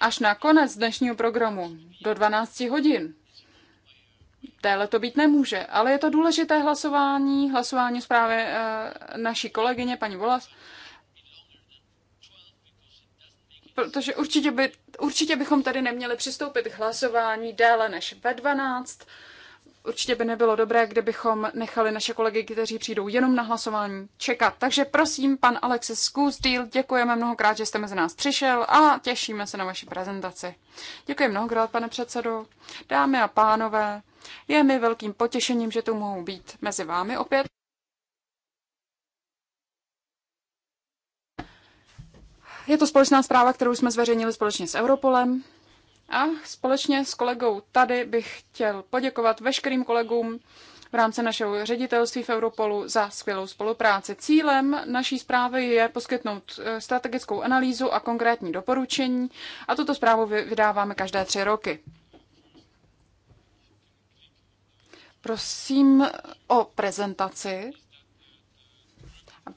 až na konec dnešního programu, do 12 hodin. Téhle to být nemůže, ale je to důležité hlasování, hlasování zprávy eh, naší kolegyně, paní Volas, protože určitě, by, určitě bychom tady neměli přistoupit k hlasování déle než ve 12, určitě by nebylo dobré, kdybychom nechali naše kolegy, kteří přijdou jenom na hlasování, čekat. Takže prosím, pan Alexis deal. děkujeme mnohokrát, že jste mezi nás přišel a těšíme se na vaši prezentaci. Děkuji mnohokrát, pane předsedo. Dámy a pánové, je mi velkým potěšením, že tu mohu být mezi vámi opět. Je to společná zpráva, kterou jsme zveřejnili společně s Europolem a společně s kolegou tady bych chtěl poděkovat veškerým kolegům v rámci našeho ředitelství v Europolu za skvělou spolupráci. Cílem naší zprávy je poskytnout eh, strategickou analýzu a konkrétní doporučení a tuto zprávu vydáváme každé tři roky. Prosím o prezentaci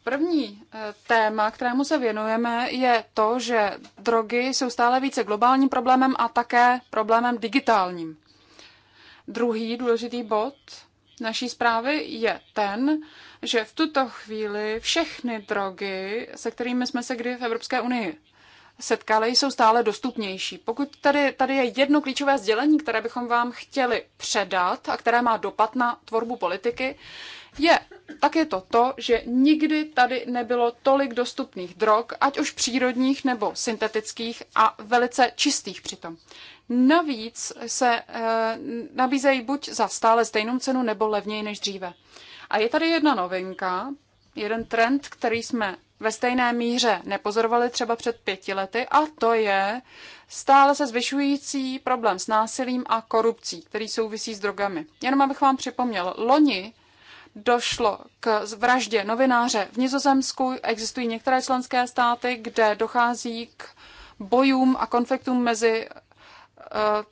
První eh, téma, kterému se věnujeme, je to, že drogy jsou stále více globálním problémem a také problémem digitálním. Druhý důležitý bod naší zprávy je ten, že v tuto chvíli všechny drogy, se kterými jsme se kdy v Evropské unii setkali, jsou stále dostupnější. Pokud tady, tady je jedno klíčové sdělení, které bychom vám chtěli předat a které má dopad na tvorbu politiky, je tak je to to, že nikdy tady nebylo tolik dostupných drog, ať už přírodních nebo syntetických a velice čistých přitom. Navíc se e, nabízejí buď za stále stejnou cenu nebo levněji než dříve. A je tady jedna novinka, jeden trend, který jsme ve stejné míře nepozorovali třeba před pěti lety, a to je stále se zvyšující problém s násilím a korupcí, který souvisí s drogami. Jenom abych vám připomněl, loni došlo k vraždě novináře v Nizozemsku. Existují některé členské státy, kde dochází k bojům a konfliktům mezi eh,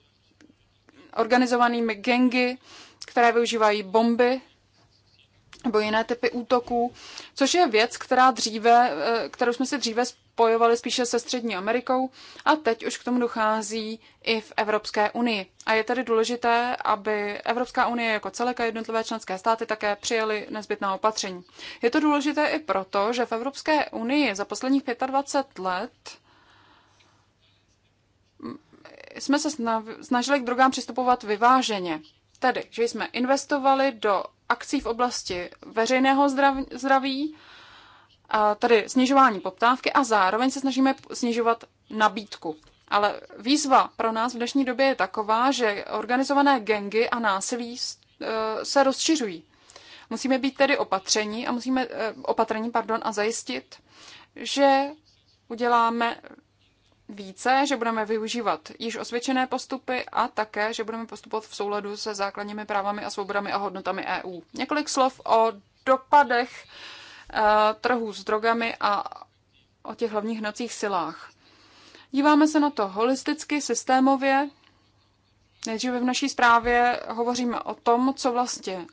organizovanými gengy, které využívají bomby nebo jiné typy útoků, což je věc, která dříve, eh, kterou jsme si dříve spojovali spíše se Střední Amerikou a teď už k tomu dochází i v Evropské unii. A je tedy důležité, aby Evropská unie jako celek a jednotlivé členské státy také přijeli nezbytná opatření. Je to důležité i proto, že v Evropské unii za posledních 25 let jsme se snažili k drogám přistupovat vyváženě. Tedy, že jsme investovali do akcí v oblasti veřejného zdraví, tedy snižování poptávky a zároveň se snažíme snižovat nabídku. Ale výzva pro nás v dnešní době je taková, že organizované gengy a násilí e, se rozšiřují. Musíme být tedy opatření a musíme e, opatření pardon, a zajistit, že uděláme více, že budeme využívat již osvědčené postupy a také, že budeme postupovat v souladu se základními právami a svobodami a hodnotami EU. Několik slov o dopadech eh, trhu s drogami a o těch hlavních hnacích silách. Díváme se na to holisticky, systémově. Nejdříve v naší zprávě hovoříme o tom, co vlastně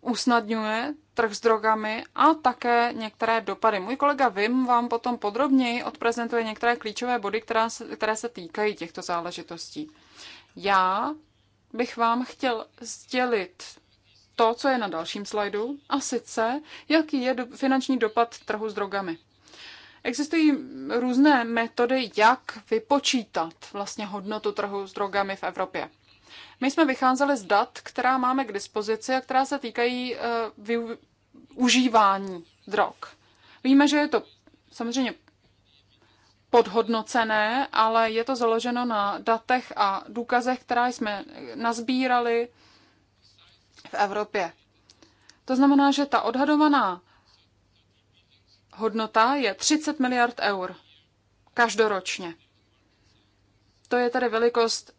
usnadňuje trh s drogami a také některé dopady. Můj kolega Vim vám potom podrobněji odprezentuje některé klíčové body, která se, které se týkají těchto záležitostí. Já bych vám chtěl sdělit to, co je na dalším slajdu, a sice, jaký je do, finanční dopad trhu s drogami. Existují různé metody, jak vypočítat vlastně hodnotu trhu s drogami v Evropě. My jsme vycházeli z dat, která máme k dispozici a která se týkají eh, užívání drog. Víme, že je to samozřejmě podhodnocené, ale je to založeno na datech a důkazech, která jsme nazbírali v Evropě. To znamená, že ta odhadovaná hodnota je 30 miliard eur každoročně. To je tedy velikost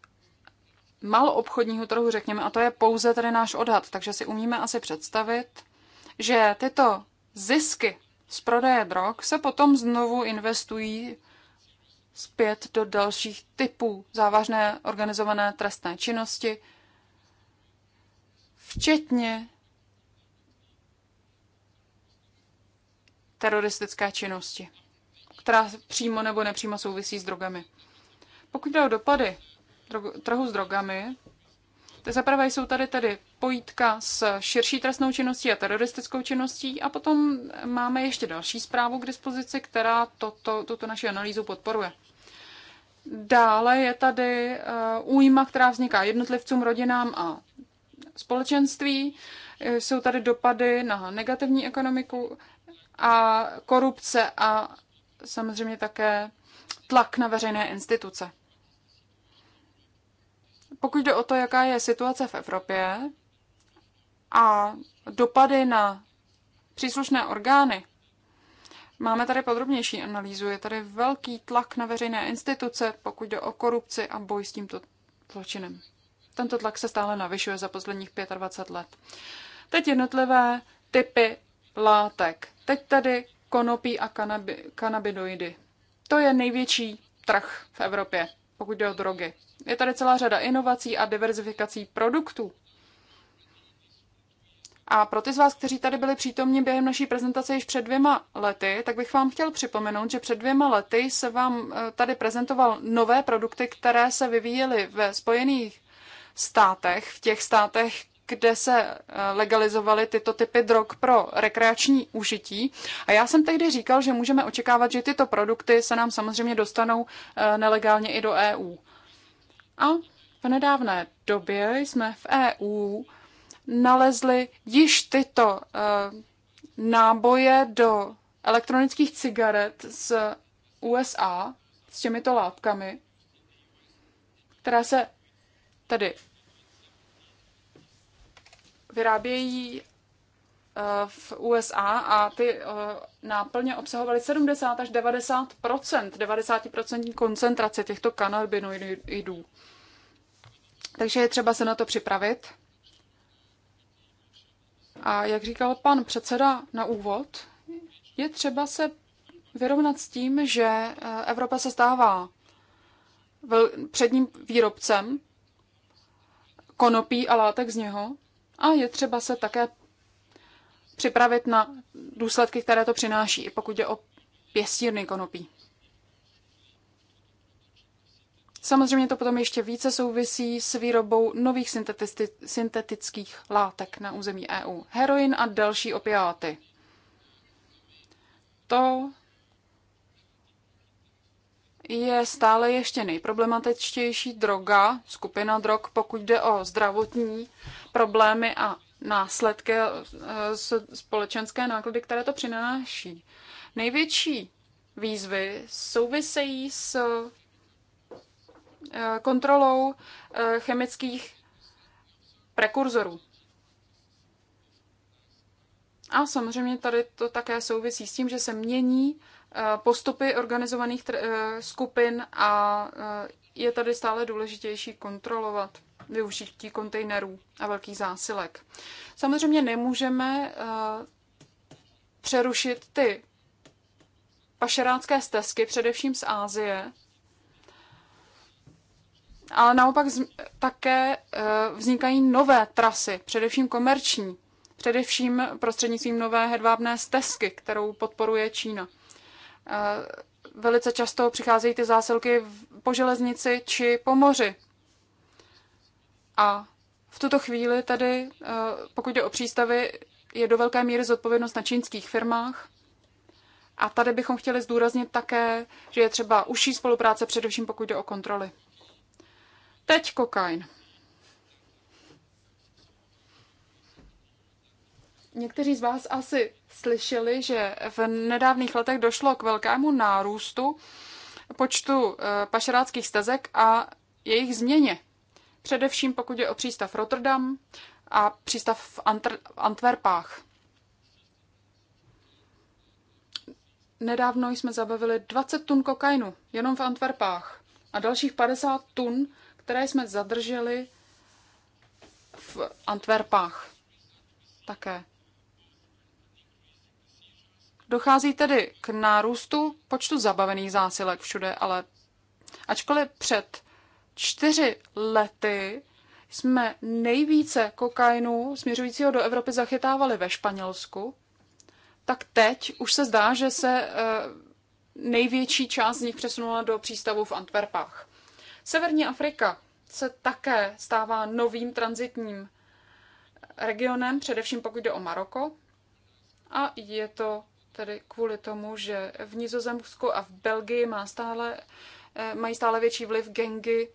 maloobchodního trhu, řekněme, a to je pouze tady náš odhad, takže si umíme asi představit, že tyto zisky z prodeje drog se potom znovu investují zpět do dalších typů závažné organizované trestné činnosti, včetně teroristické činnosti, která přímo nebo nepřímo souvisí s drogami. Pokud jde o dopady trhu s drogami. Zaprvé jsou tady tedy pojítka s širší trestnou činností a teroristickou činností a potom máme ještě další zprávu k dispozici, která toto, tuto naši analýzu podporuje. Dále je tady eh, újma, která vzniká jednotlivcům, rodinám a společenství. Jsou tady dopady na negativní ekonomiku a korupce a samozřejmě také tlak na veřejné instituce pokud jde o to, jaká je situace v Evropě a dopady na příslušné orgány, máme tady podrobnější analýzu. Je tady velký tlak na veřejné instituce, pokud jde o korupci a boj s tímto zločinem. Tento tlak se stále navyšuje za posledních 25 let. Teď jednotlivé typy látek. Teď tady konopí a kanabi, kanabidoidy. To je největší trh v Evropě pokud jde o drogy. Je tady celá řada inovací a diverzifikací produktů. A pro ty z vás, kteří tady byli přítomni během naší prezentace již před dvěma lety, tak bych vám chtěl připomenout, že před dvěma lety se vám eh, tady prezentoval nové produkty, které se vyvíjely ve Spojených státech, v těch státech, kde se eh, legalizovaly tyto typy drog pro rekreační užití. A já jsem tehdy říkal, že můžeme očekávat, že tyto produkty se nám samozřejmě dostanou eh, nelegálně i do EU. A v nedávné době jsme v EU nalezli již tyto eh, náboje do elektronických cigaret z USA s těmito látkami, které se tedy vyrábějí eh, v USA a ty eh, náplně obsahovaly 70 až 90 90% koncentrace těchto kanabinoidů. Takže je třeba se na to připravit. A jak říkal pan předseda na úvod, je třeba se vyrovnat s tím, že eh, Evropa se stává předním výrobcem konopí a látek z něho a je třeba se také připravit na důsledky, které to přináší, i pokud je o pěstírny konopí. Samozřejmě to potom ještě více souvisí s výrobou nových syntetických látek na území EU. Heroin a další opiáty. To je stále ještě nejproblematičtější droga, skupina drog, pokud jde o zdravotní problémy a následky eh, společenské náklady, které to přináší. Největší výzvy souvisejí s eh, kontrolou eh, chemických prekurzorů. A samozřejmě tady to také souvisí s tím, že se mění postupy organizovaných skupin a je tady stále důležitější kontrolovat využití kontejnerů a velkých zásilek. Samozřejmě nemůžeme eh, přerušit ty pašerácké stezky, především z Ázie, ale naopak také eh, vznikají nové trasy, především komerční, především prostřednictvím nové hedvábné stezky, kterou podporuje Čína. Eh, velice často přicházejí ty zásilky po železnici či po moři. A v tuto chvíli tedy, eh, pokud jde o přístavy, je do velké míry zodpovědnost na čínských firmách. A tady bychom chtěli zdůraznit také, že je třeba užší spolupráce, především pokud jde o kontroly. Teď kokain. Někteří z vás asi slyšeli, že v nedávných letech došlo k velkému nárůstu počtu eh, pašeráckých stezek a jejich změně. Především pokud je o přístav Rotterdam a přístav v Antr- Antwerpách. Nedávno jsme zabavili 20 tun kokainu jenom v Antwerpách a dalších 50 tun, které jsme zadrželi v Antwerpách také. Dochází tedy k nárůstu počtu zabavených zásilek všude, ale ačkoliv před čtyři lety jsme nejvíce kokainu směřujícího do Evropy zachytávali ve Španělsku, tak teď už se zdá, že se eh, největší část z nich přesunula do přístavu v Antwerpách. Severní Afrika se také stává novým transitním eh, regionem, především pokud jde o Maroko. A je to tedy kvůli tomu, že v Nizozemsku a v Belgii má stále, eh, mají stále větší vliv gengy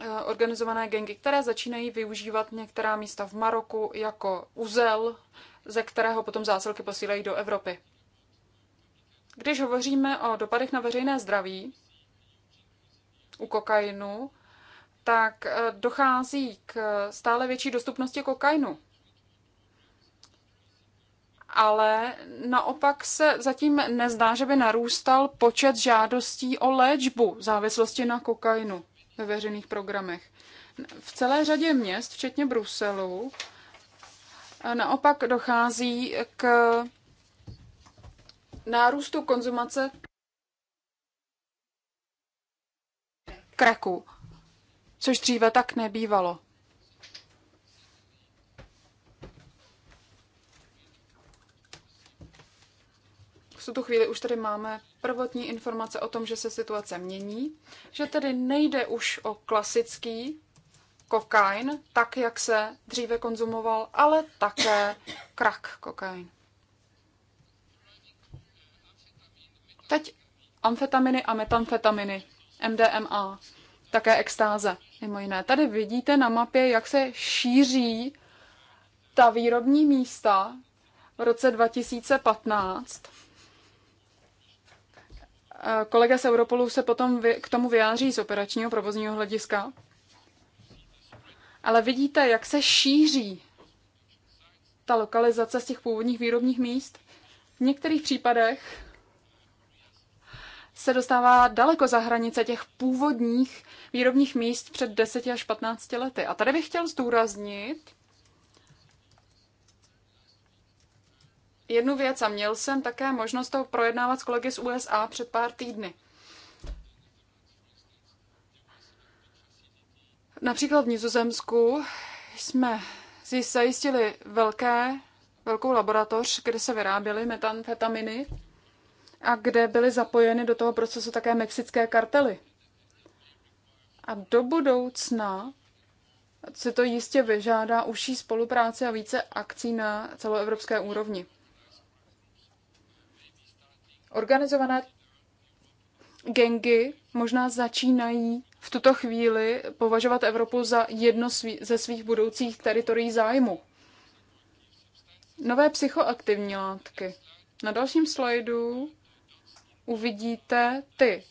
Eh, organizované gengy, které začínají využívat některá místa v Maroku jako uzel, ze kterého potom zásilky posílají do Evropy. Když hovoříme o dopadech na veřejné zdraví u kokainu, tak eh, dochází k stále větší dostupnosti kokainu. Ale naopak se zatím nezdá, že by narůstal počet žádostí o léčbu závislosti na kokainu ve veřejných programech. V celé řadě měst, včetně Bruselu, naopak dochází k nárůstu konzumace kraku, což dříve tak nebývalo. V tuto chvíli už tady máme prvotní informace o tom, že se situace mění, že tedy nejde už o klasický kokain, tak jak se dříve konzumoval, ale také krak kokain. Teď amfetaminy a metamfetaminy, MDMA, také extáze, mimo jiné. Tady vidíte na mapě, jak se šíří ta výrobní místa v roce 2015 kolega z Europolu se potom k tomu vyjádří z operačního provozního hlediska. Ale vidíte, jak se šíří ta lokalizace z těch původních výrobních míst. V některých případech se dostává daleko za hranice těch původních výrobních míst před 10 až 15 lety. A tady bych chtěl zdůraznit, jednu věc a měl jsem také možnost to projednávat s kolegy z USA před pár týdny. Například v Nizozemsku jsme si zajistili velké, velkou laboratoř, kde se vyráběly metanfetaminy a kde byly zapojeny do toho procesu také mexické kartely. A do budoucna se to jistě vyžádá užší spolupráce a více akcí na celoevropské úrovni. Organizované gengy možná začínají v tuto chvíli považovat Evropu za jedno ze svých budoucích teritorií zájmu. Nové psychoaktivní látky. Na dalším slajdu uvidíte ty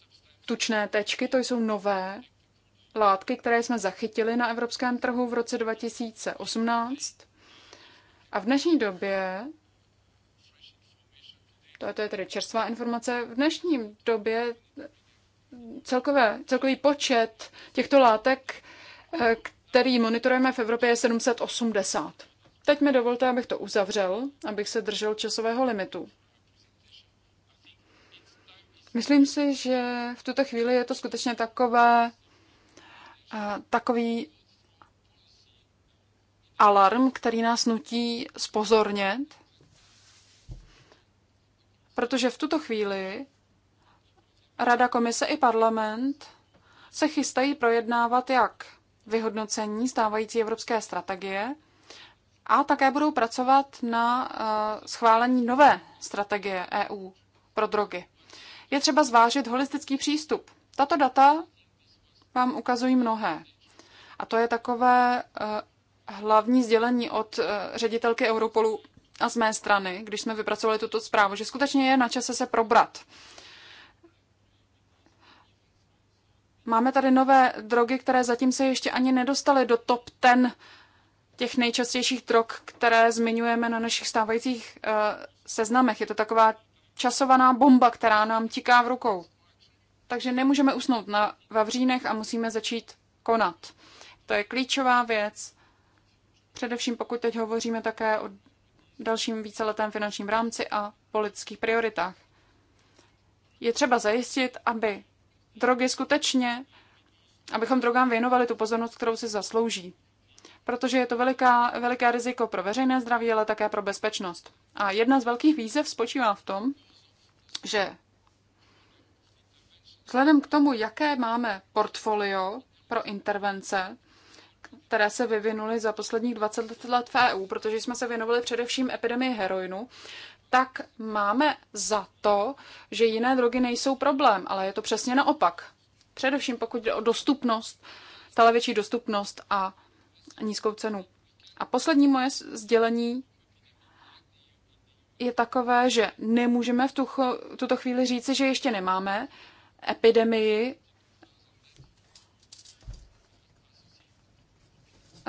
tučné tečky, to jsou nové látky, které jsme zachytili na evropském trhu v roce 2018. A v dnešní době to, to je tedy čerstvá informace. V dnešním době celkové, celkový počet těchto látek, eh, který monitorujeme v Evropě, je 780. Teď mi dovolte, abych to uzavřel, abych se držel časového limitu. Myslím si, že v tuto chvíli je to skutečně takové, eh, takový alarm, který nás nutí spozornět Protože v tuto chvíli Rada, Komise i parlament se chystají projednávat jak vyhodnocení stávající evropské strategie, a také budou pracovat na eh, schválení nové strategie EU pro drogy. Je třeba zvážit holistický přístup. Tato data vám ukazují mnohé. A to je takové eh, hlavní sdělení od eh, ředitelky Europolu a z mé strany, když jsme vypracovali tuto zprávu, že skutečně je na čase se probrat. Máme tady nové drogy, které zatím se ještě ani nedostaly do top ten těch nejčastějších drog, které zmiňujeme na našich stávajících uh, seznamech. Je to taková časovaná bomba, která nám tiká v rukou. Takže nemůžeme usnout na vavřínech a musíme začít konat. To je klíčová věc, především pokud teď hovoříme také o dalším víceletém finančním rámci a politických prioritách. Je třeba zajistit, aby drogy skutečně, abychom drogám věnovali tu pozornost, kterou si zaslouží. Protože je to veliká, veliké riziko pro veřejné zdraví, ale také pro bezpečnost. A jedna z velkých výzev spočívá v tom, že vzhledem k tomu, jaké máme portfolio pro intervence, které se vyvinuly za posledních 20 let v EU, protože jsme se věnovali především epidemii heroinu, tak máme za to, že jiné drogy nejsou problém, ale je to přesně naopak. Především pokud jde o dostupnost, stále větší dostupnost a nízkou cenu. A poslední moje sdělení je takové, že nemůžeme v tuto chvíli říci, že ještě nemáme epidemii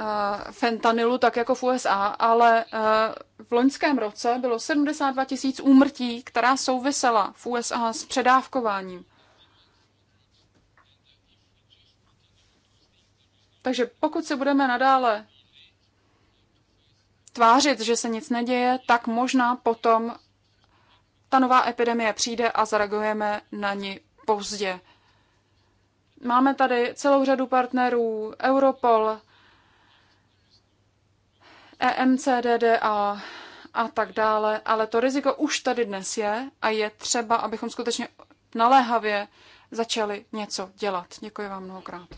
Eh, fentanylu, tak jako v USA, ale eh, v loňském roce bylo 72 tisíc úmrtí, která souvisela v USA s předávkováním. Takže pokud se budeme nadále tvářit, že se nic neděje, tak možná potom ta nová epidemie přijde a zareagujeme na ní pozdě. Máme tady celou řadu partnerů, Europol, EMCDDA a tak dále, ale to riziko už tady dnes je a je třeba, abychom skutečně naléhavě začali něco dělat. Děkuji vám mnohokrát.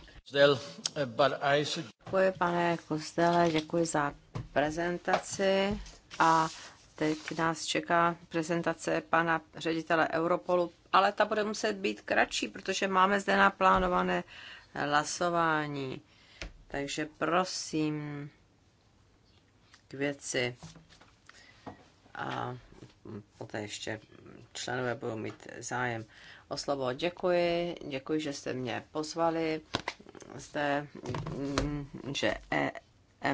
Děkuji, pane Kostele, děkuji za prezentaci a teď nás čeká prezentace pana ředitele Europolu, ale ta bude muset být kratší, protože máme zde naplánované hlasování. Takže prosím k věci. A poté ještě členové budou mít zájem o slovo. Děkuji, děkuji, že jste mě pozvali. Zde, že e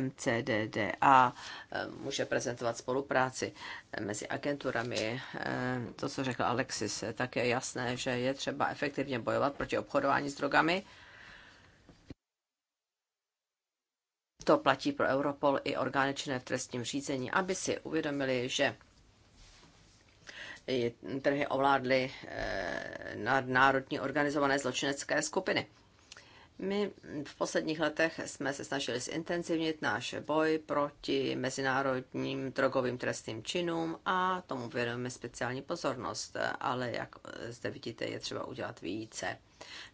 MCDDA eh, může prezentovat spolupráci eh, mezi agenturami. Eh, to, co řekl Alexis, tak je jasné, že je třeba efektivně bojovat proti obchodování s drogami to platí pro Europol i orgány činné v trestním řízení, aby si uvědomili, že trhy ovládly eh, národní organizované zločinecké skupiny. My v posledních letech jsme se snažili zintenzivnit náš boj proti mezinárodním drogovým trestným činům a tomu věnujeme speciální pozornost, ale jak zde vidíte, je třeba udělat více.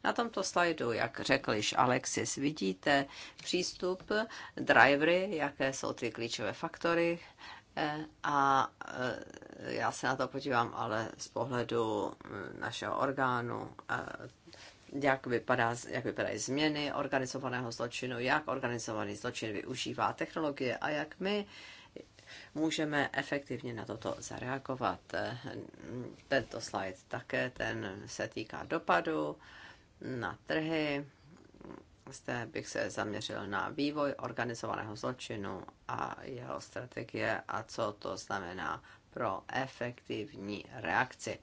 Na tomto slajdu, jak řekl již Alexis, vidíte přístup, drivery, jaké jsou ty klíčové faktory, eh, a eh, já se na to podívám ale z pohledu mm, našeho orgánu, eh, jak, vypadá, jak vypadají změny organizovaného zločinu, jak organizovaný zločin využívá technologie a jak my můžeme efektivně na toto zareagovat. Tento slide také, ten se týká dopadu na trhy. Zde bych se zaměřil na vývoj organizovaného zločinu a jeho strategie a co to znamená pro efektivní reakci.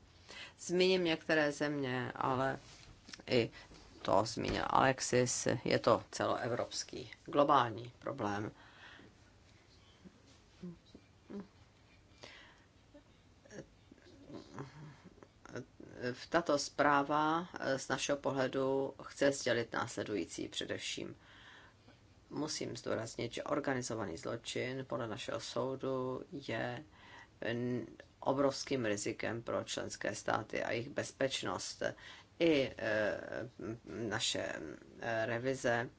Zmíním některé země, ale i to zmínil Alexis, je to celoevropský globální problém. v tato zpráva eh, z našeho pohledu chce sdělit následující především. Musím zdůraznit, že organizovaný zločin podle našeho soudu je obrovským rizikem pro členské státy a jejich bezpečnost. I eh, naše eh, revize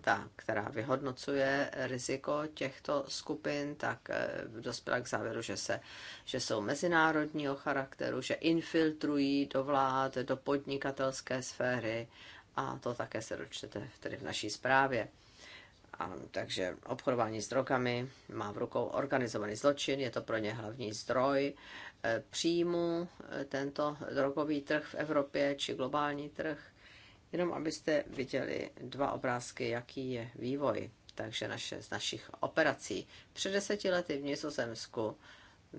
ta, která vyhodnocuje riziko těchto skupin, tak eh, dospěla k závěru, že, se, že jsou mezinárodního charakteru, že infiltrují do vlád, do podnikatelské sféry a to také se dočtete tedy v naší zprávě. A, takže obchodování s drogami má v rukou organizovaný zločin, je to pro ně hlavní zdroj eh, příjmu, eh, tento drogový trh v Evropě či globální trh Jenom abyste viděli dva obrázky, jaký je vývoj takže naše, z našich operací. Před deseti lety v Nizozemsku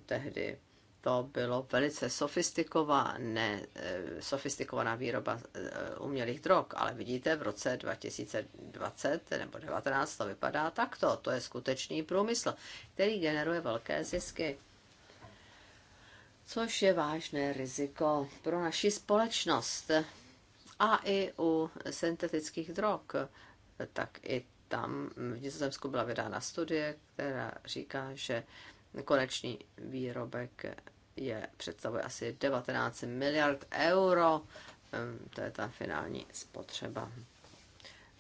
tehdy to bylo velice sofistikované, eh, sofistikovaná výroba eh, umělých drog, ale vidíte, v roce 2020 nebo 2019 to vypadá takto. To je skutečný průmysl, který generuje velké zisky, což je vážné riziko pro naši společnost. A i u syntetických drog, tak i tam v Nizozemsku byla vydána studie, která říká, že konečný výrobek je, představuje asi 19 miliard euro. To je ta finální spotřeba.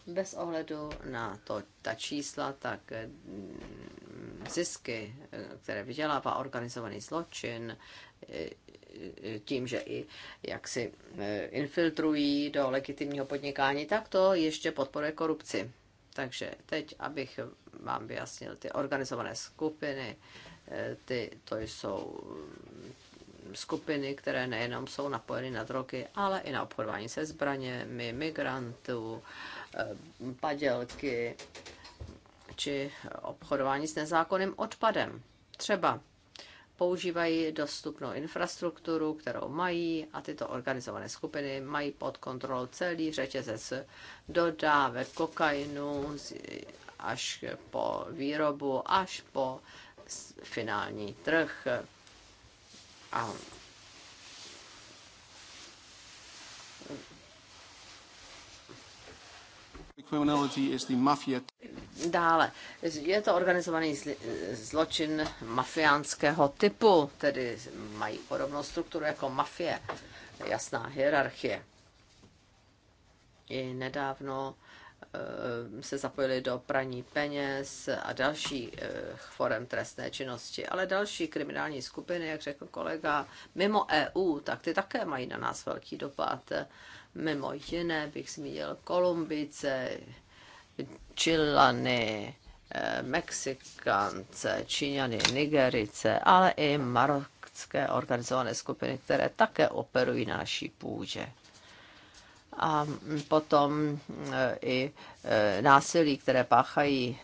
Bez ohledu na to, ta čísla, tak mm, zisky, které vydělává organizovaný zločin, tím, že i jak si e, infiltrují do legitimního podnikání, tak to ještě podporuje korupci. Takže teď, abych vám vyjasnil, ty organizované skupiny, e, ty, to jsou skupiny, které nejenom jsou napojeny na drogy, ale i na obchodování se zbraněmi, migrantů, e, padělky či obchodování s nezákonným odpadem. Třeba používají dostupnou infrastrukturu, kterou mají a tyto organizované skupiny mají pod kontrolou celý řetězec dodávek kokainu až po výrobu, až po finální trh. A Dále, je to organizovaný zločin mafiánského typu, tedy mají podobnou strukturu jako mafie, jasná hierarchie. I nedávno eh, se zapojili do praní peněz a dalších eh, forem trestné činnosti. Ale další kriminální skupiny, jak řekl kolega, mimo EU, tak ty také mají na nás velký dopad. Mimo jiné bych zmínil Kolumbice, Čilany, eh, Mexikance, Číňany, Nigerice, ale i marocké organizované skupiny, které také operují na naší půdě. A potom eh, i eh, násilí, které páchají,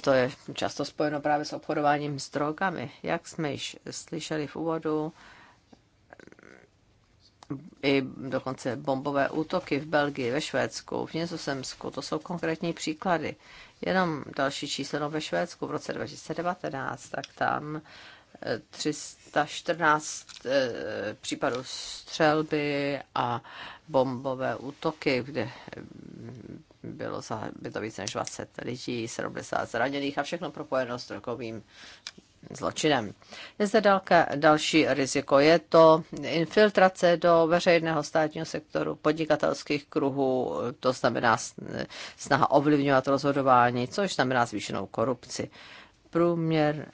to je často spojeno právě s obchodováním s drogami. Jak jsme již slyšeli v úvodu, i dokonce bombové útoky v Belgii, ve Švédsku, v Nězozemsku. To jsou konkrétní příklady. Jenom další číslo no, ve Švédsku v roce 2019, tak tam 314 eh, eh, případů střelby a bombové útoky, kde mm, bylo to více než 20 lidí, 70 zraněných a všechno propojeno s drogovým zločinem. Je zde dalka, další riziko. Je to infiltrace do veřejného státního sektoru, podnikatelských kruhů, to znamená snaha ovlivňovat rozhodování, což znamená zvýšenou korupci. Průměr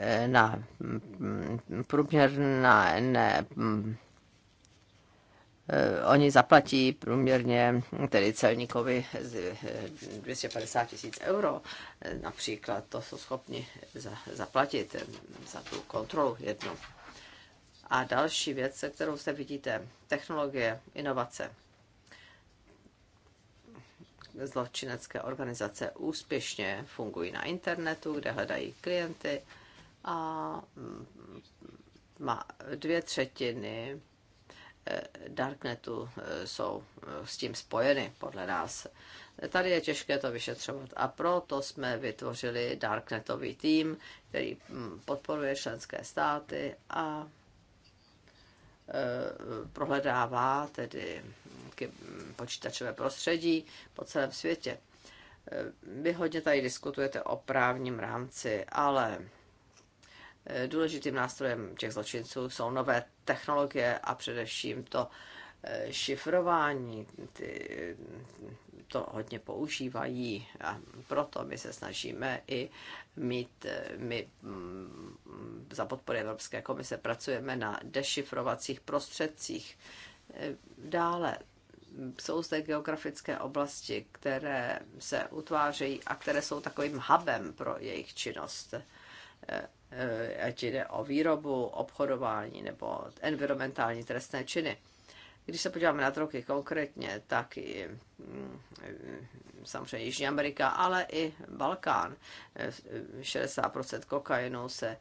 eh, na, mm, průměr na ne, mm, Eh, oni zaplatí průměrně tedy celníkovi 250 eh, tisíc euro. Eh, například to jsou schopni zaplatit za tu kontrolu jednu. A další věc, kterou se vidíte, technologie, inovace, zločinecké organizace úspěšně fungují na internetu, kde hledají klienty a mm, má dvě třetiny Eh, darknetu eh, jsou eh, s tím spojeny, podle nás. Tady je těžké to vyšetřovat a proto jsme vytvořili darknetový tým, který hm, podporuje členské státy a prohledává tedy hm, hm, počítačové prostředí po celém světě. Vy hodně tady diskutujete o právním rámci, ale důležitým nástrojem těch zločinců jsou nové technologie a především to eh, šifrování, ty, to hodně používají a proto my se snažíme i mít, eh, my mm, za podpory Evropské komise pracujeme na dešifrovacích prostředcích. Eh, dále jsou zde geografické oblasti, které se utvářejí a které jsou takovým hubem pro jejich činnost Eh, ať jde o výrobu, obchodování nebo environmentální trestné činy. Když se podíváme na drogy konkrétně, tak i mm, samozřejmě Jižní Amerika, ale i Balkán. 60% eh, kokainu se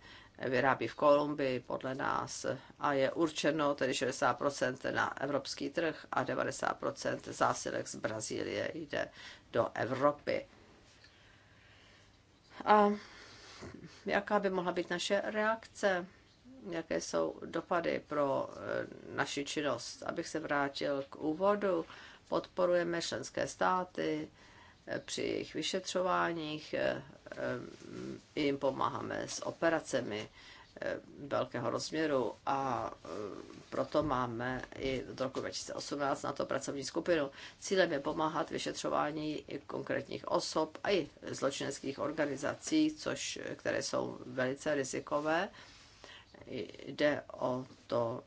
vyrábí v Kolumbii podle nás a je určeno tedy 60% na evropský trh a 90% zásilek z Brazílie jde do Evropy. A Jaká by mohla být naše reakce? Jaké jsou dopady pro eh, naši činnost? Abych se vrátil k úvodu, podporujeme členské státy eh, při jejich vyšetřováních, eh, jim pomáháme s operacemi Eh, velkého rozměru a eh, proto máme i od roku 2018 na to pracovní skupinu. Cílem je pomáhat vyšetřování konkrétních osob a i zločineckých organizací, což, které jsou velice rizikové. Jde o to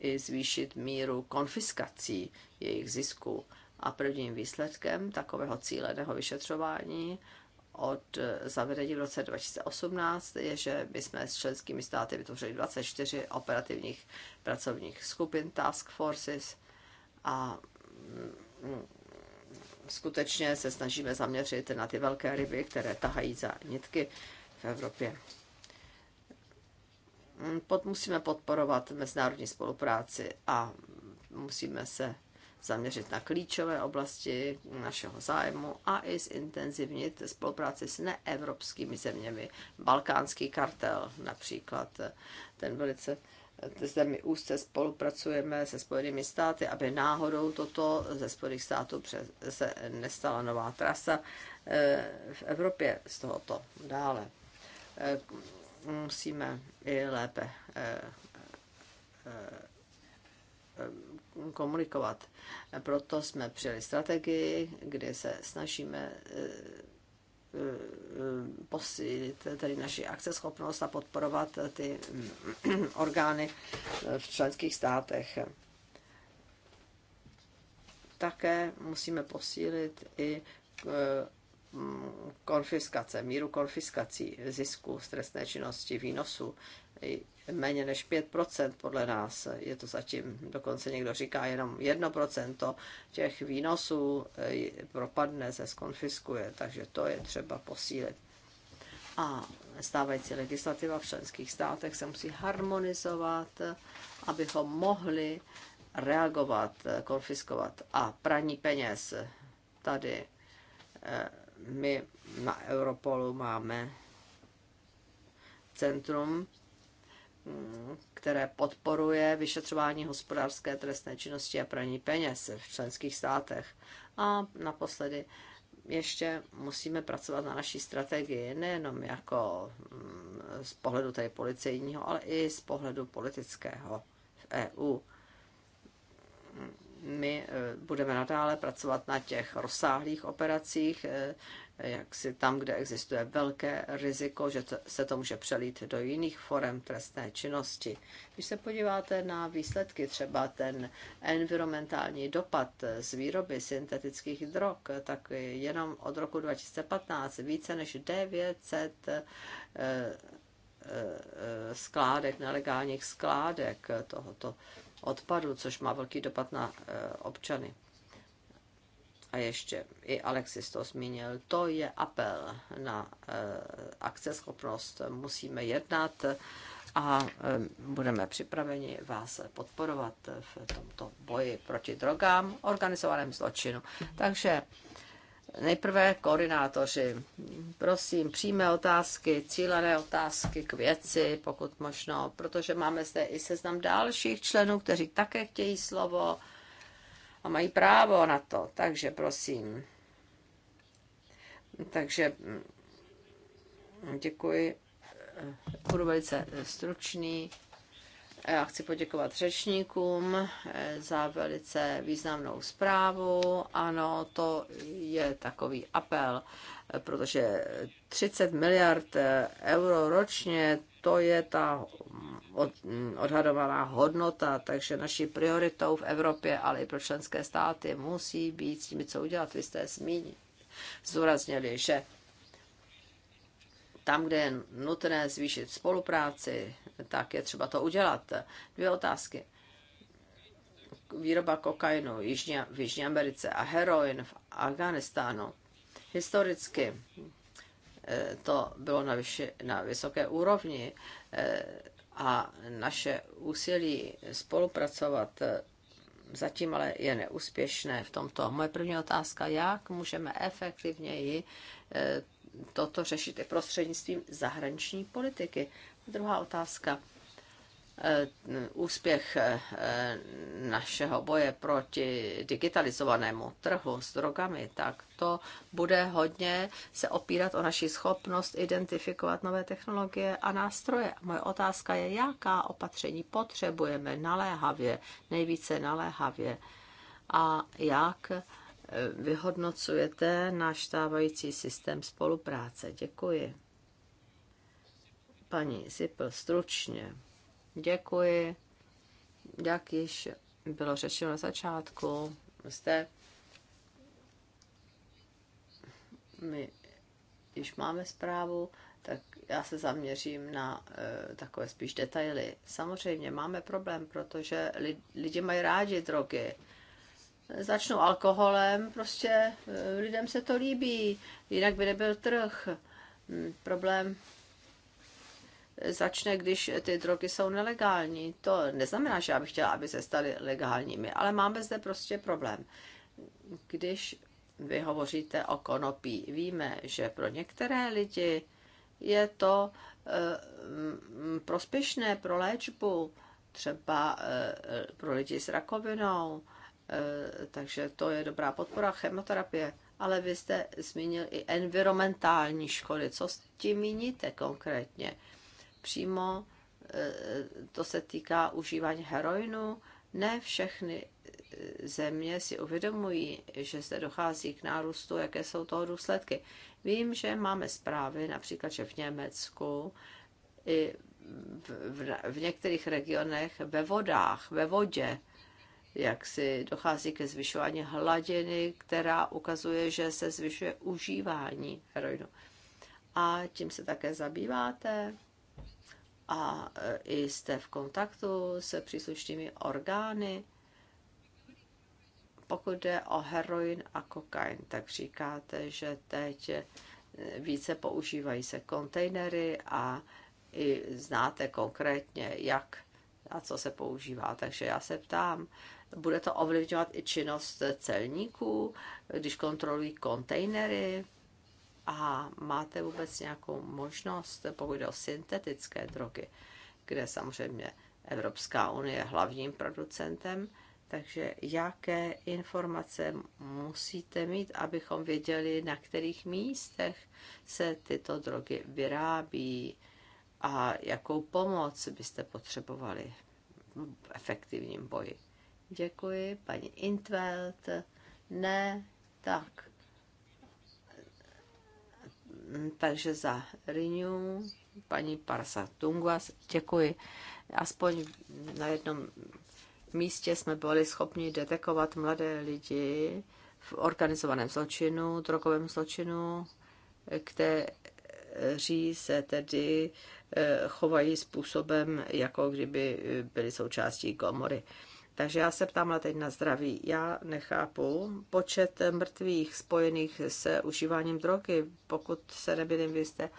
i zvýšit míru konfiskací jejich zisku A prvním výsledkem takového cíleného vyšetřování od eh, zavedení v roce 2018 je, že my jsme s členskými státy vytvořili 24 operativních pracovních skupin Task Forces a mm, mm, skutečně se snažíme zaměřit na ty velké ryby, které tahají za nitky v Evropě. Mm, pod, musíme podporovat mezinárodní spolupráci a musíme se zaměřit na klíčové oblasti našeho zájmu a i zintenzivnit spolupráci s neevropskými zeměmi. Balkánský kartel například, ten velice zde my úzce spolupracujeme se Spojenými státy, aby náhodou toto ze Spojených států přes, se nestala nová trasa eh, v Evropě z tohoto dále. Eh, musíme i lépe eh, komunikovat. Proto jsme přijeli strategii, kde se snažíme eh, eh, posílit tedy naši akceschopnost a podporovat ty eh, orgány v členských státech. Také musíme posílit i konfiskace, míru konfiskací zisku z trestné činnosti, výnosu, méně než 5% podle nás, je to zatím, dokonce někdo říká, jenom 1% těch výnosů eh, propadne, se skonfiskuje, takže to je třeba posílit. A stávající legislativa v členských státech se musí harmonizovat, abychom mohli reagovat, eh, konfiskovat. A praní peněz tady eh, my na Europolu máme centrum, které podporuje vyšetřování hospodářské trestné činnosti a praní peněz v členských státech. A naposledy ještě musíme pracovat na naší strategii, nejenom jako mm, z pohledu tady policejního, ale i z pohledu politického v EU my eh, budeme nadále pracovat na těch rozsáhlých operacích, eh, jak si tam, kde existuje velké riziko, že to, se to může přelít do jiných forem trestné činnosti. Když se podíváte na výsledky, třeba ten environmentální dopad eh, z výroby syntetických drog, tak jenom od roku 2015 více než 900 skládek, nelegálních skládek tohoto odpadu, což má velký dopad na eh, občany. A ještě i Alexis to zmínil, to je apel na eh, akceschopnost. Musíme jednat a eh, budeme připraveni vás podporovat v tomto boji proti drogám, organizovaném zločinu. Takže Nejprve koordinátoři. Prosím, přímé otázky, cílené otázky k věci, pokud možno, protože máme zde i seznam dalších členů, kteří také chtějí slovo a mají právo na to. Takže prosím. Takže mm, děkuji. Budu velice stručný. Já chci poděkovat řečníkům eh, za velice významnou zprávu. Ano, to je takový apel, eh, protože 30 miliard eh, euro ročně to je ta mm, od, mm, odhadovaná hodnota, takže naší prioritou v Evropě, ale i pro členské státy musí být s tím, co udělat. Vy jste zmínili, Zúraznili, že tam, kde je nutné zvýšit spolupráci, tak je třeba to udělat. Dvě otázky. Výroba kokainu v Jižní, v Jižní Americe a heroin v Afganistánu. Historicky eh, to bylo na, vyši, na vysoké úrovni eh, a naše úsilí spolupracovat eh, zatím ale je neúspěšné v tomto. Moje první otázka, jak můžeme efektivněji toto řešit i prostřednictvím zahraniční politiky. Druhá otázka. Eh, úspěch eh, našeho boje proti digitalizovanému trhu s drogami, tak to bude hodně se opírat o naši schopnost identifikovat nové technologie a nástroje. Moje otázka je, jaká opatření potřebujeme naléhavě, nejvíce naléhavě a jak eh, vyhodnocujete náš stávající systém spolupráce. Děkuji. Paní Sipl, stručně. Děkuji. Jak již bylo řečeno na začátku, jste my když máme zprávu, tak já se zaměřím na e, takové spíš detaily. Samozřejmě máme problém, protože li, lidi mají rádi drogy. Začnou alkoholem, prostě e, lidem se to líbí, jinak by nebyl trh. Hm, problém začne, když ty drogy jsou nelegální. To neznamená, že já bych chtěla, aby se staly legálními, ale máme zde prostě problém. Když vy hovoříte o konopí, víme, že pro některé lidi je to e, prospěšné pro léčbu, třeba e, pro lidi s rakovinou, e, takže to je dobrá podpora chemoterapie. Ale vy jste zmínil i environmentální škody. Co s tím míníte konkrétně? přímo eh, to se týká užívání heroinu. Ne všechny eh, země si uvědomují, že se dochází k nárůstu, jaké jsou toho důsledky. Vím, že máme zprávy, například, že v Německu i v, v některých regionech ve vodách, ve vodě, jak si dochází ke zvyšování hladiny, která ukazuje, že se zvyšuje užívání heroinu. A tím se také zabýváte? a e, jste v kontaktu se příslušnými orgány, pokud jde o heroin a kokain, tak říkáte, že teď e, více používají se kontejnery a i znáte konkrétně, jak a co se používá. Takže já se ptám, bude to ovlivňovat i činnost celníků, když kontrolují kontejnery? A máte vůbec nějakou možnost, pokud jde o syntetické drogy, kde samozřejmě Evropská unie je hlavním producentem, takže jaké informace musíte mít, abychom věděli, na kterých místech se tyto drogy vyrábí a jakou pomoc byste potřebovali v efektivním boji. Děkuji, paní Intveld. Ne, tak Mm, takže za Rinu, paní Parsa Tungvas, děkuji. Aspoň na jednom místě jsme byli schopni detekovat mladé lidi v organizovaném zločinu, drogovém zločinu, kteří se tedy eh, chovají způsobem, jako kdyby eh, byli součástí komory. Takže já se ptám ale teď na zdraví. Já nechápu počet mrtvých spojených s užíváním drogy, pokud se nebydím, vy jste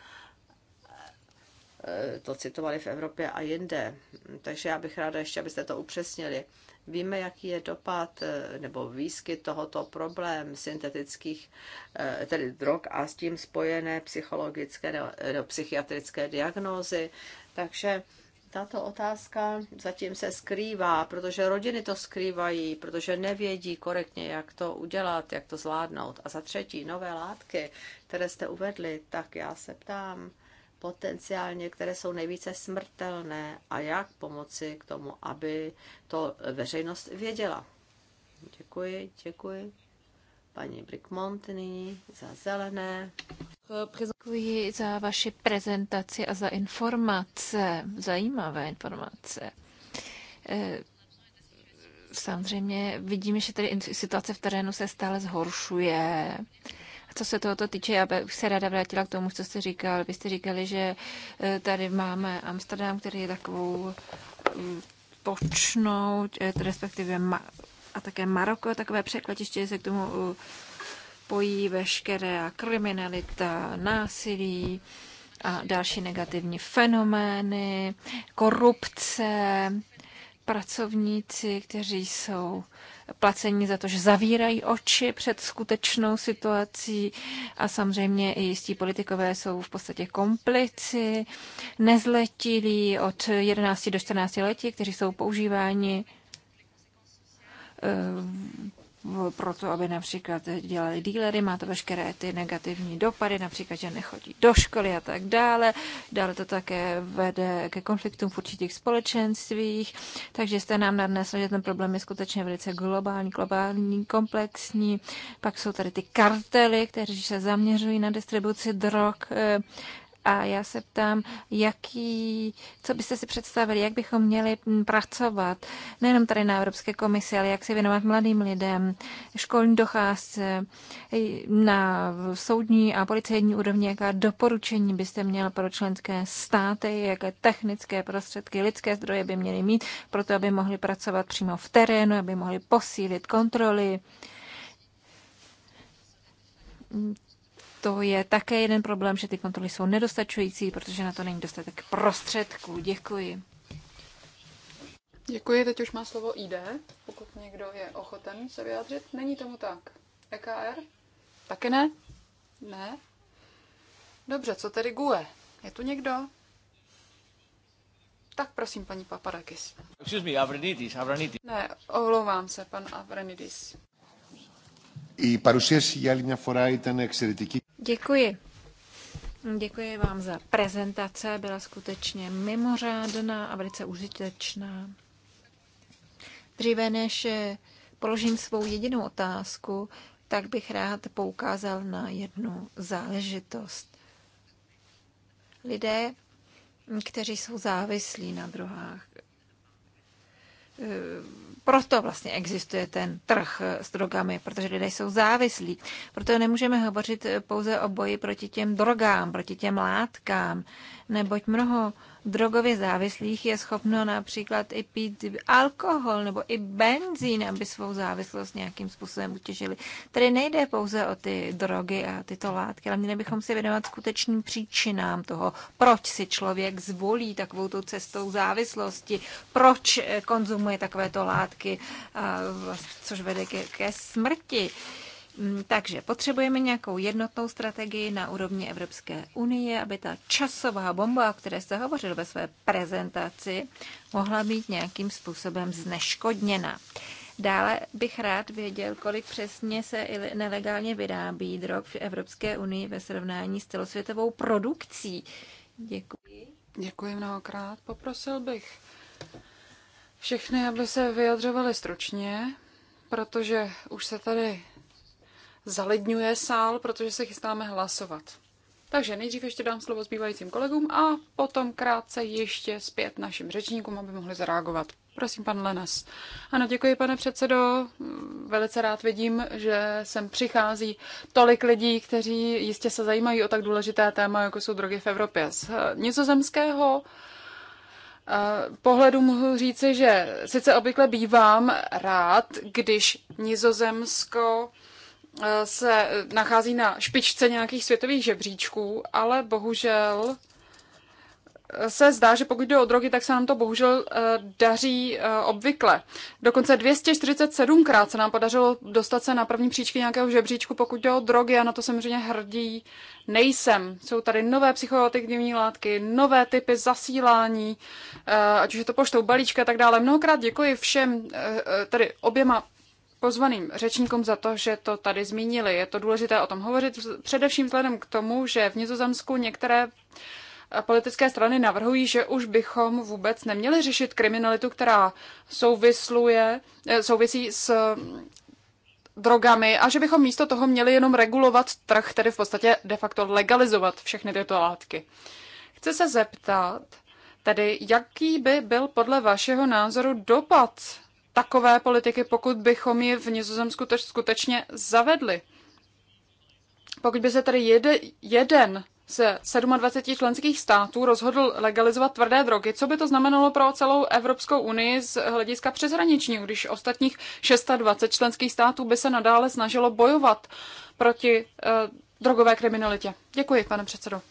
eh, to citovali v Evropě a jinde. Takže já bych ráda ještě, abyste to upřesnili. Víme, jaký je dopad eh, nebo výskyt tohoto problém syntetických eh, tedy drog a s tím spojené psychologické nebo, nebo psychiatrické diagnózy. Takže tato otázka zatím se skrývá, protože rodiny to skrývají, protože nevědí korektně, jak to udělat, jak to zvládnout. A za třetí, nové látky, které jste uvedli, tak já se ptám potenciálně, které jsou nejvíce smrtelné a jak pomoci k tomu, aby to veřejnost věděla. Děkuji, děkuji. Paní Brickmont nyní za zelené. Děkuji za vaši prezentaci a za informace, zajímavé informace. E, samozřejmě vidíme, že tady situace v terénu se stále zhoršuje. A co se tohoto týče, já bych se ráda vrátila k tomu, co jste říkal. Vy jste říkali, že e, tady máme Amsterdam, který je takovou mm, počnou, e, respektive a také Maroko, takové překladiště, se k tomu spojí veškeré kriminalita, násilí a další negativní fenomény, korupce, pracovníci, kteří jsou placení za to, že zavírají oči před skutečnou situací a samozřejmě i jistí politikové jsou v podstatě komplici, nezletilí od 11 do 14 letí, kteří jsou používáni eh, proto, aby například dělali dílery, má to veškeré ty negativní dopady, například, že nechodí do školy a tak dále. Dále to také vede ke konfliktům v určitých společenstvích, takže jste nám nadnesl, že ten problém je skutečně velice globální, globální, komplexní. Pak jsou tady ty kartely, kteří se zaměřují na distribuci drog. Eh, a já se ptám, jaký, co byste si představili, jak bychom měli mm, pracovat, nejenom tady na Evropské komisi, ale jak se věnovat mladým lidem, školní docházce, na soudní a policejní úrovni, jaká doporučení byste měl pro členské státy, jaké technické prostředky, lidské zdroje by měly mít, proto aby mohli pracovat přímo v terénu, aby mohli posílit kontroly to je také jeden problém, že ty kontroly jsou nedostačující, protože na to není dostatek prostředků. Děkuji. Děkuji, teď už má slovo ID, pokud někdo je ochoten se vyjádřit. Není tomu tak. EKR? Taky ne? Ne? Dobře, co tedy GUE? Je tu někdo? Tak prosím, paní Paparakis. Excuse me, Avranidis, Avranidis. Ne, ohlouvám se, pan Avranidis. I παρουσίαση για άλλη fora, φορά ήταν Děkuji. Děkuji vám za prezentace, byla skutečně mimořádná a velice užitečná. Dříve než eh, položím svou jedinou otázku, tak bych rád poukázal na jednu záležitost. Lidé, kteří jsou závislí na drogách, Eh, proto vlastně existuje ten trh eh, s drogami, protože lidé jsou závislí. Proto nemůžeme hovořit eh, pouze o boji proti těm drogám, proti těm látkám neboť mnoho drogově závislých je schopno například i pít alkohol nebo i benzín, aby svou závislost nějakým způsobem utěžili. Tady nejde pouze o ty drogy a tyto látky, ale měli bychom si věnovat skutečným příčinám toho, proč si člověk zvolí takovou tou cestou závislosti, proč eh, konzumuje takovéto látky, eh, což vede ke, ke smrti. Mm, takže potřebujeme nějakou jednotnou strategii na úrovni Evropské unie, aby ta časová bomba, o které jste hovořil ve své prezentaci, mohla být nějakým způsobem zneškodněna. Dále bych rád věděl, kolik přesně se nelegálně vyrábí drog v Evropské unii ve srovnání s celosvětovou produkcí. Děkuji. Děkuji mnohokrát. Poprosil bych všechny, aby se vyjadřovali stručně, protože už se tady zaledňuje sál, protože se chystáme hlasovat. Takže nejdřív ještě dám slovo zbývajícím kolegům a potom krátce ještě zpět našim řečníkům, aby mohli zareagovat. Prosím, pan Lenas. Ano, děkuji, pane předsedo. Velice rád vidím, že sem přichází tolik lidí, kteří jistě se zajímají o tak důležité téma, jako jsou drogy v Evropě. Z eh, nizozemského eh, pohledu mohu říci, že sice obvykle bývám rád, když Nizozemsko Eh, se nachází na špičce nějakých světových žebříčků, ale bohužel eh, se zdá, že pokud jde o drogy, tak se nám to bohužel eh, daří obvykle. Dokonce 247krát se nám podařilo dostat se na první příčky nějakého žebříčku, pokud jde o drogy a na to samozřejmě hrdý nejsem. Jsou tady nové psychoaktivní látky, nové typy zasílání, ať už je to poštou balíčka a tak dále. Mnohokrát děkuji všem, tedy oběma pozvaným řečníkům za to, že to tady zmínili. Je to důležité o tom hovořit, především vzhledem k tomu, že v Nizozemsku některé eh, politické strany navrhují, že už bychom vůbec neměli řešit kriminalitu, která souvisluje, eh, souvisí s mm, drogami a že bychom místo toho měli jenom regulovat trh, tedy v podstatě de facto legalizovat všechny tyto látky. Chci se zeptat, tedy jaký by byl podle vašeho názoru dopad takové politiky, pokud bychom ji v Nizozemsku tež skutečně zavedli. Pokud by se tady jede, jeden se 27 členských států rozhodl legalizovat tvrdé drogy. Co by to znamenalo pro celou Evropskou unii z hlediska přeshraničního, když ostatních 26 členských států by se nadále snažilo bojovat proti eh, drogové kriminalitě? Děkuji, pane předsedo.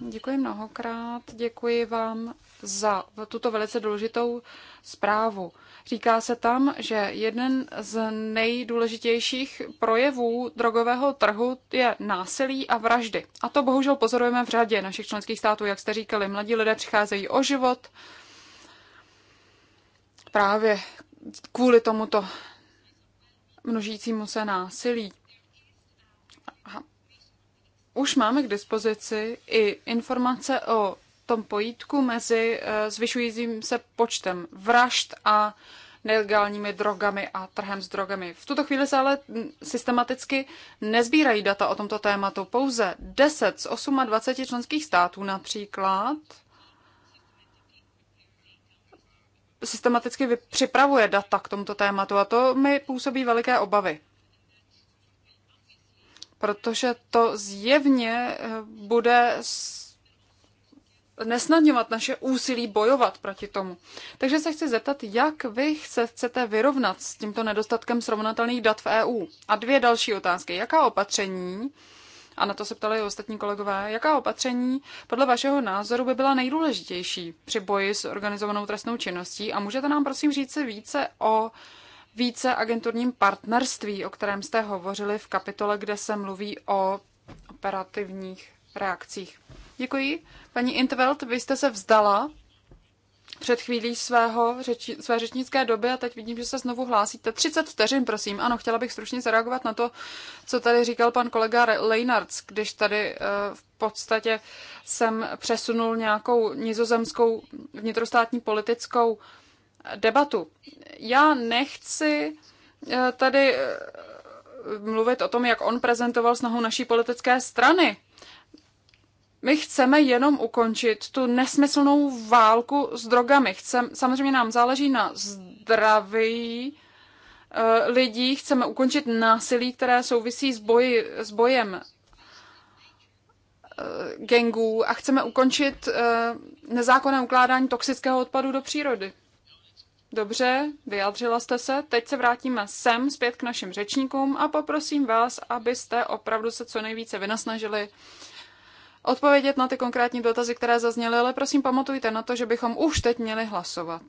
Děkuji mnohokrát, děkuji vám za tuto velice důležitou zprávu. Říká se tam, že jeden z nejdůležitějších projevů drogového trhu je násilí a vraždy. A to bohužel pozorujeme v řadě našich členských států, jak jste říkali. Mladí lidé přicházejí o život právě kvůli tomuto množícímu se násilí už máme k dispozici i informace o tom pojítku mezi eh, zvyšujícím se počtem vražd a nelegálními drogami a trhem s drogami. V tuto chvíli se ale mm, systematicky nezbírají data o tomto tématu. Pouze 10 z 28 členských států například systematicky připravuje data k tomuto tématu a to mi působí veliké obavy protože to zjevně eh, bude nesnadňovat naše úsilí bojovat proti tomu. Takže se chci zeptat, jak vy se chcete vyrovnat s tímto nedostatkem srovnatelných dat v EU? A dvě další otázky. Jaká opatření, a na to se ptali i ostatní kolegové, jaká opatření podle vašeho názoru by byla nejdůležitější při boji s organizovanou trestnou činností? A můžete nám prosím říct se více o více agenturním partnerství, o kterém jste hovořili v kapitole, kde se mluví o operativních reakcích. Děkuji. Paní Intveld, vy jste se vzdala před chvílí svého řeči, své řečnické doby a teď vidím, že se znovu hlásíte. 30 vteřin, prosím. Ano, chtěla bych stručně zareagovat na to, co tady říkal pan kolega Leinarts, když tady eh, v podstatě jsem přesunul nějakou nizozemskou vnitrostátní politickou debatu. Já nechci eh, tady eh, mluvit o tom, jak on prezentoval snahu naší politické strany. My chceme jenom ukončit tu nesmyslnou válku s drogami. Chcem, samozřejmě nám záleží na zdraví eh, lidí, chceme ukončit násilí, které souvisí s, boji, s bojem gengů a chceme ukončit nezákonné ukládání toxického odpadu do přírody. Dobře, vyjadřila jste se. Teď se vrátíme sem zpět k našim řečníkům a poprosím vás, abyste opravdu se co nejvíce vynasnažili odpovědět na ty konkrétní dotazy, které zazněly, ale prosím pamatujte na to, že bychom už teď měli hlasovat.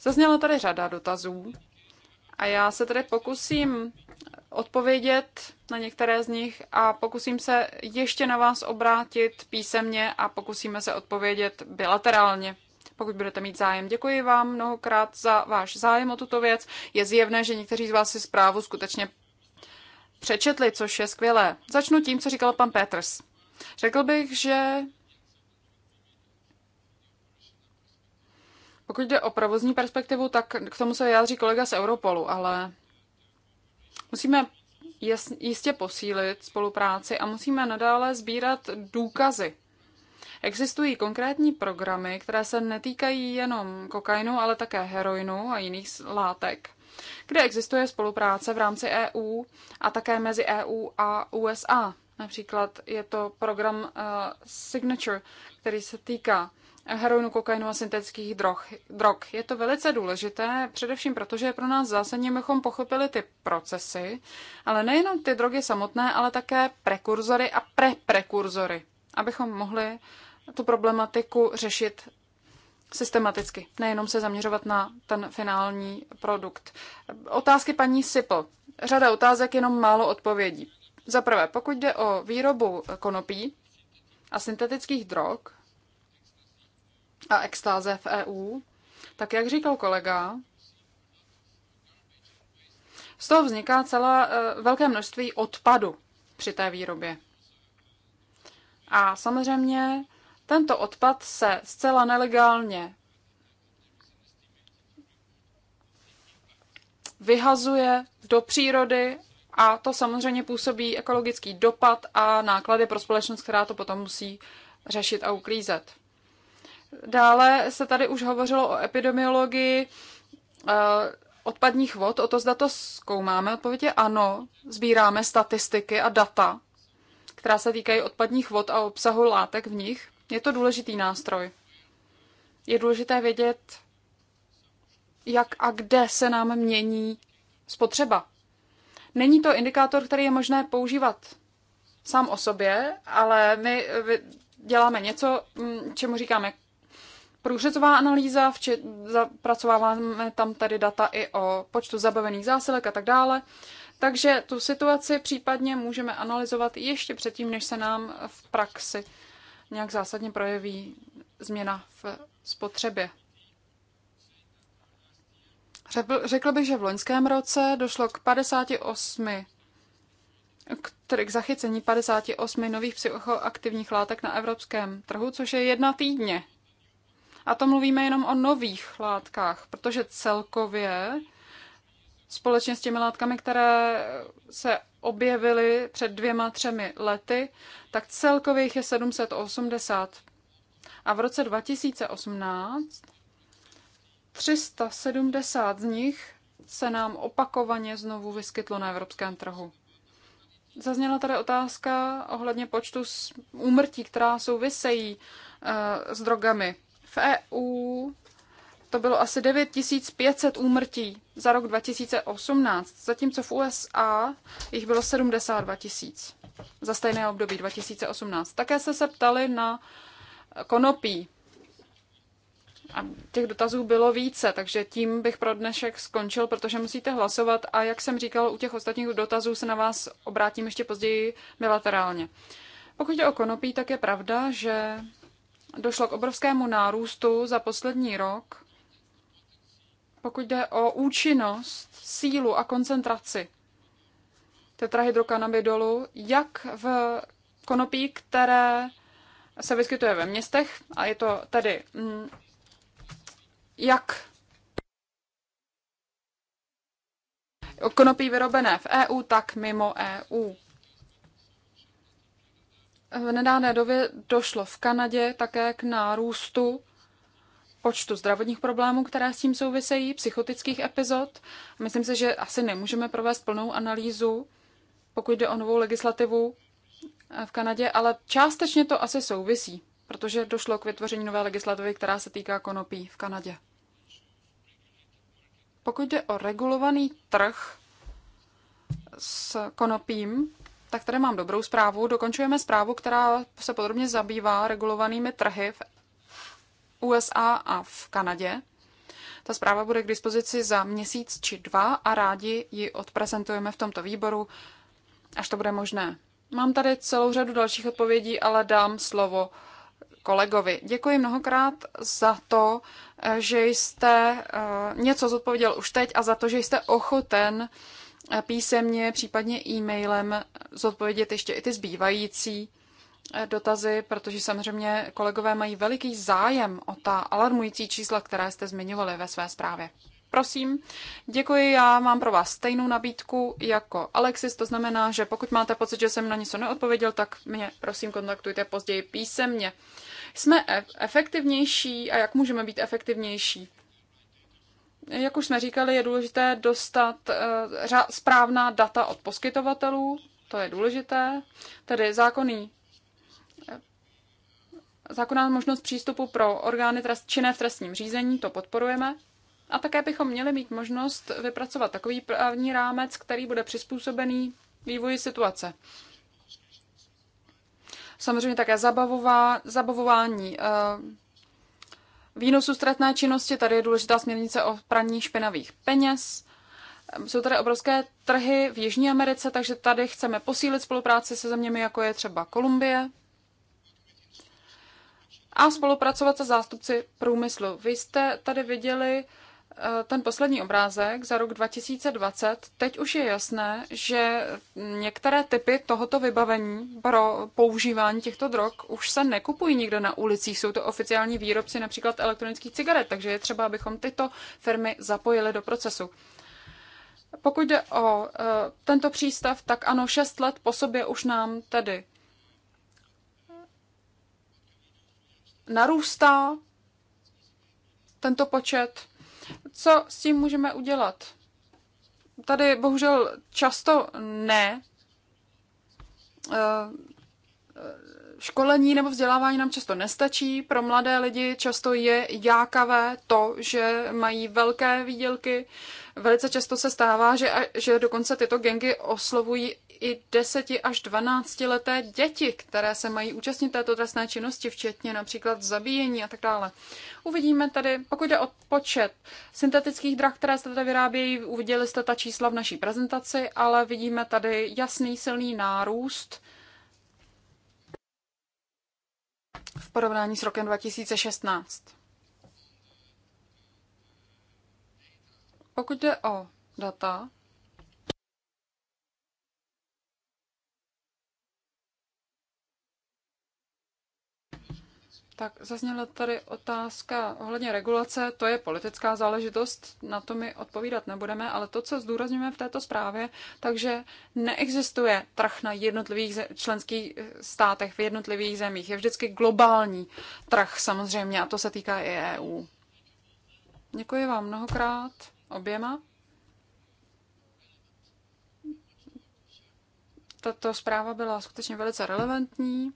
Zazněla tady řada dotazů a já se tedy pokusím odpovědět na některé z nich a pokusím se ještě na vás obrátit písemně a pokusíme se odpovědět bilaterálně pokud budete mít zájem. Děkuji vám mnohokrát za váš zájem o tuto věc. Je zjevné, že někteří z vás si zprávu skutečně přečetli, což je skvělé. Začnu tím, co říkal pan Peters. Řekl bych, že pokud jde o provozní perspektivu, tak k tomu se vyjádří kolega z Europolu, ale musíme jistě posílit spolupráci a musíme nadále sbírat důkazy Existují konkrétní programy, které se netýkají jenom kokainu, ale také heroinu a jiných látek kde existuje spolupráce v rámci EU a také mezi EU a USA. Například je to program uh, Signature, který se týká heroinu, kokainu a syntetických drog. drog. Je to velice důležité, především proto, že je pro nás zásadní, abychom pochopili ty procesy, ale nejenom ty drogy samotné, ale také prekurzory a preprekurzory, abychom mohli tu problematiku řešit systematicky, nejenom se zaměřovat na ten finální produkt. Otázky paní Sipl. Řada otázek, jenom málo odpovědí. Za prvé, pokud jde o výrobu konopí a syntetických drog a extáze v EU, tak jak říkal kolega, z toho vzniká celá e, velké množství odpadu při té výrobě. A samozřejmě tento odpad se zcela nelegálně vyhazuje do přírody a to samozřejmě působí ekologický dopad a náklady pro společnost, která to potom musí řešit a uklízet. Dále se tady už hovořilo o epidemiologii eh, odpadních vod, o to zda to zkoumáme. Odpověď je ano, sbíráme statistiky a data, která se týkají odpadních vod a obsahu látek v nich. Je to důležitý nástroj. Je důležité vědět, jak a kde se nám mění spotřeba. Není to indikátor, který je možné používat sám o sobě, ale my děláme něco, mm, čemu říkáme průřezová analýza, vči, zapracováváme tam tady data i o počtu zabavených zásilek a tak dále. Takže tu situaci případně můžeme analyzovat ještě předtím, než se nám v praxi nějak zásadně projeví změna v spotřebě. Řekl bych, že v loňském roce došlo k 58 k zachycení 58 nových psychoaktivních látek na evropském trhu, což je jedna týdně. A to mluvíme jenom o nových látkách, protože celkově společně s těmi látkami, které se objevili před dvěma, třemi lety, tak celkově jich je 780. A v roce 2018 370 z nich se nám opakovaně znovu vyskytlo na evropském trhu. Zazněla tady otázka ohledně počtu úmrtí, která souvisejí eh, s drogami. V EU to bylo asi 9500 úmrtí za rok 2018, zatímco v USA jich bylo 72 tisíc za stejné období 2018. Také se se ptali na konopí. A těch dotazů bylo více, takže tím bych pro dnešek skončil, protože musíte hlasovat a jak jsem říkal, u těch ostatních dotazů se na vás obrátím ještě později bilaterálně. Pokud jde o konopí, tak je pravda, že došlo k obrovskému nárůstu za poslední rok pokud jde o účinnost, sílu a koncentraci tetrahydrokanabidolu, jak v konopí, které se vyskytuje ve městech, a je to tedy mm, jak konopí vyrobené v EU, tak mimo EU. V nedávné době došlo v Kanadě také k nárůstu počtu zdravotních problémů, které s tím souvisejí, psychotických epizod. Myslím si, že asi nemůžeme provést plnou analýzu, pokud jde o novou legislativu eh, v Kanadě, ale částečně to asi souvisí, protože došlo k vytvoření nové legislativy, která se týká konopí v Kanadě. Pokud jde o regulovaný trh s konopím, tak tady mám dobrou zprávu. Dokončujeme zprávu, která se podrobně zabývá regulovanými trhy v USA a v Kanadě. Ta zpráva bude k dispozici za měsíc či dva a rádi ji odprezentujeme v tomto výboru, až to bude možné. Mám tady celou řadu dalších odpovědí, ale dám slovo kolegovi. Děkuji mnohokrát za to, že jste eh, něco zodpověděl už teď a za to, že jste ochoten písemně, případně e-mailem zodpovědět ještě i ty zbývající Eh, dotazy, protože samozřejmě kolegové mají veliký zájem o ta alarmující čísla, které jste zmiňovali ve své zprávě. Prosím, děkuji, já mám pro vás stejnou nabídku jako Alexis, to znamená, že pokud máte pocit, že jsem na něco neodpověděl, tak mě prosím kontaktujte později písemně. Jsme e, efektivnější a jak můžeme být efektivnější? Jak už jsme říkali, je důležité dostat eh, správná data od poskytovatelů, to je důležité, tedy zákonný Zákonná možnost přístupu pro orgány trest, činné v trestním řízení, to podporujeme. A také bychom měli mít možnost vypracovat takový právní rámec, který bude přizpůsobený vývoji situace. Samozřejmě také zabavová, zabavování eh, výnosu ztratné činnosti. Tady je důležitá směrnice o praní špinavých peněz. Ehm, jsou tady obrovské trhy v Jižní Americe, takže tady chceme posílit spolupráci se zeměmi, jako je třeba Kolumbie, a spolupracovat se zástupci průmyslu. Vy jste tady viděli eh, ten poslední obrázek za rok 2020. Teď už je jasné, že některé typy tohoto vybavení pro používání těchto drog už se nekupují nikde na ulicích. Jsou to oficiální výrobci například elektronických cigaret, takže je třeba, abychom tyto firmy zapojili do procesu. Pokud jde o eh, tento přístav, tak ano, šest let po sobě už nám tedy narůstá tento počet. Co s tím můžeme udělat? Tady bohužel často ne. Eh, školení nebo vzdělávání nám často nestačí. Pro mladé lidi často je jákavé to, že mají velké výdělky. Velice často se stává, že, že dokonce tyto gengy oslovují i 10 až 12 leté děti, které se mají účastnit této trestné činnosti, včetně například zabíjení a tak dále. Uvidíme tady, pokud jde o počet syntetických drah, které se tady vyrábějí, uviděli jste ta čísla v naší prezentaci, ale vidíme tady jasný silný nárůst v porovnání s rokem 2016. Pokud jde o data, Tak zazněla tady otázka ohledně regulace, to je politická záležitost, na to my odpovídat nebudeme, ale to, co zdůrazňujeme v této zprávě, takže neexistuje trh na jednotlivých členských státech v jednotlivých zemích. Je vždycky globální trh samozřejmě a to se týká i EU. Děkuji vám mnohokrát oběma. Tato zpráva byla skutečně velice relevantní.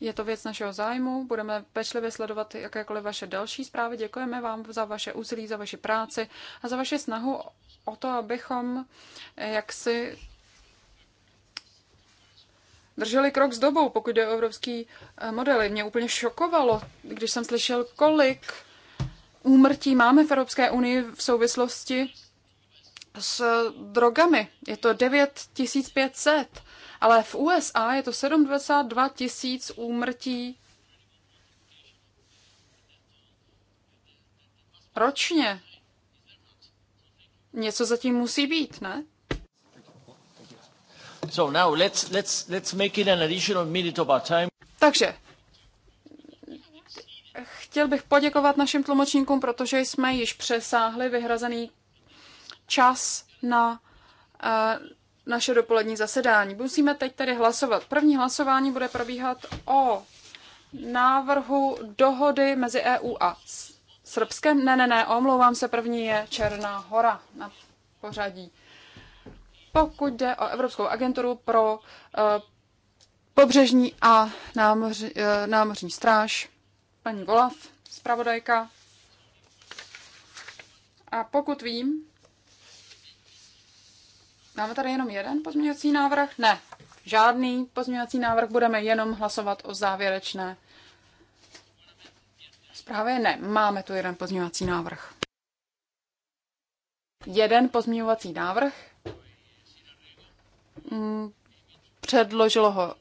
Je to věc našeho zájmu, budeme pečlivě sledovat jakékoliv vaše další zprávy. Děkujeme vám za vaše úsilí, za vaši práci a za vaši snahu o to, abychom eh, jaksi drželi krok s dobou, pokud jde o evropský eh, modely. Mě úplně šokovalo, když jsem slyšel, kolik úmrtí máme v Evropské unii v souvislosti s drogami. Je to 9500 ale v USA je to 72 tisíc úmrtí ročně. Něco zatím musí být, ne? So now let's, let's, let's make it an additional minute of our time. Takže chtěl bych poděkovat našim tlumočníkům, protože jsme již přesáhli vyhrazený čas na uh, naše dopolední zasedání. Musíme teď tedy hlasovat. První hlasování bude probíhat o návrhu dohody mezi EU a Srbskem. Ne, ne, ne, omlouvám se, první je Černá hora na pořadí. Pokud jde o Evropskou agenturu pro uh, pobřežní a námoři, uh, námořní stráž, paní Volav, zpravodajka. A pokud vím, Máme tady jenom jeden pozměňovací návrh? Ne, žádný pozměňovací návrh, budeme jenom hlasovat o závěrečné zprávě. Ne, máme tu jeden pozměňovací návrh. Jeden pozměňovací návrh. Mm, předložilo ho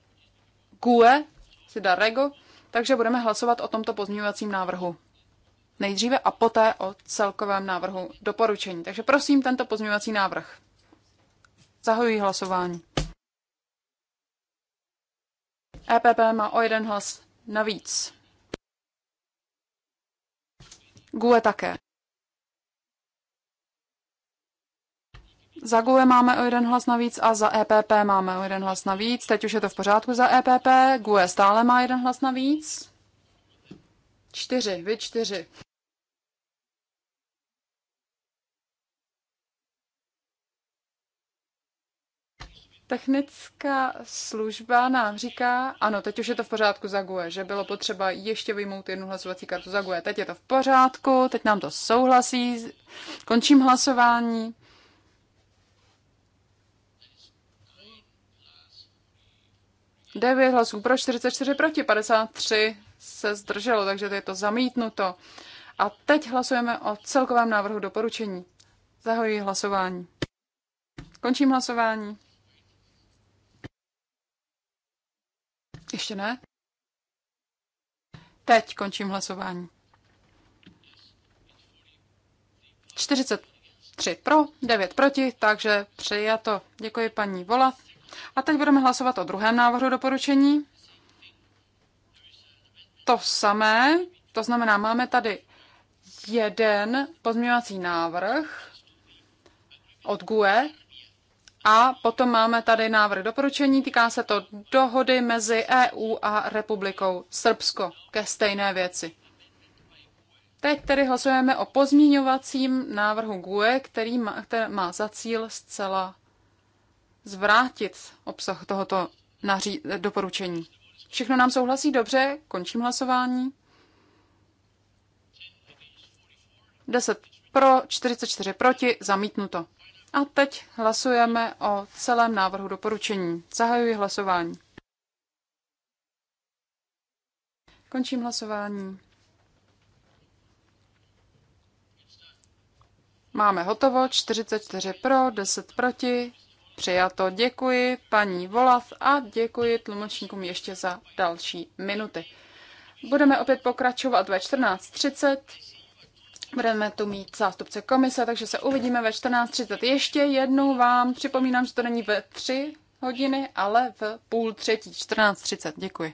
GUE, Sida Rego, takže budeme hlasovat o tomto pozměňovacím návrhu nejdříve a poté o celkovém návrhu doporučení. Takže prosím tento pozměňovací návrh. Zahajuji hlasování. EPP má o jeden hlas navíc. GUE také. Za GUE máme o jeden hlas navíc a za EPP máme o jeden hlas navíc. Teď už je to v pořádku za EPP. GUE stále má jeden hlas navíc. Čtyři, vy čtyři. Technická služba nám říká, ano, teď už je to v pořádku za GUE, že bylo potřeba ještě vyjmout jednu hlasovací kartu za GUE. Teď je to v pořádku, teď nám to souhlasí, končím hlasování. Devět hlasů pro, 44 proti, 53 se zdrželo, takže je to zamítnuto. A teď hlasujeme o celkovém návrhu doporučení. Zahojí hlasování. Končím hlasování. Ještě ne? Teď končím hlasování. 43 pro, 9 proti, takže přijato. Děkuji paní Vola. A teď budeme hlasovat o druhém návrhu doporučení. To samé, to znamená, máme tady jeden pozměňovací návrh od GUE, a potom máme tady návrh doporučení, týká se to dohody mezi EU a republikou Srbsko ke stejné věci. Teď tedy hlasujeme o pozměňovacím návrhu GUE, který má, který má za cíl zcela zvrátit obsah tohoto naří, doporučení. Všechno nám souhlasí dobře, končím hlasování. 10 pro, 44 proti, zamítnuto. A teď hlasujeme o celém návrhu doporučení. Zahajuji hlasování. Končím hlasování. Máme hotovo, 44 pro, 10 proti. Přijato. Děkuji paní Volav a děkuji tlumočníkům ještě za další minuty. Budeme opět pokračovat ve 14.30. Budeme tu mít zástupce komise, takže se uvidíme ve 14.30. Ještě jednou vám připomínám, že to není ve 3 hodiny, ale v půl třetí, 14.30. Děkuji.